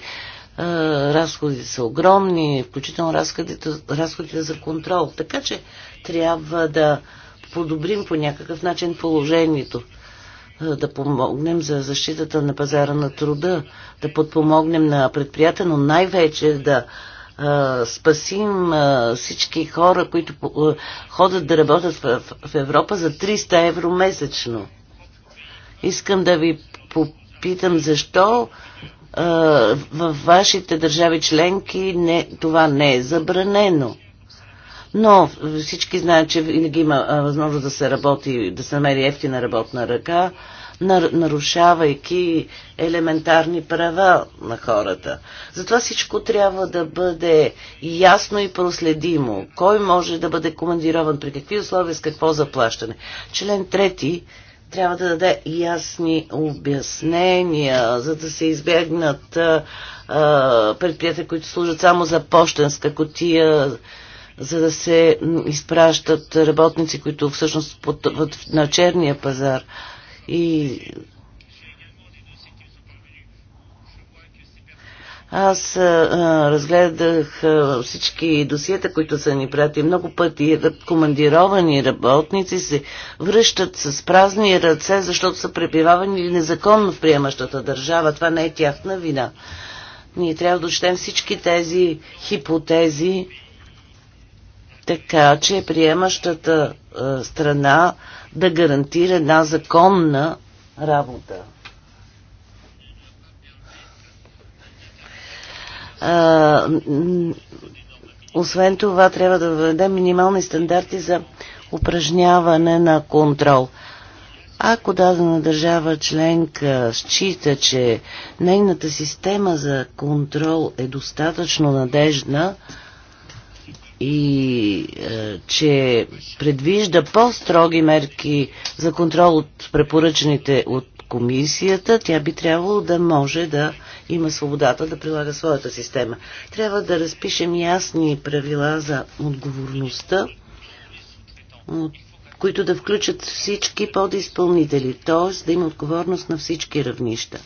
разходите са огромни, включително разходите, разходите за контрол. Така че трябва да подобрим по някакъв начин положението, да помогнем за защитата на пазара на труда, да подпомогнем на предприятия, но най-вече да спасим всички хора, които ходят да работят в Европа за 300 евро месечно. Искам да ви попитам защо във вашите държави членки не, това не е забранено. Но всички знаят, че винаги има възможност да се работи, да се намери ефтина работна ръка нарушавайки елементарни права на хората. Затова всичко трябва да бъде ясно и проследимо. Кой може да бъде командирован, при какви условия, с какво заплащане. Член трети трябва да даде ясни обяснения, за да се избегнат а, а, предприятия, които служат само за почтенска котия, за да се изпращат работници, които всъщност на черния пазар. И Аз а, разгледах а, всички досиета, които са ни прати. Много пъти командировани работници се връщат с празни ръце, защото са пребивавани незаконно в приемащата държава. Това не е тяхна вина. Ние трябва да отчетем всички тези хипотези, така че приемащата а, страна да гарантира една законна работа. А, освен това, трябва да въведем минимални стандарти за упражняване на контрол. Ако дадена държава членка счита, че нейната система за контрол е достатъчно надежна, и е, че предвижда по-строги мерки за контрол от препоръчените от комисията, тя би трябвало да може да има свободата да прилага своята система. Трябва да разпишем ясни правила за отговорността, от които да включат всички подизпълнители, т.е. да има отговорност на всички равнища.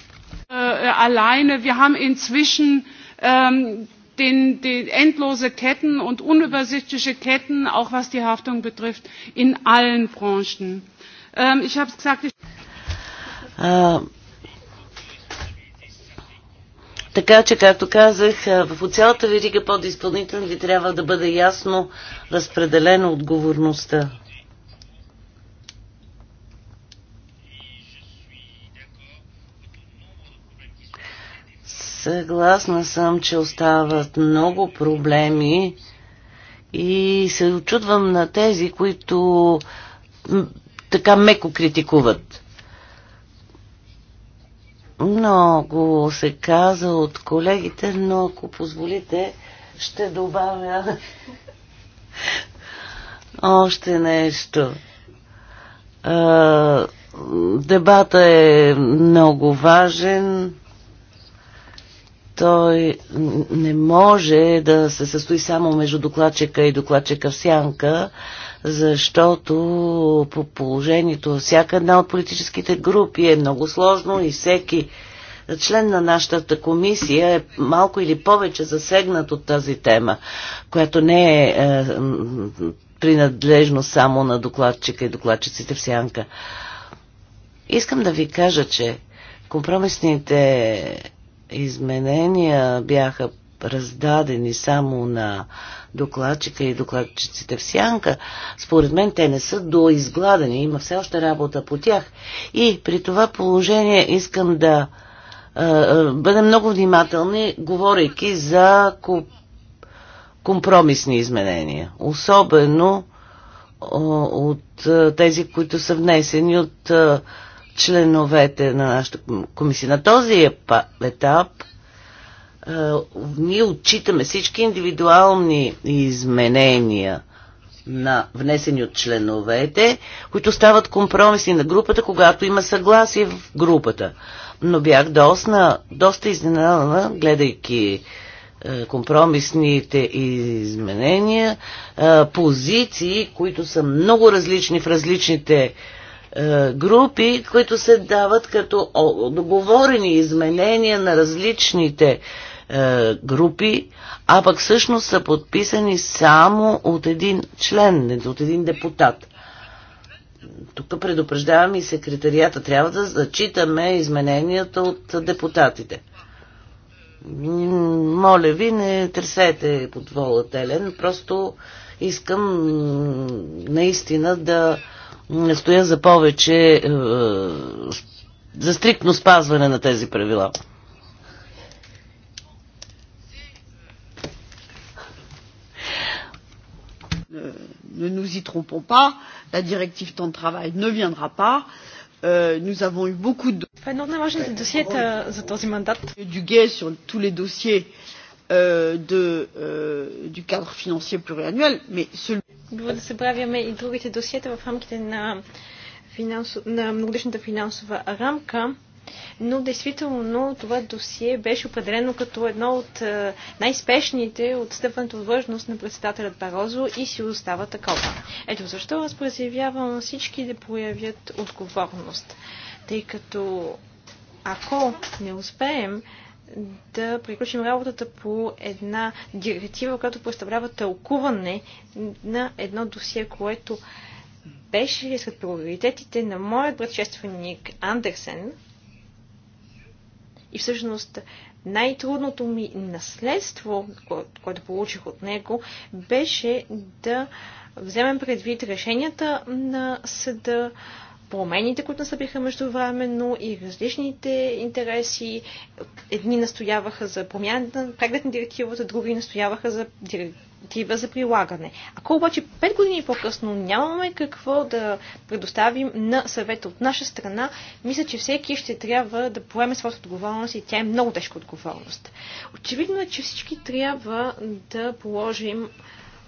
Алайне, е, wir haben den, den endlose Ketten und unübersichtliche Ketten, auch was die Haftung betrifft, in allen Branchen. Ähm, ich habe es gesagt. Ich така че, както казах, в цялата верига подизпълнителни трябва да бъде ясно разпределена отговорността. Съгласна съм, че остават много проблеми и се очудвам на тези, които така меко критикуват. Много се каза от колегите, но ако позволите, ще добавя още нещо. Дебата е много важен той не може да се състои само между докладчика и докладчика в сянка, защото по положението всяка една от политическите групи е много сложно и всеки член на нашата комисия е малко или повече засегнат от тази тема, която не е, е принадлежно само на докладчика и докладчиците в сянка. Искам да ви кажа, че компромисните изменения бяха раздадени само на докладчика и докладчиците в сянка, според мен те не са доизгладени, има все още работа по тях. И при това положение искам да е, бъдем много внимателни, говорейки за компромисни изменения. Особено е, от тези, които са внесени от членовете на нашата комисия. На този етап е, ние отчитаме всички индивидуални изменения на внесени от членовете, които стават компромиси на групата, когато има съгласие в групата. Но бях досна, доста изненадана, гледайки е, компромисните изменения, е, позиции, които са много различни в различните е, групи, които се дават като договорени изменения на различните е, групи, а пък всъщност са подписани само от един член, от един депутат. Тук предупреждавам и секретарията. Трябва да зачитаме измененията от депутатите. Моля ви, не търсете подвола, Телен. Просто искам наистина да стоя за повече за стриктно спазване на тези правила. Ne nous y trompons pas, la directive temps de travail ne viendra pas. Euh, nous avons eu beaucoup de... Това е едно от най-важните Du gay sur tous les dossiers Euh, euh, du cadre financier pluriannuel, mais celui... да събравяме и другите досиета в рамките на, многодишната финансова рамка, но действително това досие беше определено като едно от е, най-спешните от стъпването в длъжност на председателят Барозо и си остава такова. Ето защо аз призявявам всички да проявят отговорност, тъй като ако не успеем да приключим работата по една директива, която представлява тълкуване на едно досие, което беше сред приоритетите на моят предшественик Андерсен. И всъщност най-трудното ми наследство, което получих от него, беше да вземем предвид решенията на съда, промените, които настъпиха междувременно и различните интереси. Едни настояваха за промяна на преглед на директивата, други настояваха за директива за прилагане. Ако обаче 5 години по-късно нямаме какво да предоставим на съвета от наша страна, мисля, че всеки ще трябва да поеме своята отговорност и тя е много тежка отговорност. Очевидно е, че всички трябва да положим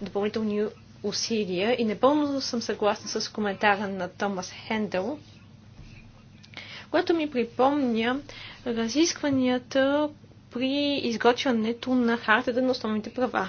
допълнителни усилия и непълно съм съгласна с коментара на Томас Хендел, което ми припомня разискванията при изготвянето на хартата на основните права.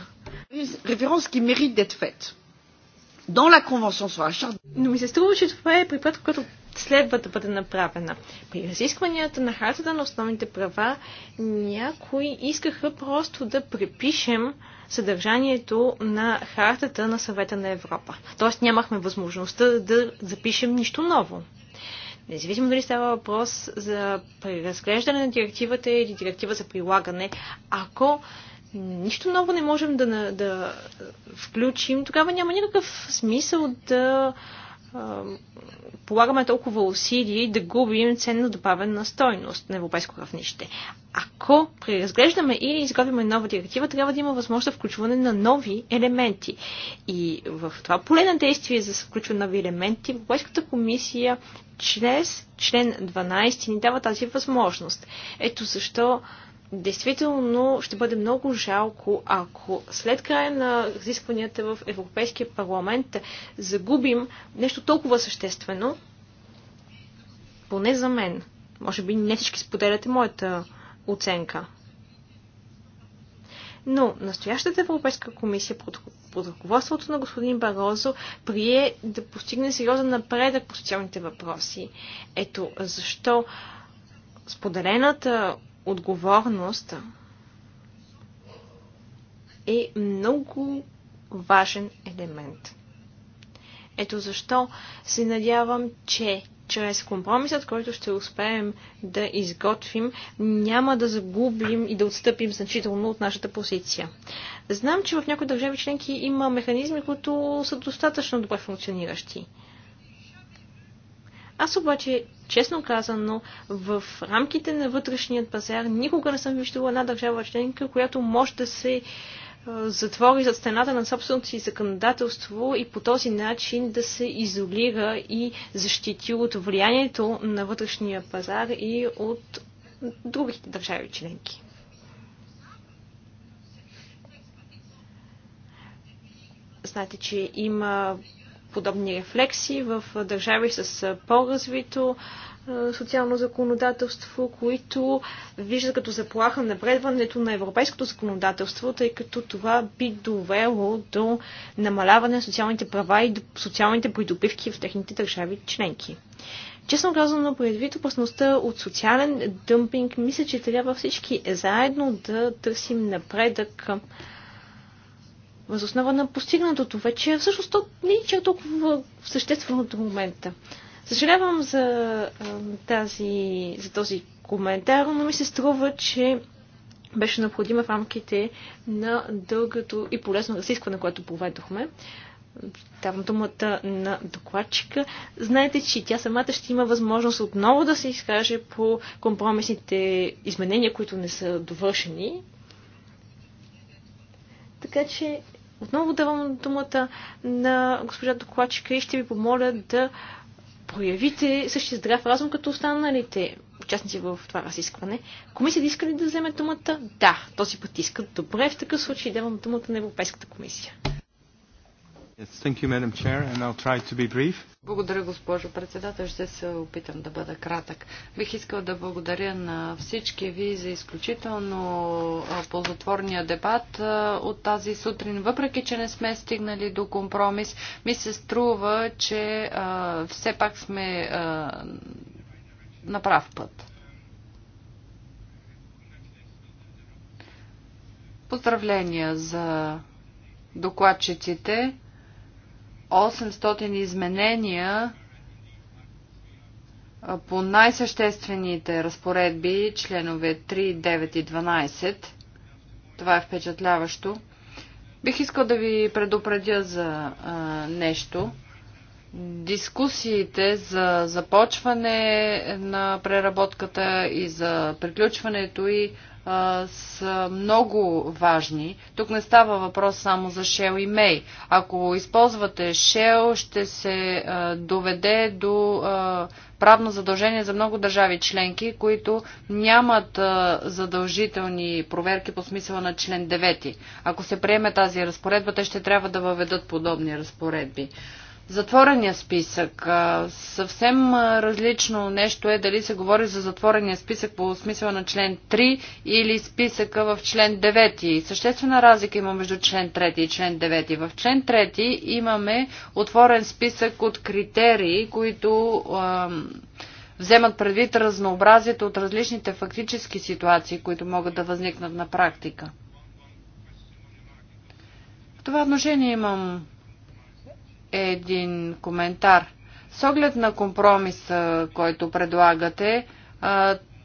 Но ми се струва, че това е препратка, която следва да бъде направена. При разискванията на хартата на основните права някои искаха просто да препишем съдържанието на хартата на съвета на Европа. Тоест нямахме възможността да запишем нищо ново. Независимо дали става въпрос за преразглеждане на директивата или директива за прилагане, ако нищо ново не можем да, да включим, тогава няма никакъв смисъл да полагаме толкова усилия и да губим ценно добавена стойност на европейско равнище. Ако преразглеждаме или изготвяме нова директива, трябва да има възможност за включване на нови елементи. И в това поле на действие за включване на нови елементи, Европейската комисия чрез член 12 ни дава тази възможност. Ето защо действително ще бъде много жалко, ако след края на разискванията в Европейския парламент загубим нещо толкова съществено, поне за мен. Може би не всички споделяте моята оценка. Но настоящата Европейска комисия под ръководството на господин Барозо прие да постигне сериозен напредък по социалните въпроси. Ето защо споделената отговорност е много важен елемент. Ето защо се надявам, че чрез компромисът, който ще успеем да изготвим, няма да загубим и да отстъпим значително от нашата позиция. Знам, че в някои държави членки има механизми, които са достатъчно добре функциониращи. Аз обаче Честно казано, в рамките на вътрешният пазар никога не съм виждала една държава членка, която може да се е, затвори за стената на собственото си законодателство и по този начин да се изолира и защити от влиянието на вътрешния пазар и от другите държави членки. Знаете, че има подобни рефлекси в държави с по-развито социално законодателство, които виждат като заплаха напредването на европейското законодателство, тъй като това би довело до намаляване на социалните права и до социалните придобивки в техните държави членки. Честно казано, предвид опасността от социален дъмпинг, мисля, че трябва всички заедно да търсим напредък възоснова на постигнатото вече, всъщност то не е толкова в същественото момента. Съжалявам за, тази, за този коментар, но ми се струва, че беше необходима в рамките на дългото и полезно разискване, което проведохме. там думата на докладчика. Знаете, че тя самата ще има възможност отново да се изкаже по компромисните изменения, които не са довършени. Така че отново давам думата на госпожа докладчика и ще ви помоля да проявите същия здрав разум като останалите участници в това разискване. Комисията иска ли да вземе думата? Да, този път искат. Добре, в такъв случай давам думата на Европейската комисия. Благодаря, госпожо председател. Ще се опитам да бъда кратък. Бих искал да благодаря на всички ви за изключително ползотворния дебат от тази сутрин. Въпреки, че не сме стигнали до компромис, ми се струва, че все пак сме на прав път. Поздравления за докладчиците. 800 изменения по най-съществените разпоредби, членове 3, 9 и 12. Това е впечатляващо. Бих искал да ви предупредя за а, нещо. Дискусиите за започване на преработката и за приключването и са много важни. Тук не става въпрос само за Shell и May. Ако използвате Shell, ще се доведе до правно задължение за много държави членки, които нямат задължителни проверки по смисъла на член 9. Ако се приеме тази разпоредба, те ще трябва да въведат подобни разпоредби затворения списък. Съвсем различно нещо е дали се говори за затворения списък по смисъла на член 3 или списъка в член 9. Съществена разлика има между член 3 и член 9. В член 3 имаме отворен списък от критерии, които вземат предвид разнообразието от различните фактически ситуации, които могат да възникнат на практика. В това отношение имам един коментар. С оглед на компромиса, който предлагате,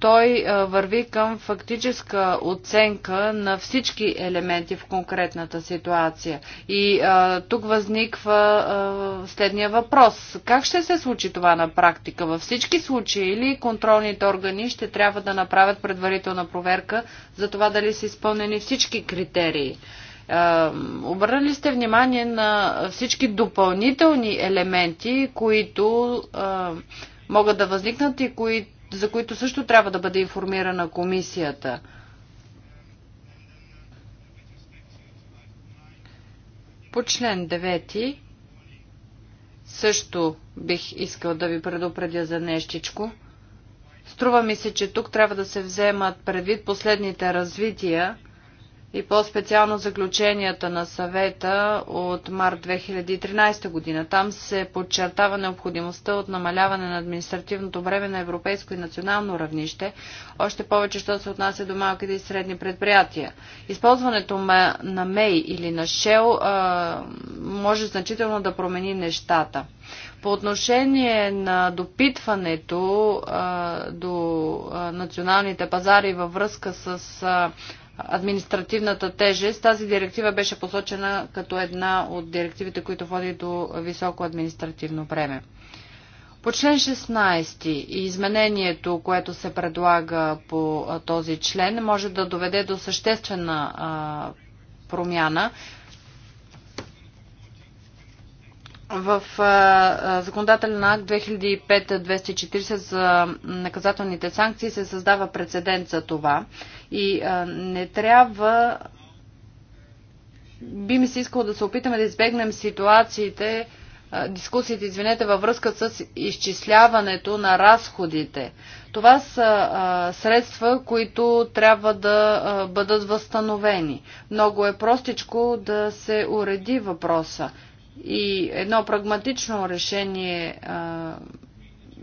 той върви към фактическа оценка на всички елементи в конкретната ситуация. И а, тук възниква а, следния въпрос. Как ще се случи това на практика? Във всички случаи или контролните органи ще трябва да направят предварителна проверка за това дали са изпълнени всички критерии? Обърнали сте внимание на всички допълнителни елементи, които могат да възникнат и кои, за които също трябва да бъде информирана комисията. По член 9 също бих искал да ви предупредя за нещичко. Струва ми се, че тук трябва да се вземат предвид последните развития и по-специално заключенията на съвета от март 2013 година. Там се подчертава необходимостта от намаляване на административното време на европейско и национално равнище, още повече, що се отнася до малките и средни предприятия. Използването на МЕЙ или на ШЕЛ може значително да промени нещата. По отношение на допитването а, до а, националните пазари във връзка с а, административната тежест. Тази директива беше посочена като една от директивите, които води до високо административно бреме. По член 16 и изменението, което се предлага по този член, може да доведе до съществена промяна, в а, законодателен акт 2005-240 за наказателните санкции се създава прецедент за това и а, не трябва би ми се искало да се опитаме да избегнем ситуациите, дискусиите, извинете, във връзка с изчисляването на разходите. Това са а, средства, които трябва да а, бъдат възстановени. Много е простичко да се уреди въпроса. И едно прагматично решение а,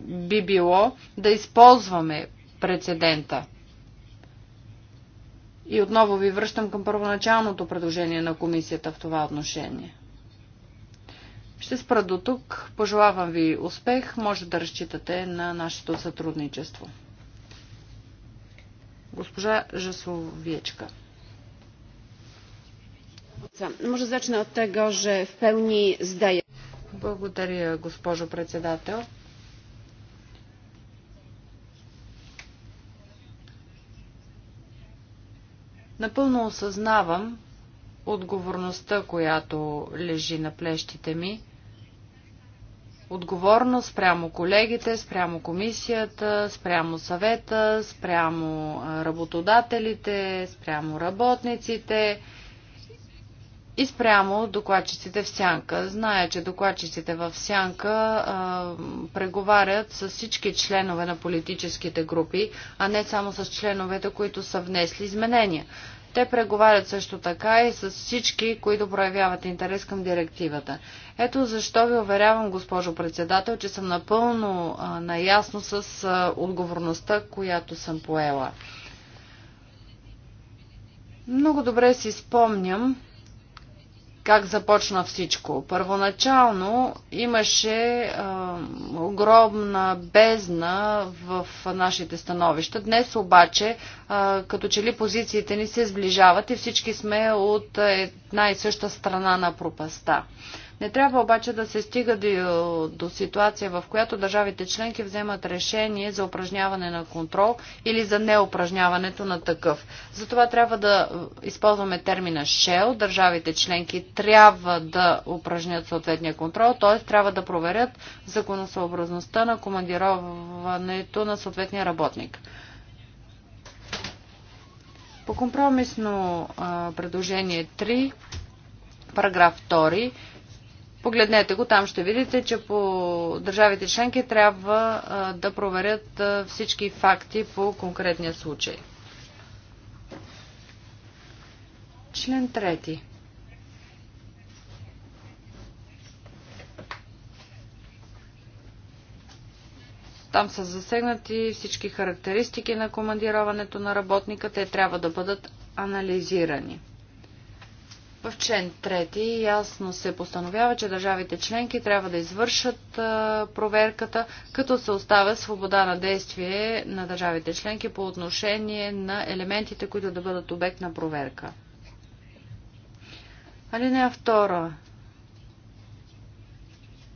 би било да използваме прецедента. И отново ви връщам към първоначалното предложение на комисията в това отношение. Ще спра до тук. Пожелавам ви успех. Може да разчитате на нашето сътрудничество. Госпожа Жасовиечка. Благодаря, госпожо председател. Напълно осъзнавам отговорността, която лежи на плещите ми. Отговорност спрямо колегите, спрямо комисията, спрямо съвета, спрямо работодателите, спрямо работниците и спрямо докладчиците в сянка. Зная, че докладчиците в сянка а, преговарят с всички членове на политическите групи, а не само с членовете, които са внесли изменения. Те преговарят също така и с всички, които проявяват интерес към директивата. Ето защо ви уверявам, госпожо председател, че съм напълно а, наясно с а, отговорността, която съм поела. Много добре си спомням, как започна всичко. Първоначално имаше а, огромна бездна в нашите становища. Днес обаче, а, като че ли позициите ни се сближават и всички сме от една и съща страна на пропаста. А, не трябва обаче да се стига до, до ситуация, в която държавите членки вземат решение за упражняване на контрол или за неупражняването на такъв. Затова трябва да използваме термина shell. Държавите членки трябва да упражнят съответния контрол, т.е. трябва да проверят законосъобразността на командироването на съответния работник. По компромисно а, предложение 3, параграф 2, Погледнете го, там ще видите, че по държавите членки трябва да проверят всички факти по конкретния случай. Член 3. Там са засегнати всички характеристики на командироването на работника. Те трябва да бъдат анализирани. В член 3 ясно се постановява, че държавите членки трябва да извършат проверката, като се оставя свобода на действие на държавите членки по отношение на елементите, които да бъдат обект на проверка. Алинея 2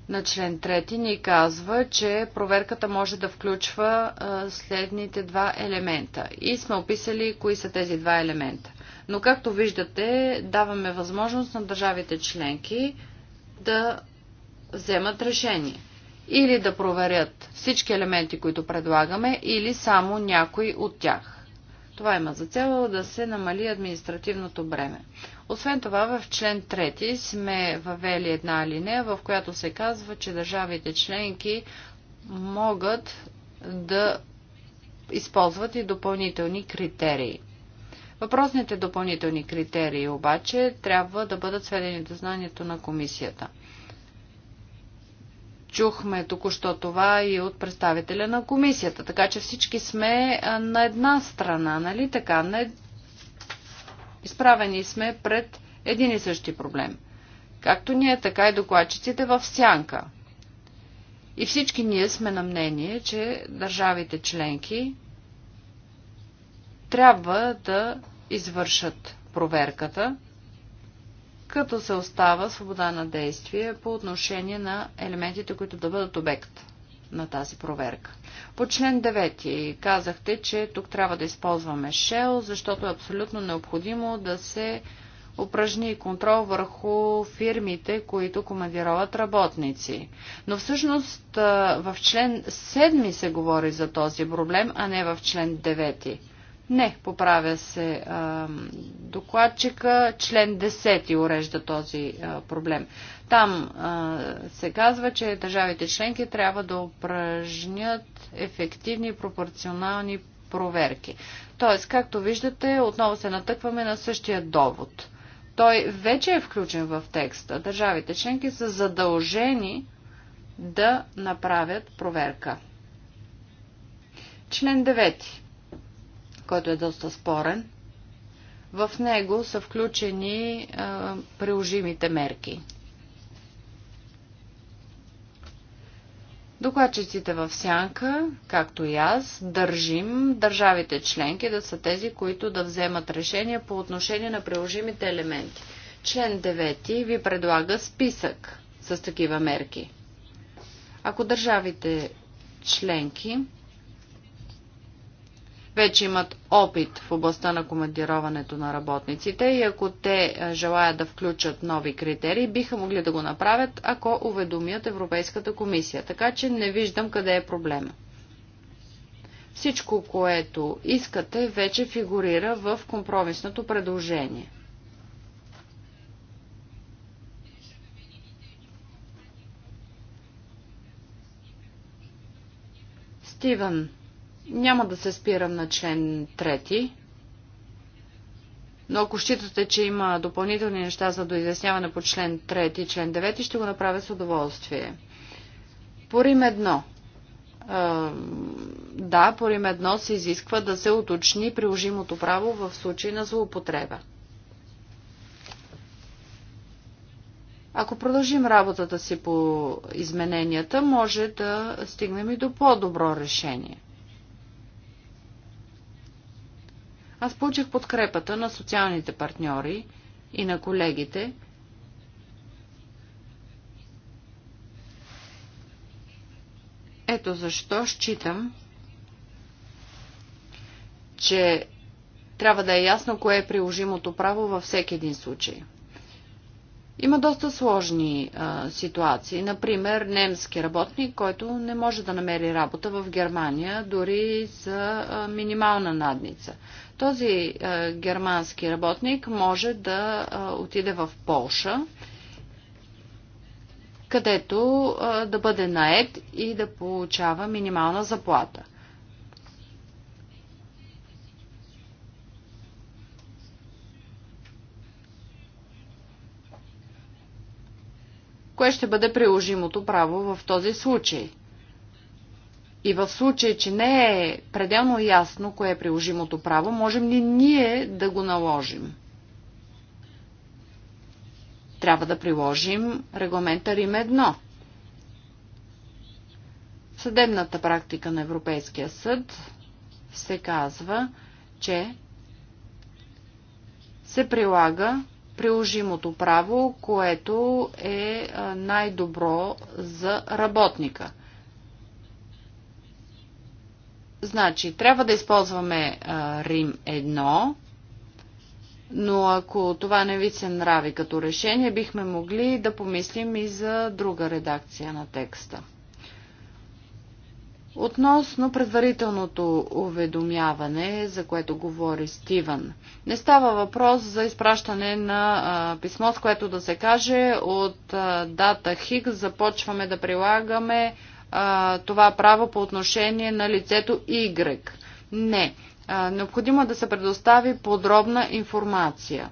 на член 3 ни казва, че проверката може да включва следните два елемента. И сме описали кои са тези два елемента. Но както виждате, даваме възможност на държавите членки да вземат решение. Или да проверят всички елементи, които предлагаме, или само някой от тях. Това има за цел да се намали административното бреме. Освен това, в член 3 сме въвели една линия, в която се казва, че държавите членки могат да използват и допълнителни критерии. Въпросните допълнителни критерии обаче трябва да бъдат сведени до знанието на комисията. Чухме току-що това и от представителя на комисията, така че всички сме на една страна, нали така? Не... Изправени сме пред един и същи проблем. Както ние, така и докладчиците в сянка. И всички ние сме на мнение, че държавите членки трябва да извършат проверката, като се остава свобода на действие по отношение на елементите, които да бъдат обект на тази проверка. По член 9 казахте, че тук трябва да използваме Shell, защото е абсолютно необходимо да се упражни контрол върху фирмите, които командироват работници. Но всъщност в член 7 се говори за този проблем, а не в член 9. Не, поправя се а, докладчика. Член 10 урежда този а, проблем. Там а, се казва, че държавите членки трябва да упражнят ефективни пропорционални проверки. Тоест, както виждате, отново се натъкваме на същия довод. Той вече е включен в текста. Държавите членки са задължени да направят проверка. Член 9 който е доста спорен. В него са включени а, приложимите мерки. Докладчиците в сянка, както и аз, държим държавите членки да са тези, които да вземат решения по отношение на приложимите елементи. Член 9 ви предлага списък с такива мерки. Ако държавите членки вече имат опит в областта на командироването на работниците и ако те желаят да включат нови критерии, биха могли да го направят, ако уведомят Европейската комисия. Така че не виждам къде е проблема. Всичко, което искате, вече фигурира в компромисното предложение. Стивен, няма да се спирам на член 3, но ако считате, че има допълнителни неща за доизясняване по член 3 и член 9, ще го направя с удоволствие. Порим едно. Да, порим едно се изисква да се уточни приложимото право в случай на злоупотреба. Ако продължим работата си по измененията, може да стигнем и до по-добро решение. Аз получих подкрепата на социалните партньори и на колегите, Ето защо считам, че трябва да е ясно кое е приложимото право във всеки един случай. Има доста сложни а, ситуации. Например, немски работник, който не може да намери работа в Германия, дори за а, минимална надница. Този а, е, германски работник може да а, е, отиде в Полша, където а, е, да бъде наед и да получава минимална заплата. Кое ще бъде приложимото право в този случай? И в случай, че не е пределно ясно кое е приложимото право, можем ли ние да го наложим? Трябва да приложим регламента Рим 1. В съдебната практика на Европейския съд се казва, че се прилага приложимото право, което е най-добро за работника – Значи, трябва да използваме а, Рим 1, но ако това не ви се нрави като решение, бихме могли да помислим и за друга редакция на текста. Относно предварителното уведомяване, за което говори Стивън, не става въпрос за изпращане на а, писмо, с което да се каже от а, дата ХИК започваме да прилагаме а, това право по отношение на лицето Y. Не. А, необходимо е да се предостави подробна информация.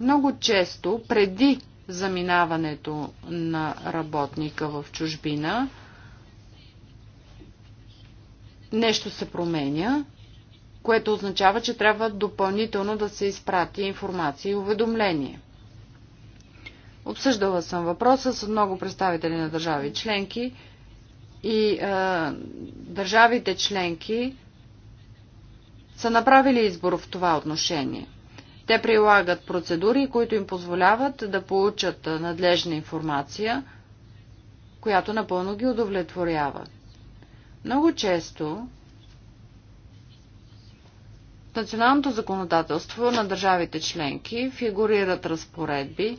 Много често, преди заминаването на работника в чужбина, нещо се променя, което означава, че трябва допълнително да се изпрати информация и уведомление. Обсъждала съм въпроса с много представители на държави членки, и а, държавите членки са направили избор в това отношение. Те прилагат процедури, които им позволяват да получат надлежна информация, която напълно ги удовлетворява. Много често в националното законодателство на държавите членки фигурират разпоредби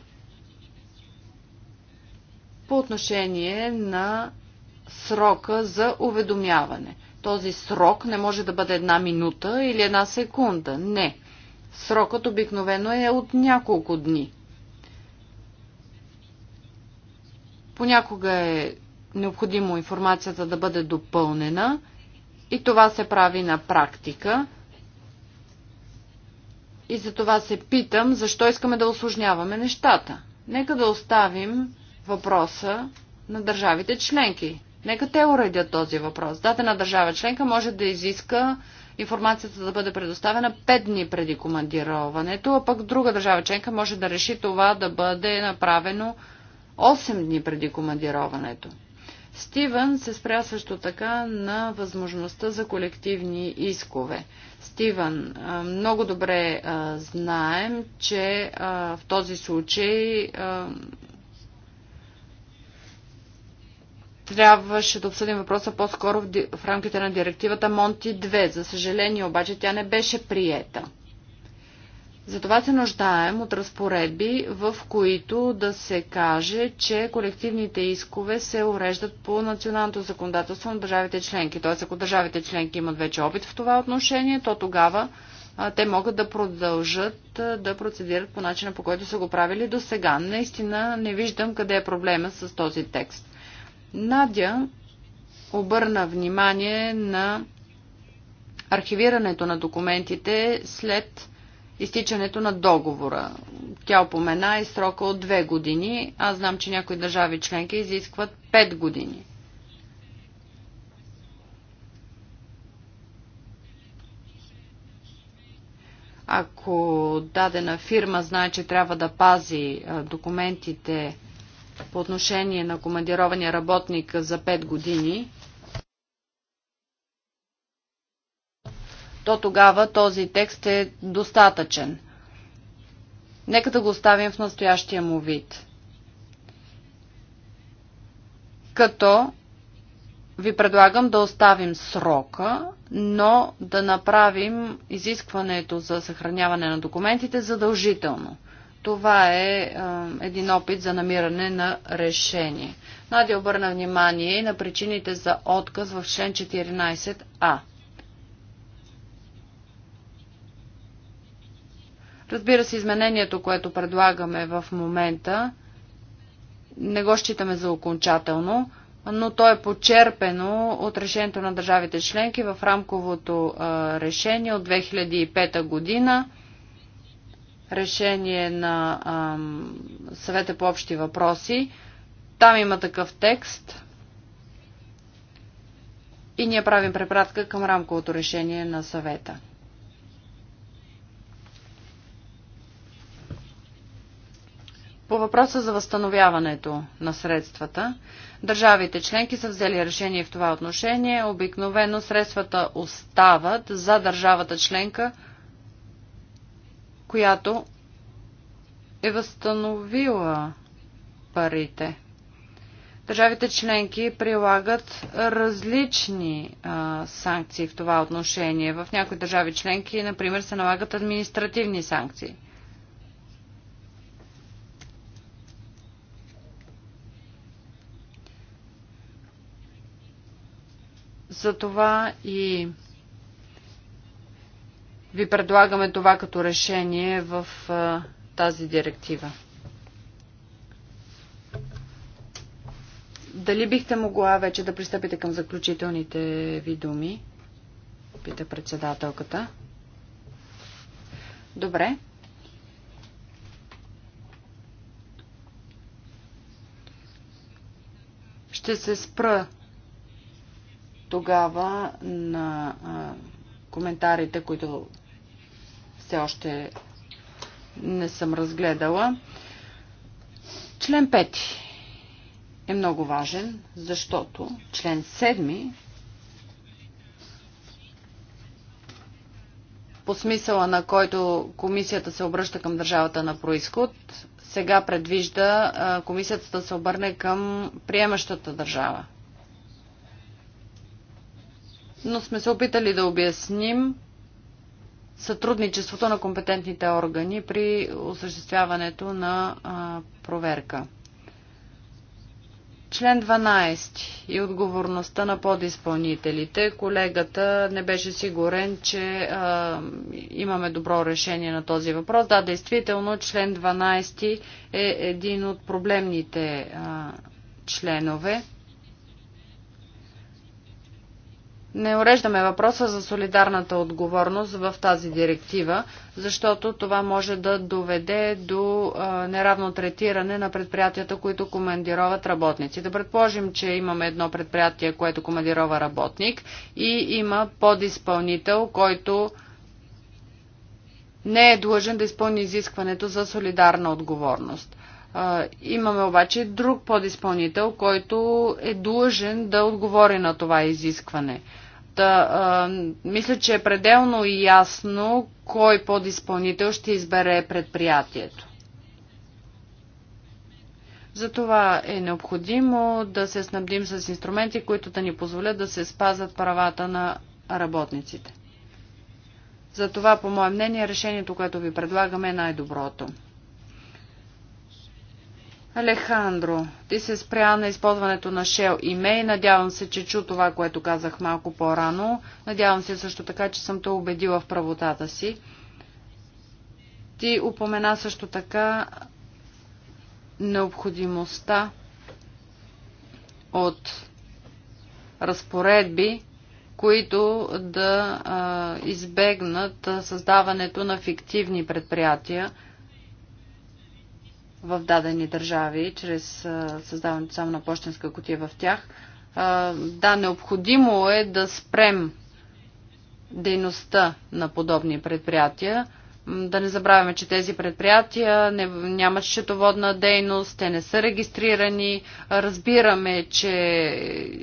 по отношение на срока за уведомяване. Този срок не може да бъде една минута или една секунда. Не. Срокът обикновено е от няколко дни. Понякога е необходимо информацията да бъде допълнена и това се прави на практика. И за това се питам, защо искаме да осложняваме нещата. Нека да оставим въпроса на държавите членки. Нека те уредят този въпрос. Дадена държава членка може да изиска информацията да бъде предоставена 5 дни преди командироването, а пък друга държава членка може да реши това да бъде направено 8 дни преди командироването. Стивън се спря също така на възможността за колективни искове. Стивън, много добре знаем, че в този случай трябваше да обсъдим въпроса по-скоро в, в рамките на директивата Монти 2. За съжаление обаче тя не беше приета. Затова се нуждаем от разпоредби, в които да се каже, че колективните искове се уреждат по националното законодателство на държавите членки. Тоест, ако държавите членки имат вече опит в това отношение, то тогава а, те могат да продължат а, да процедират по начина, по който са го правили до сега. Наистина не виждам къде е проблема с този текст. Надя обърна внимание на архивирането на документите след изтичането на договора. Тя опомена и срока от две години. Аз знам, че някои държави членки изискват пет години. Ако дадена фирма знае, че трябва да пази документите по отношение на командирования работник за 5 години, то тогава този текст е достатъчен. Нека да го оставим в настоящия му вид. Като ви предлагам да оставим срока, но да направим изискването за съхраняване на документите задължително. Това е а, един опит за намиране на решение. Надя обърна внимание и на причините за отказ в член 14а. Разбира се, изменението, което предлагаме в момента, не го считаме за окончателно, но то е почерпено от решението на държавите членки в рамковото а, решение от 2005 година решение на ам, съвета по общи въпроси. Там има такъв текст и ние правим препратка към рамковото решение на съвета. По въпроса за възстановяването на средствата, държавите членки са взели решение в това отношение. Обикновено средствата остават за държавата членка, която е възстановила парите. Държавите членки прилагат различни а, санкции в това отношение. В някои държави членки, например, се налагат административни санкции. Затова и ви предлагаме това като решение в а, тази директива. Дали бихте могла вече да пристъпите към заключителните ви думи? Пита председателката. Добре. Ще се спра тогава на а, коментарите, които все още не съм разгледала. Член 5 е много важен, защото член 7 по смисъла на който комисията се обръща към държавата на происход, сега предвижда комисията да се обърне към приемащата държава. Но сме се опитали да обясним, сътрудничеството на компетентните органи при осъществяването на проверка. Член 12 и отговорността на подизпълнителите. Колегата не беше сигурен, че а, имаме добро решение на този въпрос. Да, действително, член 12 е един от проблемните а, членове. не уреждаме въпроса за солидарната отговорност в тази директива, защото това може да доведе до неравно третиране на предприятията, които командироват работници. Да предположим, че имаме едно предприятие, което командирова работник и има подизпълнител, който не е длъжен да изпълни изискването за солидарна отговорност. Имаме обаче друг подизпълнител, който е длъжен да отговори на това изискване а, мисля, че е пределно ясно кой подизпълнител ще избере предприятието. Затова е необходимо да се снабдим с инструменти, които да ни позволят да се спазат правата на работниците. Затова, по мое мнение, решението, което ви предлагаме е най-доброто. Алехандро, ти се спря на използването на Shell и May. Надявам се, че чу това, което казах малко по-рано. Надявам се също така, че съм те убедила в правотата си. Ти упомена също така необходимостта от разпоредби, които да избегнат създаването на фиктивни предприятия, в дадени държави, чрез създаването само на почтенска котия в тях. Да, необходимо е да спрем дейността на подобни предприятия. Да не забравяме, че тези предприятия не, нямат счетоводна дейност, те не са регистрирани. Разбираме, че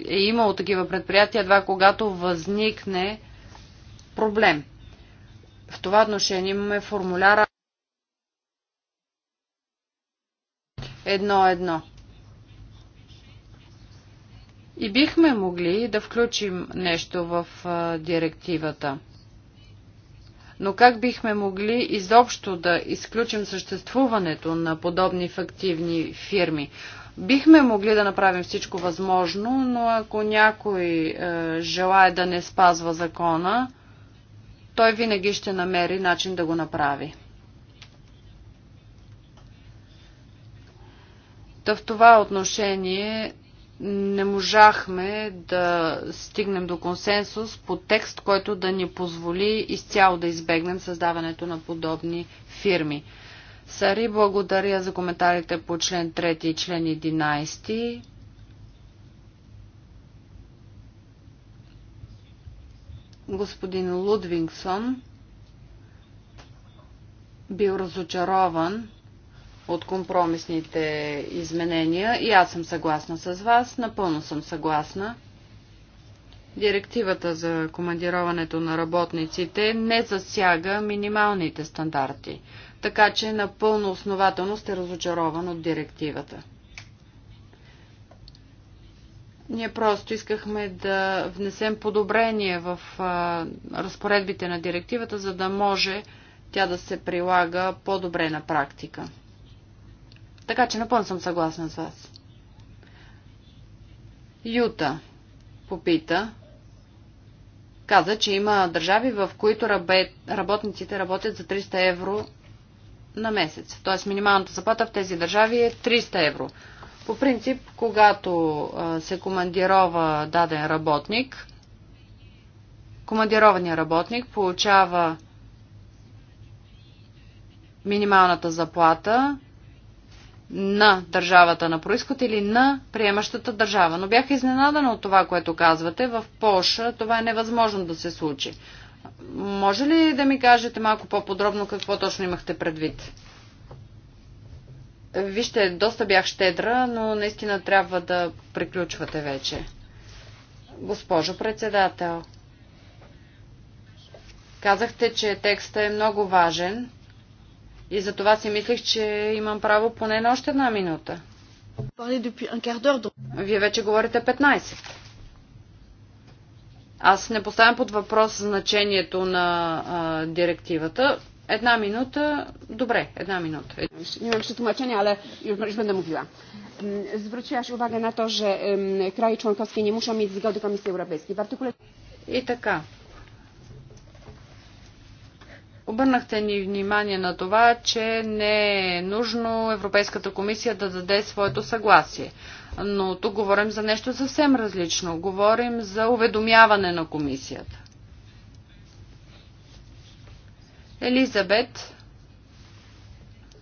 е имало такива предприятия, едва когато възникне проблем. В това отношение имаме формуляра Едно едно. И бихме могли да включим нещо в директивата. Но как бихме могли изобщо да изключим съществуването на подобни фактивни фирми? Бихме могли да направим всичко възможно, но ако някой е, желая да не спазва закона, той винаги ще намери начин да го направи. Та в това отношение не можахме да стигнем до консенсус по текст, който да ни позволи изцяло да избегнем създаването на подобни фирми. Сари, благодаря за коментарите по член 3 и член 11. Господин Лудвингсон бил разочарован от компромисните изменения и аз съм съгласна с вас, напълно съм съгласна. Директивата за командироването на работниците не засяга минималните стандарти, така че напълно основателно сте разочарован от директивата. Ние просто искахме да внесем подобрение в а, разпоредбите на директивата, за да може тя да се прилага по-добре на практика. Така че напълно съм съгласна с вас. Юта попита. Каза, че има държави, в които работниците работят за 300 евро на месец. Тоест минималната заплата в тези държави е 300 евро. По принцип, когато се командирова даден работник, командированият работник получава минималната заплата на държавата на происход или на приемащата държава. Но бях изненадана от това, което казвате. В Польша това е невъзможно да се случи. Може ли да ми кажете малко по-подробно какво точно имахте предвид? Вижте, доста бях щедра, но наистина трябва да приключвате вече. Госпожо председател, казахте, че текстът е много важен и за това си мислих, че имам право поне на още една минута. Вие вече говорите 15. Аз не поставям под въпрос значението на а, директивата. Една минута, добре, една минута. Имам ще тумачение, але и да му била. Звръчваш увага на то, че краи членковски не мушам и зигал до Комисия Европейски. И така, Обърнахте ни внимание на това, че не е нужно Европейската комисия да даде своето съгласие. Но тук говорим за нещо съвсем различно. Говорим за уведомяване на комисията. Елизабет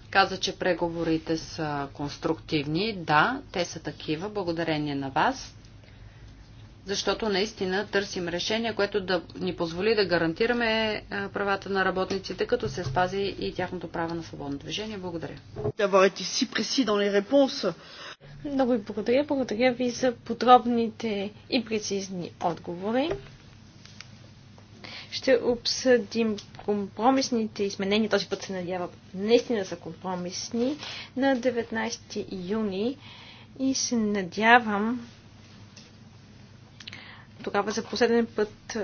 каза, че преговорите са конструктивни. Да, те са такива, благодарение на вас защото наистина търсим решение, което да ни позволи да гарантираме е, правата на работниците, като се спази и тяхното право на свободно движение. Благодаря. Много ви благодаря. Благодаря ви за подробните и прецизни отговори. Ще обсъдим компромисните изменения. Този път се надява наистина са компромисни на 19 юни и се надявам тогава за последен път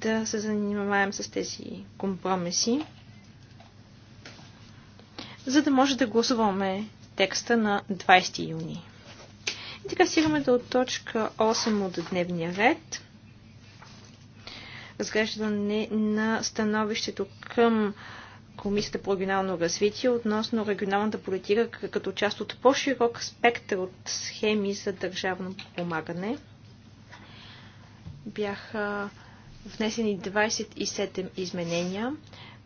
да се занимаваем с тези компромиси, за да може да гласуваме текста на 20 юни. И така стигаме до точка 8 от дневния ред. Разглеждане на становището към Комисията по регионално развитие относно регионалната политика като част от по-широк спектър от схеми за държавно помагане бяха внесени 27 изменения.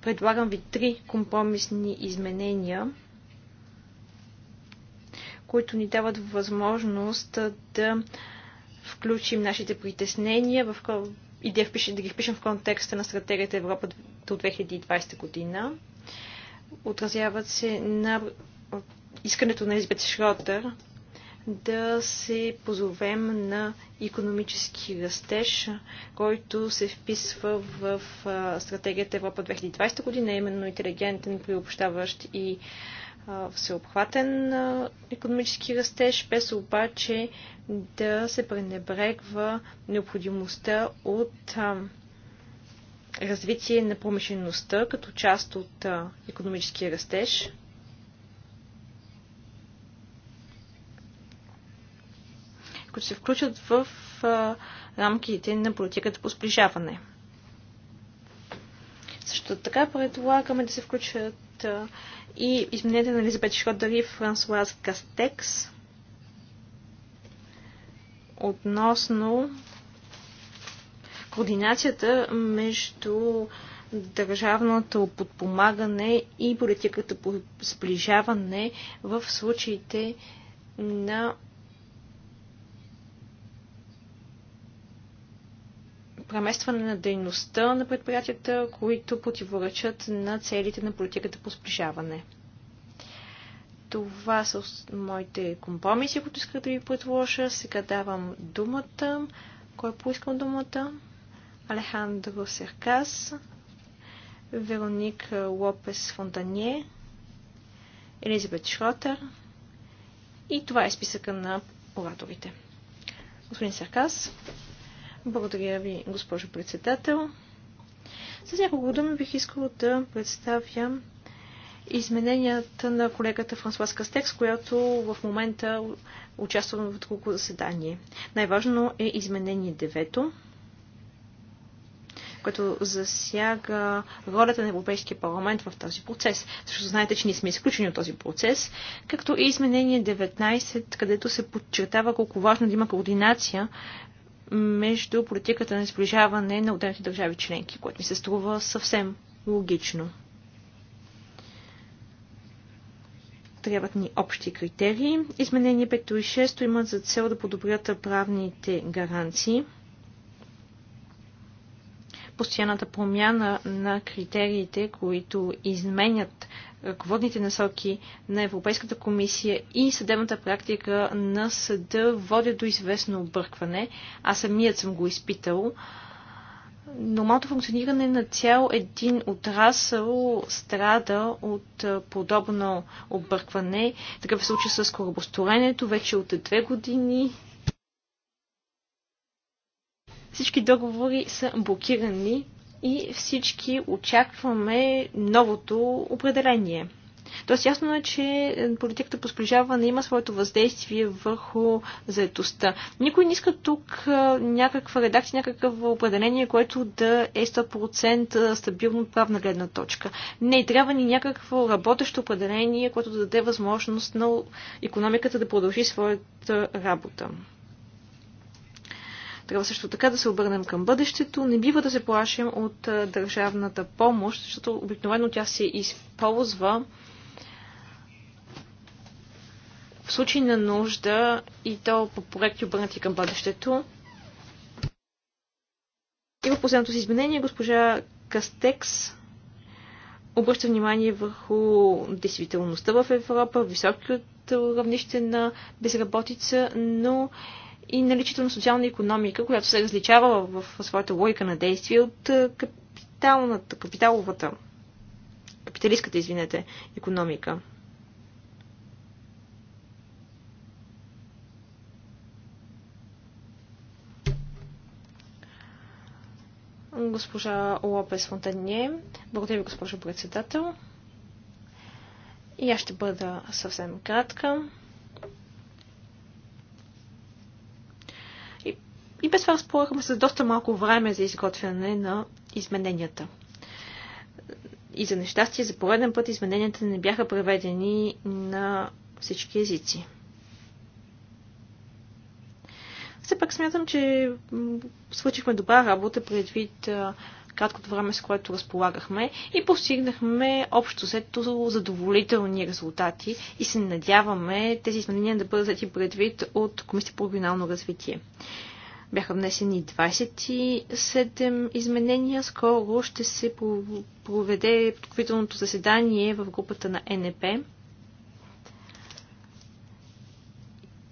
Предлагам ви три компромисни изменения, които ни дават възможност да включим нашите притеснения в и да, впишем, да ги впишем в контекста на стратегията Европа до 2020 година. Отразяват се на искането на Елизабет Шротер да се позовем на економически растеж, който се вписва в стратегията Европа 2020 година, именно интелигентен, приобщаващ и всеобхватен економически растеж, без обаче да се пренебрегва необходимостта от развитие на промишлеността като част от економическия растеж. които се включат в рамките на политиката по сближаване. Също така предлагаме да се включат и изменете на Елизабет Шродър и Франсуаз Кастекс относно координацията между държавното подпомагане и политиката по сближаване в случаите на преместване на дейността на предприятията, които противоречат на целите на политиката по сближаване. Това са моите компромиси, които исках да ви предложа. Сега давам думата. Кой е поискал думата? Алехандро Серкас, Вероник Лопес Фонтанье, Елизабет Шротер. И това е списъка на ораторите. Господин Серкас. Благодаря ви, госпожо председател. С няколко думи бих искала да представя измененията на колегата Франсуас Кастекс, която в момента участва в друго заседание. Най-важно е изменение девето, което засяга ролята на Европейския парламент в този процес. Защото знаете, че ние сме изключени от този процес, както и изменение 19, където се подчертава колко важно да има координация между политиката на сближаване на отделните държави членки, което ми се струва съвсем логично. трябват ни общи критерии. Изменения 5 и 6 имат за цел да подобрят правните гаранции. Постоянната промяна на критериите, които изменят ръководните насоки на Европейската комисия и съдебната практика на съда водят до известно объркване. Аз самият съм го изпитал. Нормалното функциониране на цял един отрасъл страда от подобно объркване. Такъв е случай с корабостроенето вече от две години. Всички договори са блокирани и всички очакваме новото определение. Тоест ясно е, че политиката по сближаване има своето въздействие върху заетостта. Никой не иска тук някаква редакция, някакво определение, което да е 100% стабилно от правна гледна точка. Не, трябва ни някакво работещо определение, което да даде възможност на економиката да продължи своята работа. Трябва също така да се обърнем към бъдещето. Не бива да се плашим от държавната помощ, защото обикновено тя се използва в случай на нужда и то по проекти обърнати към бъдещето. И в последното си изменение госпожа Кастекс обръща внимание върху действителността в Европа, високото равнище на безработица, но и наличието на социална економика, която се различава в, своята логика на действие от е, капиталната, капиталовата, капиталистката, извинете, економика. госпожа Лопес Фонтанье. Благодаря ви, госпожо председател. И аз ще бъда съвсем кратка. И без това разполагаме с доста малко време за изготвяне на измененията. И за нещастие, за пореден път измененията не бяха преведени на всички езици. Все пак смятам, че свършихме добра работа предвид краткото време, с което разполагахме и постигнахме общо сето задоволителни резултати и се надяваме тези изменения да бъдат взети предвид от Комисията по регионално развитие. Бяха внесени 27 изменения. Скоро ще се проведе подковителното заседание в групата на НП.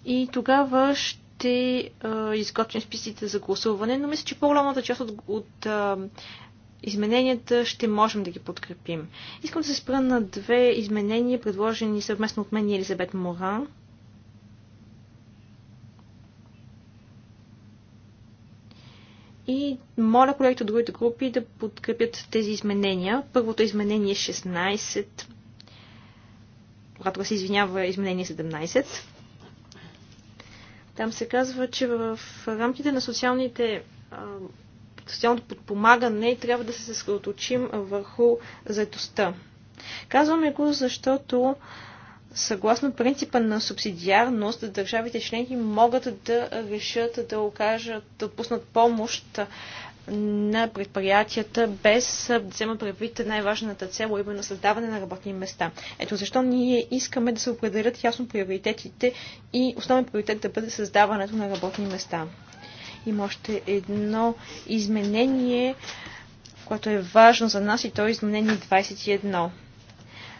И тогава ще а, изготвим списите за гласуване, но мисля, че по-голямата част от, от а, измененията ще можем да ги подкрепим. Искам да се спра на две изменения, предложени съвместно от мен и Елизабет Моран. И моля колегите от другите групи да подкрепят тези изменения. Първото изменение е 16. Когато се извинява е изменение 17. Там се казва, че в рамките на социалните социалното подпомагане трябва да се съсредоточим върху заедостта. Казваме го, защото съгласно принципа на субсидиарност, държавите членки могат да решат да окажат, да отпуснат помощ на предприятията, без да взема предвид най-важната цел, именно създаване на работни места. Ето защо ние искаме да се определят ясно приоритетите и основен приоритет да бъде създаването на работни места. Има още едно изменение, което е важно за нас и то е изменение 21.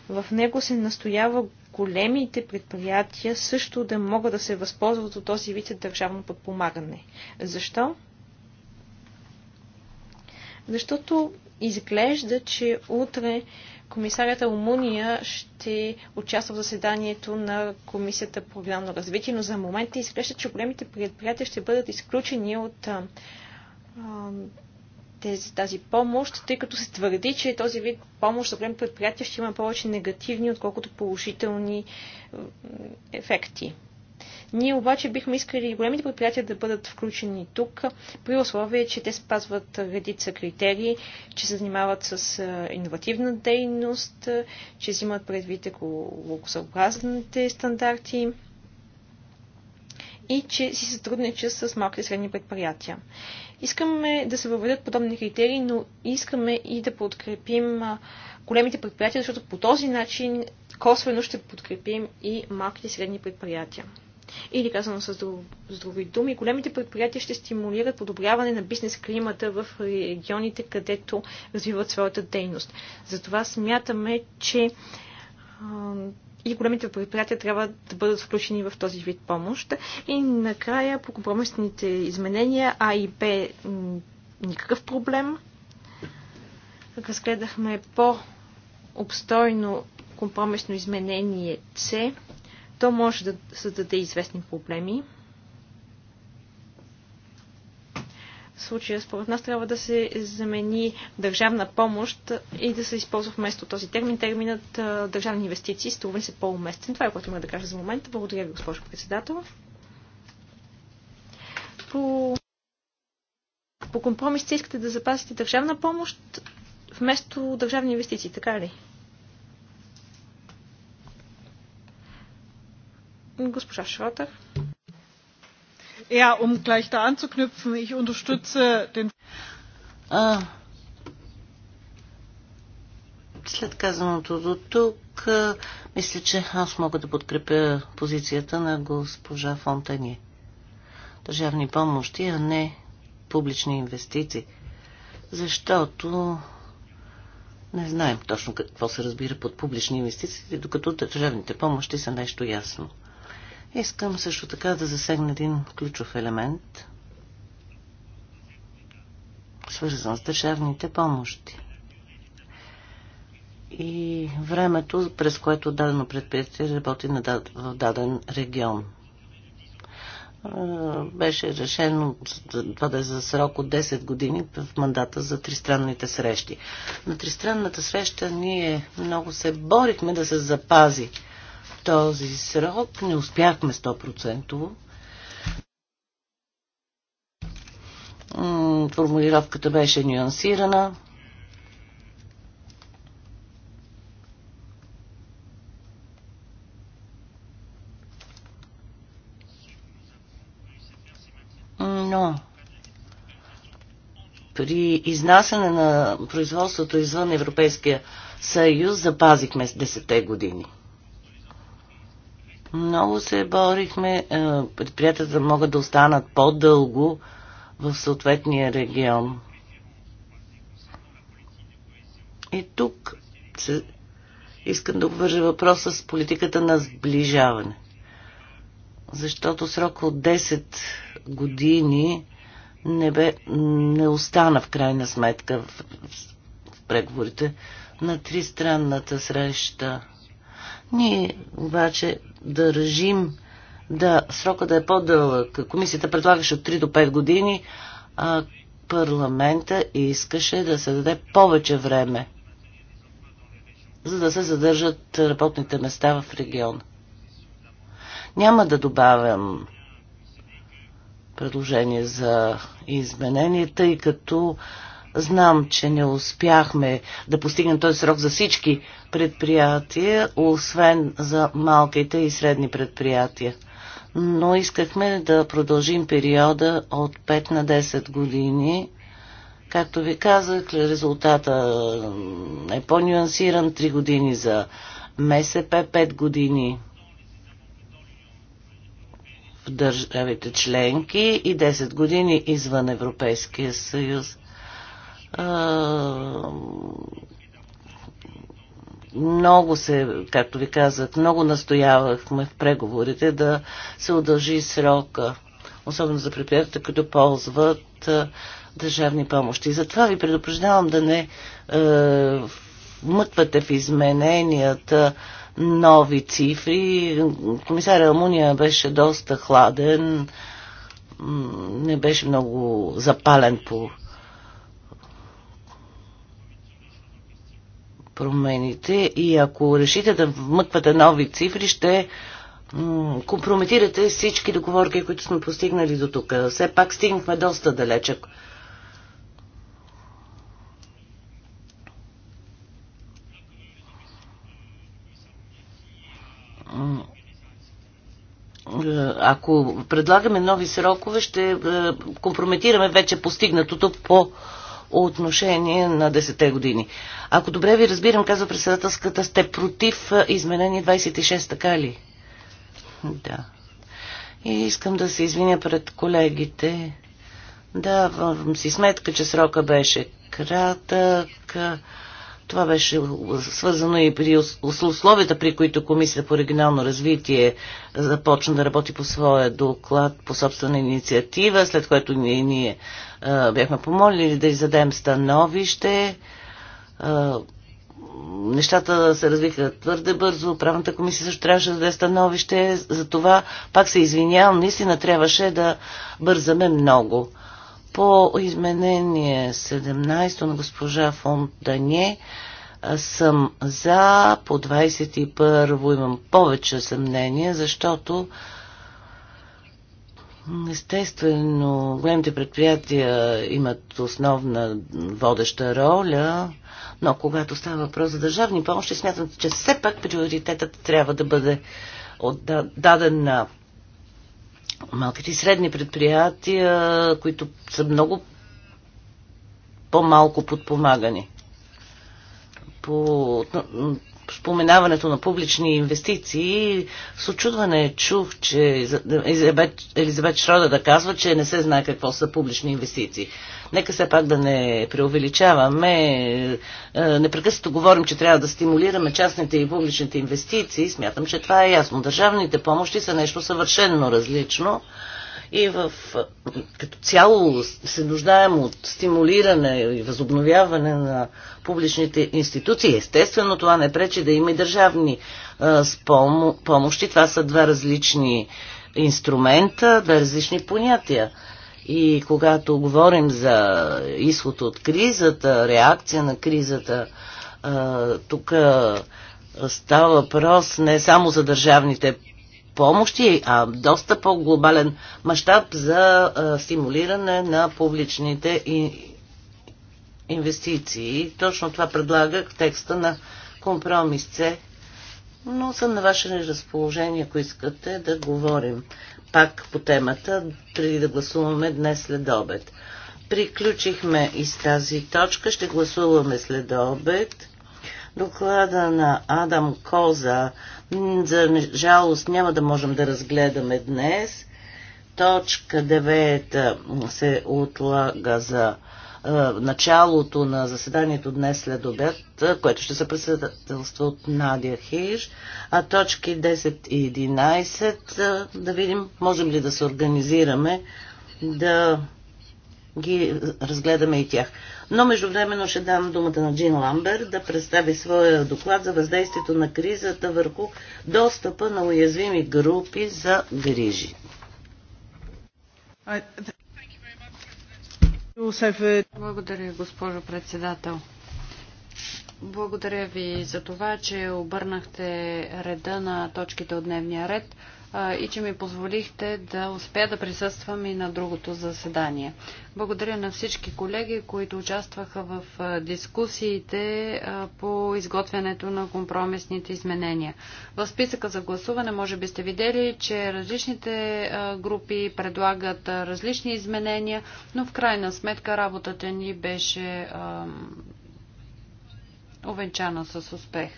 В него се настоява големите предприятия също да могат да се възползват от този вид държавно подпомагане. Защо? Защото изглежда, че утре комисарята Румуния ще участва в заседанието на Комисията по програмно развитие, но за момента изглежда, че големите предприятия ще бъдат изключени от а, а, тези, тази помощ, тъй като се твърди, че този вид помощ за големи предприятия ще има повече негативни, отколкото положителни ефекти. Ние обаче бихме искали големите предприятия да бъдат включени тук, при условие, че те спазват редица критерии, че се занимават с иновативна дейност, че взимат предвид екологосъобразните стандарти и че си сътрудничат с малките и средни предприятия. Искаме да се въведат подобни критерии, но искаме и да подкрепим големите предприятия, защото по този начин косвено ще подкрепим и малките и средни предприятия. Или казано с, друг, с други думи, големите предприятия ще стимулират подобряване на бизнес климата в регионите, където развиват своята дейност. Затова смятаме, че и големите предприятия трябва да бъдат включени в този вид помощ. И накрая по компромисните изменения А и Б никакъв проблем. Разгледахме по-обстойно компромисно изменение С. То може да създаде известни проблеми. случая, според нас, трябва да се замени държавна помощ и да се използва вместо този термин терминът държавни инвестиции. Струва се по-уместен. Това е което има да кажа за момента. Благодаря ви, госпожо председател. По, по компромис искате да запазите държавна помощ вместо държавни инвестиции, така ли? Госпожа Шротър. Ja, um gleich da anzuknüpfen, ich unterstütze den. след казаното до тук, мисля, че аз мога да подкрепя позицията на госпожа Фонтани. Държавни помощи, а не публични инвестиции. Защото не знаем точно какво се разбира под публични инвестиции, докато държавните помощи са нещо ясно. Искам също така да засегна един ключов елемент, свързан с държавните помощи и времето, през което дадено предприятие работи в даден регион. Беше решено това да е за срок от 10 години в мандата за тристранните срещи. На тристранната среща ние много се борихме да се запази този срок. Не успяхме 100%. Формулировката беше нюансирана. Но при изнасяне на производството извън Европейския съюз запазихме с 10 години. Много се борихме е, предприятията да могат да останат по-дълго в съответния регион. И тук се... искам да обвържа въпроса с политиката на сближаване. Защото срок от 10 години не, бе, не остана в крайна сметка в, в преговорите на тристранната среща ние обаче държим да, срока да е по-дълъг. Комисията предлагаше от 3 до 5 години, а парламента искаше да се даде повече време, за да се задържат работните места в региона. Няма да добавям предложение за изменение, тъй като Знам, че не успяхме да постигнем този срок за всички предприятия, освен за малките и средни предприятия. Но искахме да продължим периода от 5 на 10 години. Както ви казах, резултата е по-нюансиран 3 години за МСП, 5 години в държавите членки и 10 години извън Европейския съюз много се, както ви казах, много настоявахме в преговорите да се удължи срока, особено за предприятията, които ползват държавни помощи. И затова ви предупреждавам да не е, в измененията нови цифри. Комисаря Алмуния беше доста хладен, не беше много запален по промените и ако решите да вмъквате нови цифри, ще компрометирате всички договорки, които сме постигнали до тук. Все пак стигнахме доста далече. Ако предлагаме нови срокове, ще е, компрометираме вече постигнатото по отношение на 10 години. Ако добре ви разбирам, казва председателската, сте против изменение 26, така ли? Да. И искам да се извиня пред колегите. Да, си сметка, че срока беше кратък. Това беше свързано и при условията, при които Комисията по регионално развитие започна да работи по своя доклад по собствена инициатива, след което ние, ние а, бяхме помолили да издадем становище. А, нещата се развиха твърде бързо, правната комисия също трябваше да даде становище, за това пак се извинявам, наистина трябваше да бързаме много. По изменение 17 на госпожа Фон Дане съм за, по 21 имам повече съмнение, защото Естествено, големите предприятия имат основна водеща роля, но когато става въпрос за държавни помощи, смятам, че все пак приоритетът трябва да бъде даден на малките и средни предприятия, които са много по-малко подпомагани. По споменаването на публични инвестиции, с очудване чух, че Елизабет, Елизабет Шрода да казва, че не се знае какво са публични инвестиции. Нека се пак да не преувеличаваме. Е, е, непрекъснато говорим, че трябва да стимулираме частните и публичните инвестиции. Смятам, че това е ясно. Държавните помощи са нещо съвършенно различно и в, като цяло се нуждаем от стимулиране и възобновяване на публичните институции. Естествено, това не пречи да има и държавни а, спом, помощи. Това са два различни инструмента, две различни понятия. И когато говорим за изход от кризата, реакция на кризата, тук става въпрос не само за държавните помощи, а доста по-глобален мащаб за стимулиране на публичните инвестиции. Точно това предлагах в текста на компромис С, но съм на ваше разположение, ако искате да говорим пак по темата, преди да гласуваме днес след обед. Приключихме и с тази точка, ще гласуваме след обед. Доклада на Адам Коза, за жалост, няма да можем да разгледаме днес. Точка 9 се отлага за е, началото на заседанието днес след обед, което ще се председателства от Надя Хиш, а точки 10 и 11 е, да видим можем ли да се организираме да ги разгледаме и тях. Но междувременно ще дам думата на Джин Ламбер да представи своя доклад за въздействието на кризата върху достъпа на уязвими групи за грижи. Благодаря, госпожо председател. Благодаря ви за това, че обърнахте реда на точките от дневния ред и че ми позволихте да успя да присъствам и на другото заседание. Благодаря на всички колеги, които участваха в дискусиите по изготвянето на компромисните изменения. В списъка за гласуване може би сте видели, че различните групи предлагат различни изменения, но в крайна сметка работата ни беше овенчана с успех.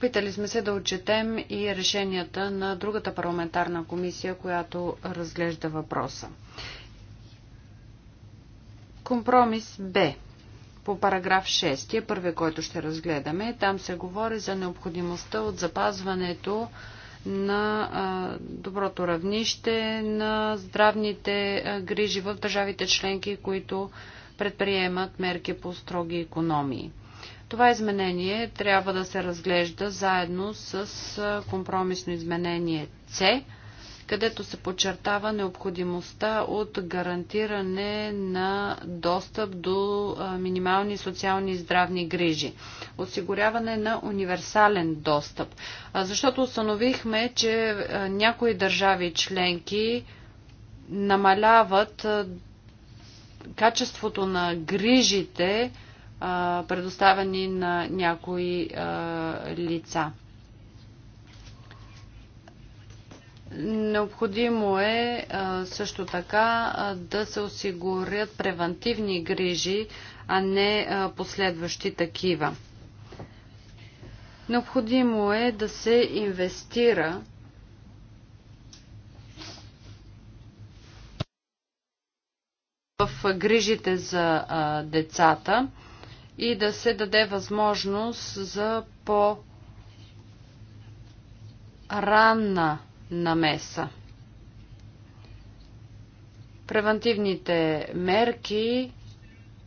Опитали сме се да отчетем и решенията на другата парламентарна комисия, която разглежда въпроса. Компромис Б по параграф 6 е първият, който ще разгледаме. Там се говори за необходимостта от запазването на доброто равнище на здравните грижи в държавите членки, които предприемат мерки по строги економии. Това изменение трябва да се разглежда заедно с компромисно изменение С, където се подчертава необходимостта от гарантиране на достъп до минимални социални и здравни грижи. Осигуряване на универсален достъп. Защото установихме, че някои държави членки намаляват качеството на грижите, предоставени на някои лица. Необходимо е също така да се осигурят превентивни грижи, а не последващи такива. Необходимо е да се инвестира в грижите за децата и да се даде възможност за по-ранна намеса. Превентивните мерки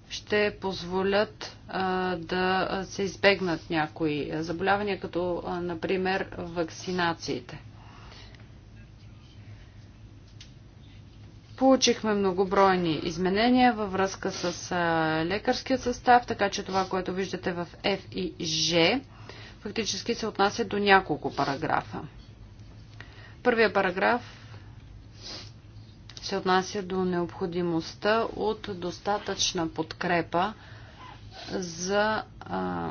ще позволят а, да се избегнат някои заболявания, като, а, например, вакцинациите. Получихме многобройни изменения във връзка с лекарския състав, така че това, което виждате в F и G, фактически се отнася до няколко параграфа. Първия параграф се отнася до необходимостта от достатъчна подкрепа за а,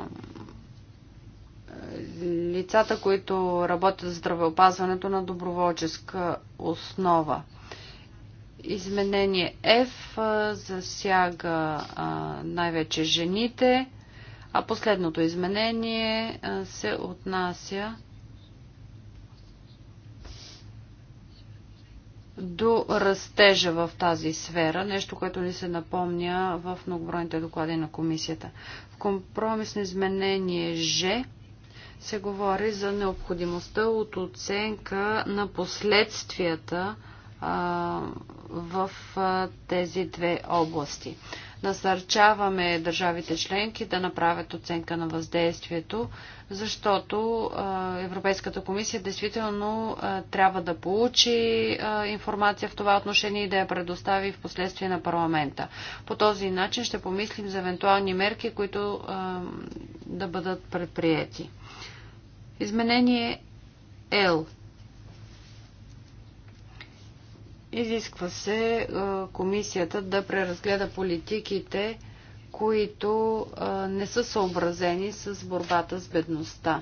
лицата, които работят в здравеопазването на доброволческа основа. Изменение F засяга най-вече жените, а последното изменение се отнася до растежа в тази сфера, нещо, което ни се напомня в многобройните доклади на комисията. В компромисно изменение Ж се говори за необходимостта от оценка на последствията в тези две области. Насърчаваме държавите членки да направят оценка на въздействието, защото Европейската комисия действително трябва да получи информация в това отношение и да я предостави в последствие на парламента. По този начин ще помислим за евентуални мерки, които да бъдат предприяти. Изменение L Изисква се комисията да преразгледа политиките, които не са съобразени с борбата с бедността.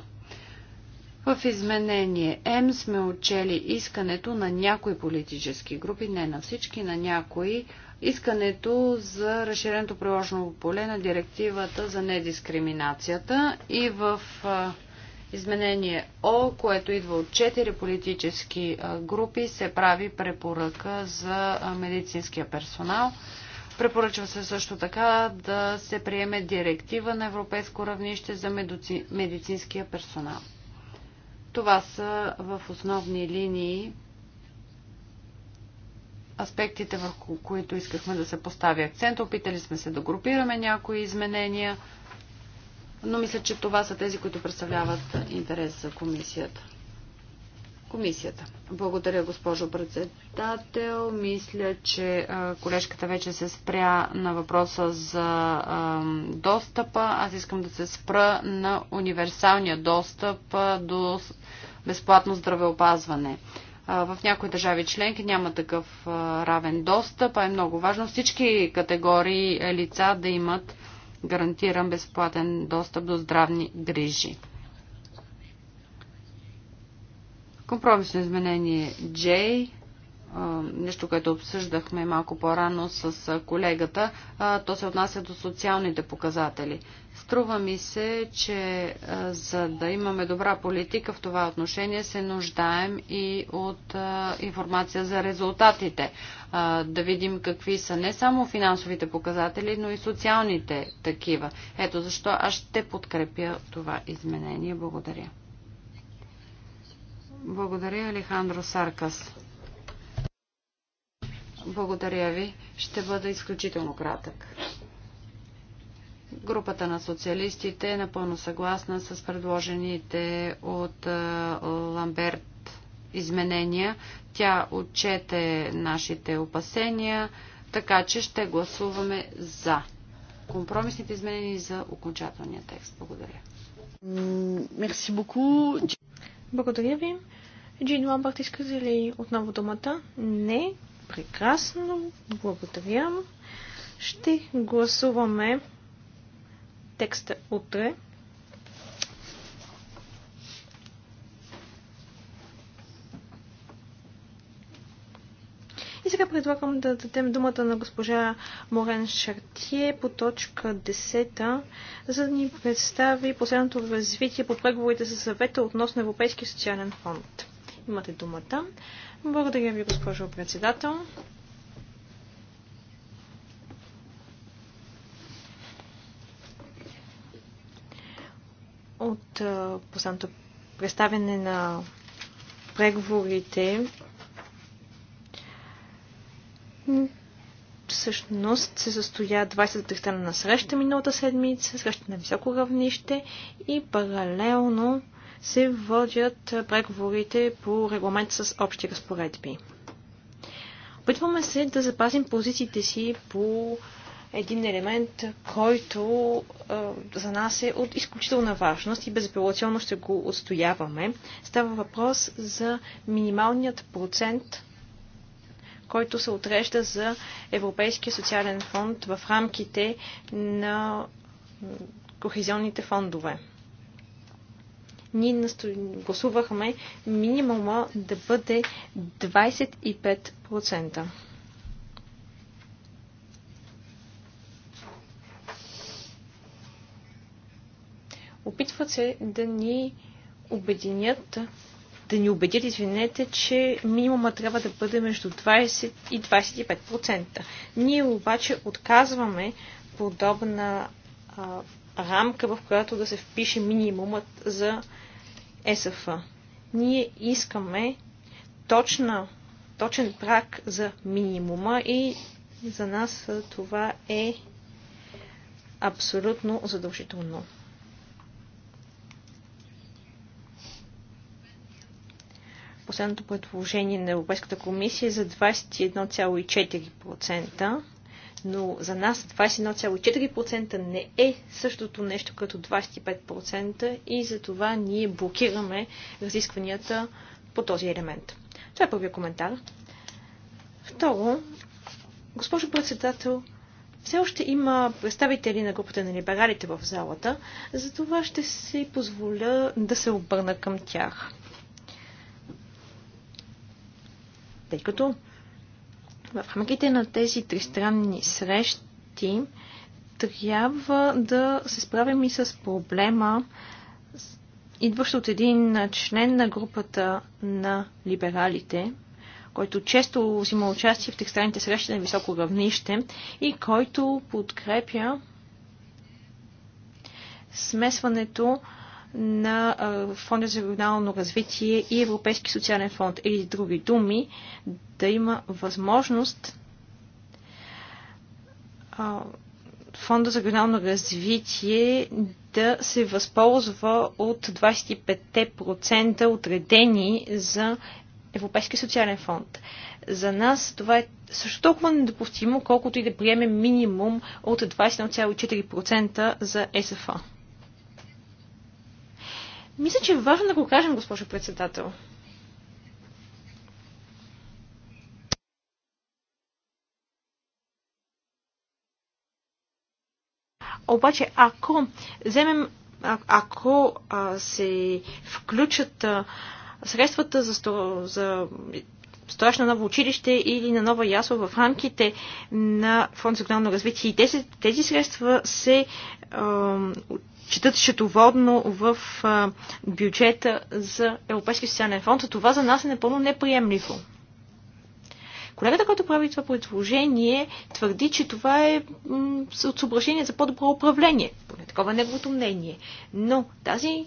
В изменение М сме отчели искането на някои политически групи, не на всички, на някои, искането за разширеното приложено поле на директивата за недискриминацията и в изменение О, което идва от четири политически групи, се прави препоръка за медицинския персонал. Препоръчва се също така да се приеме директива на европейско равнище за медицинския персонал. Това са в основни линии аспектите, върху които искахме да се постави акцент. Опитали сме се да групираме някои изменения – но мисля, че това са тези, които представляват интерес за комисията. Комисията. Благодаря, госпожо председател. Мисля, че колежката вече се спря на въпроса за достъпа. Аз искам да се спра на универсалния достъп до безплатно здравеопазване. В някои държави членки няма такъв равен достъп, а е много важно всички категории лица да имат гарантиран безплатен достъп до здравни грижи. Компромисно изменение J нещо, което обсъждахме малко по-рано с колегата, то се отнася до социалните показатели. Струва ми се, че за да имаме добра политика в това отношение, се нуждаем и от информация за резултатите. Да видим какви са не само финансовите показатели, но и социалните такива. Ето защо аз ще подкрепя това изменение. Благодаря. Благодаря, Алехандро Саркас. Благодаря ви. Ще бъда изключително кратък. Групата на социалистите е напълно съгласна с предложените от Ламберт изменения. Тя отчете нашите опасения, така че ще гласуваме за компромисните изменения за окончателния текст. Благодаря. Мерси боку. Благодаря ви. Джин Ламбърт иска ли отново думата? Не. Прекрасно, благодаря. Ще гласуваме текста утре. И сега предлагам да дадем думата на госпожа Морен Шартие по точка 10, за да ни представи последното развитие по преговорите за съвета относно Европейския социален фонд. Имате думата. Благодаря ви, госпожо председател. От последното представяне на преговорите всъщност се състоя 20-та страна на среща миналата седмица, среща на високо равнище и паралелно се водят преговорите по регламент с общи разпоредби. Опитваме се да запазим позициите си по един елемент, който е, за нас е от изключителна важност и безапелационно ще го отстояваме. Става въпрос за минималният процент, който се отрежда за Европейския социален фонд в рамките на кохезионните фондове ние насто... гласувахме минимума да бъде 25%. Опитват се да ни обединят, да ни убедят, извинете, че минимума трябва да бъде между 20 и 25%. Ние обаче отказваме подобна а, рамка, в която да се впише минимумът за СФ. Ние искаме точна, точен прак за минимума и за нас това е абсолютно задължително. Последното предложение на Европейската комисия е за 21,4% но за нас 21,4% не е същото нещо като 25% и за това ние блокираме разискванията по този елемент. Това е първият коментар. Второ, госпожо председател, все още има представители на групата на либералите в залата, за това ще си позволя да се обърна към тях. Тъй като в рамките на тези тристранни срещи трябва да се справим и с проблема, идващ от един член на групата на либералите, който често взима участие в тристранните срещи на високо равнище и който подкрепя смесването на Фонда за регионално развитие и Европейски социален фонд. Или с други думи, да има възможност Фонда за регионално развитие да се възползва от 25% отредени за Европейски социален фонд. За нас това е също толкова недопустимо, колкото и да приемем минимум от 20,4% за СФА. Мисля, че е важно да го кажем, госпожо председател. Обаче, ако вземем, а, ако а, се включат а, средствата за, сто, за стоящ на ново училище или на нова ясла в рамките на фонд за развитие и тези, тези средства се а, четат счетоводно в бюджета за Европейския социален фонд, а това за нас е напълно неприемливо. Колегата, който прави това предложение, твърди, че това е от съображение за по-добро управление. Поне такова е неговото мнение. Но тази,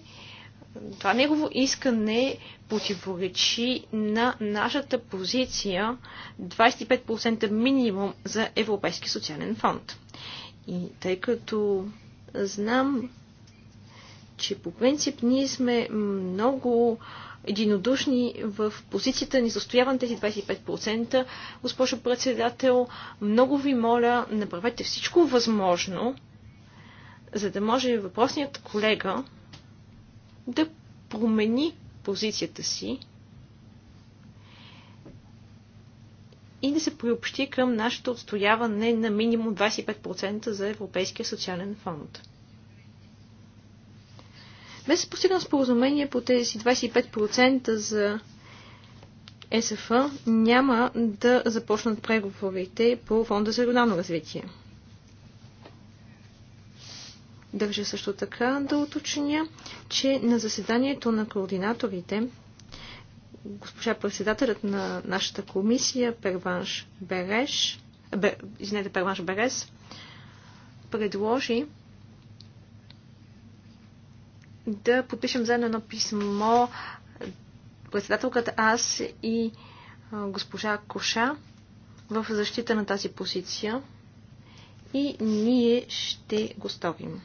това негово искане противоречи на нашата позиция 25% минимум за Европейски социален фонд. И тъй като знам, че по принцип ние сме много единодушни в позицията ни за тези 25%. Госпожо председател, много ви моля, направете всичко възможно, за да може въпросният колега да промени позицията си и да се приобщи към нашето отстояване на минимум 25% за Европейския социален фонд. Без да споразумение по тези 25% за СФ. няма да започнат преговорите по Фонда за регионално развитие. Държа също така да уточня, че на заседанието на координаторите госпожа председателят на нашата комисия Перванш Береш, Бер, извинете, Перванш Берес, предложи да подпишем заедно едно писмо председателката аз и госпожа Коша в защита на тази позиция и ние ще го сторим.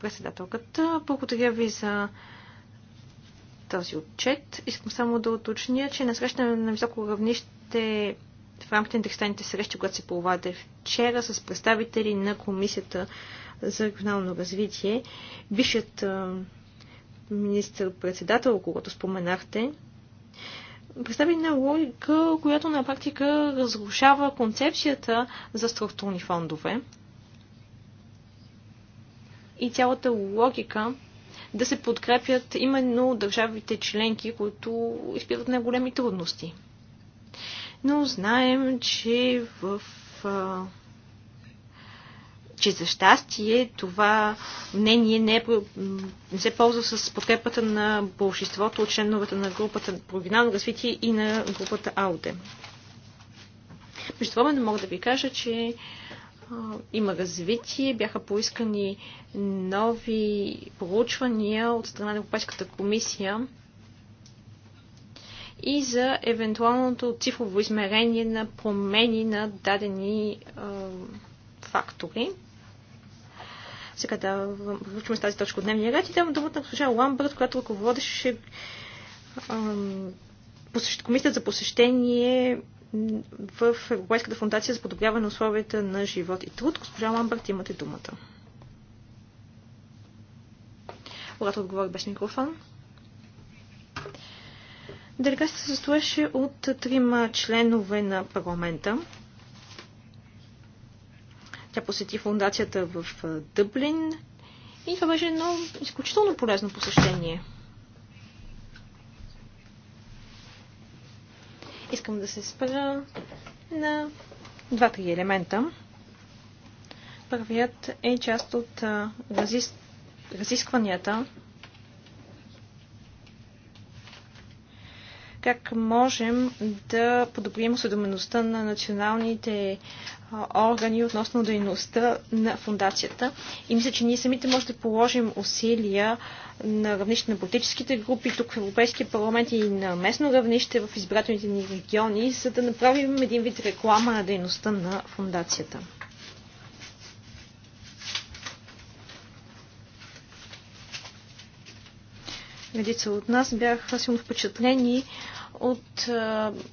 Председателката, благодаря ви за този отчет. Искам само да уточня, че на среща на високо равнище рамките на текстаните срещи, когато се проведе вчера с представители на Комисията за регионално развитие. Бившият министър-председател, когато споменахте, представи на логика, която на практика разрушава концепцията за структурни фондове и цялата логика да се подкрепят именно държавите членки, които изпитват най-големи трудности но знаем, че в че за щастие това мнение не, е, не се ползва с подкрепата на большинството от членовете на групата по развитие и на групата АУДЕ. не мога да ви кажа, че а, има развитие, бяха поискани нови проучвания от страна на Европейската комисия и за евентуалното цифрово измерение на промени на дадени е, фактори. Сега да с тази точка от дневния ред и давам думата на госпожа Ламбърт, която ръководеше е, комисията за посещение в Европейската фундация за подобряване на условията на живот и труд. Госпожа Ламбърт, имате думата. Когато отговори без микрофон. Делегацията се състоеше от трима членове на парламента. Тя посети фундацията в Дъблин и това беше едно изключително полезно посещение. Искам да се спра на два-три елемента. Първият е част от разискванията как можем да подобрим осведомеността на националните органи относно дейността на фундацията. И мисля, че ние самите може да положим усилия на равнище на политическите групи, тук в Европейския парламент и на местно равнище в избирателните ни региони, за да направим един вид реклама на дейността на фундацията. редица от нас бяха силно впечатлени от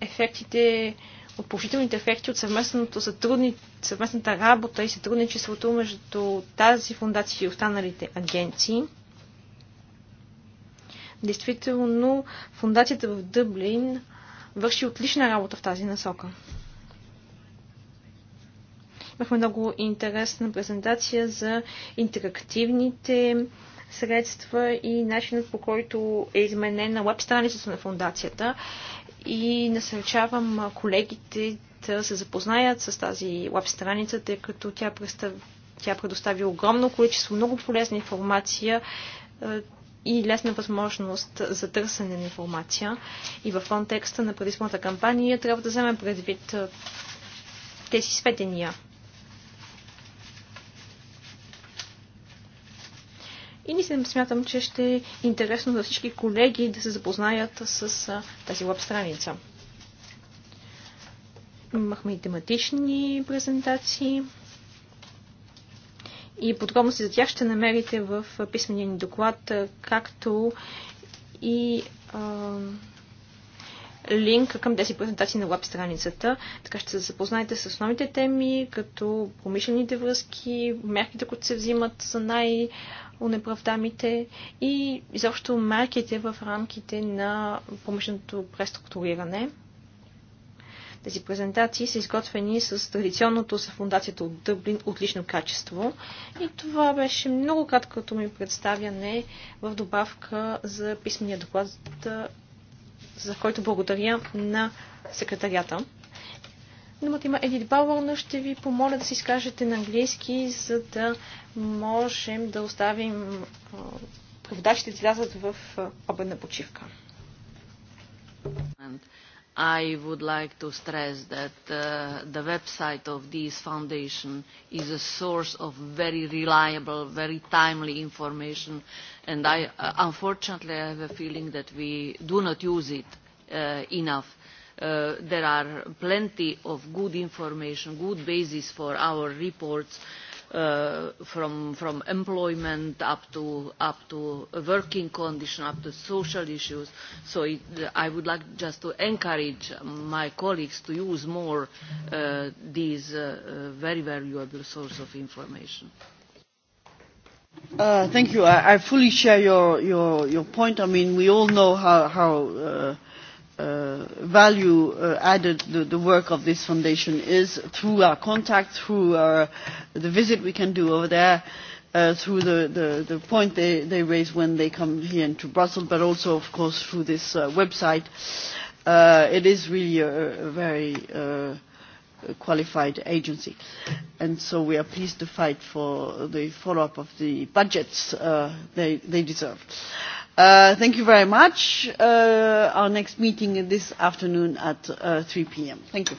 ефектите, от положителните ефекти от съвместното сътрудни... съвместната работа и сътрудничеството между тази фундация и останалите агенции. Действително, фундацията в Дъблин върши отлична работа в тази насока. Имахме много интересна презентация за интерактивните средства и начинът по който е изменена веб страницата на фундацията и насърчавам колегите да се запознаят с тази веб страница, тъй като тя, представ... тя предостави огромно количество много полезна информация и лесна възможност за търсене на информация. И в контекста на предизборната кампания трябва да вземем предвид тези сведения. И наистина смятам, че ще е интересно за всички колеги да се запознаят с тази веб страница. Имахме и тематични презентации. И подробности за тях ще намерите в писмения ни доклад, както и линк към тези презентации на веб страницата. Така ще се запознаете с основните теми, като промишлените връзки, мерките, които се взимат за най- унеправдамите и изобщо мерките в рамките на промишленото преструктуриране. Тези презентации са изготвени с традиционното за фундацията от Дъблин отлично качество. И това беше много краткото ми представяне в добавка за писмения доклад за който благодаря на секретарията. Думата има Едит Бауър, но ще ви помоля да се изкажете на английски, за да можем да оставим преводачите да излязат в обедна почивка. I would like to stress that uh, the website of this foundation is a source of very reliable, very timely information, and I, uh, unfortunately I have a feeling that we do not use it uh, enough. Uh, there are plenty of good information, good basis for our reports, uh, from from employment up to up to working condition up to social issues so it, i would like just to encourage my colleagues to use more uh, these uh, very valuable source of information uh, thank you I, I fully share your, your your point i mean we all know how how uh, uh, value uh, added the, the work of this foundation is through our contact, through our, the visit we can do over there, uh, through the, the, the point they, they raise when they come here into Brussels, but also, of course, through this uh, website. Uh, it is really a, a very uh, qualified agency. And so we are pleased to fight for the follow-up of the budgets uh, they, they deserve. Uh, thank you very much. Uh, our next meeting this afternoon at uh, 3 p.m. Thank you.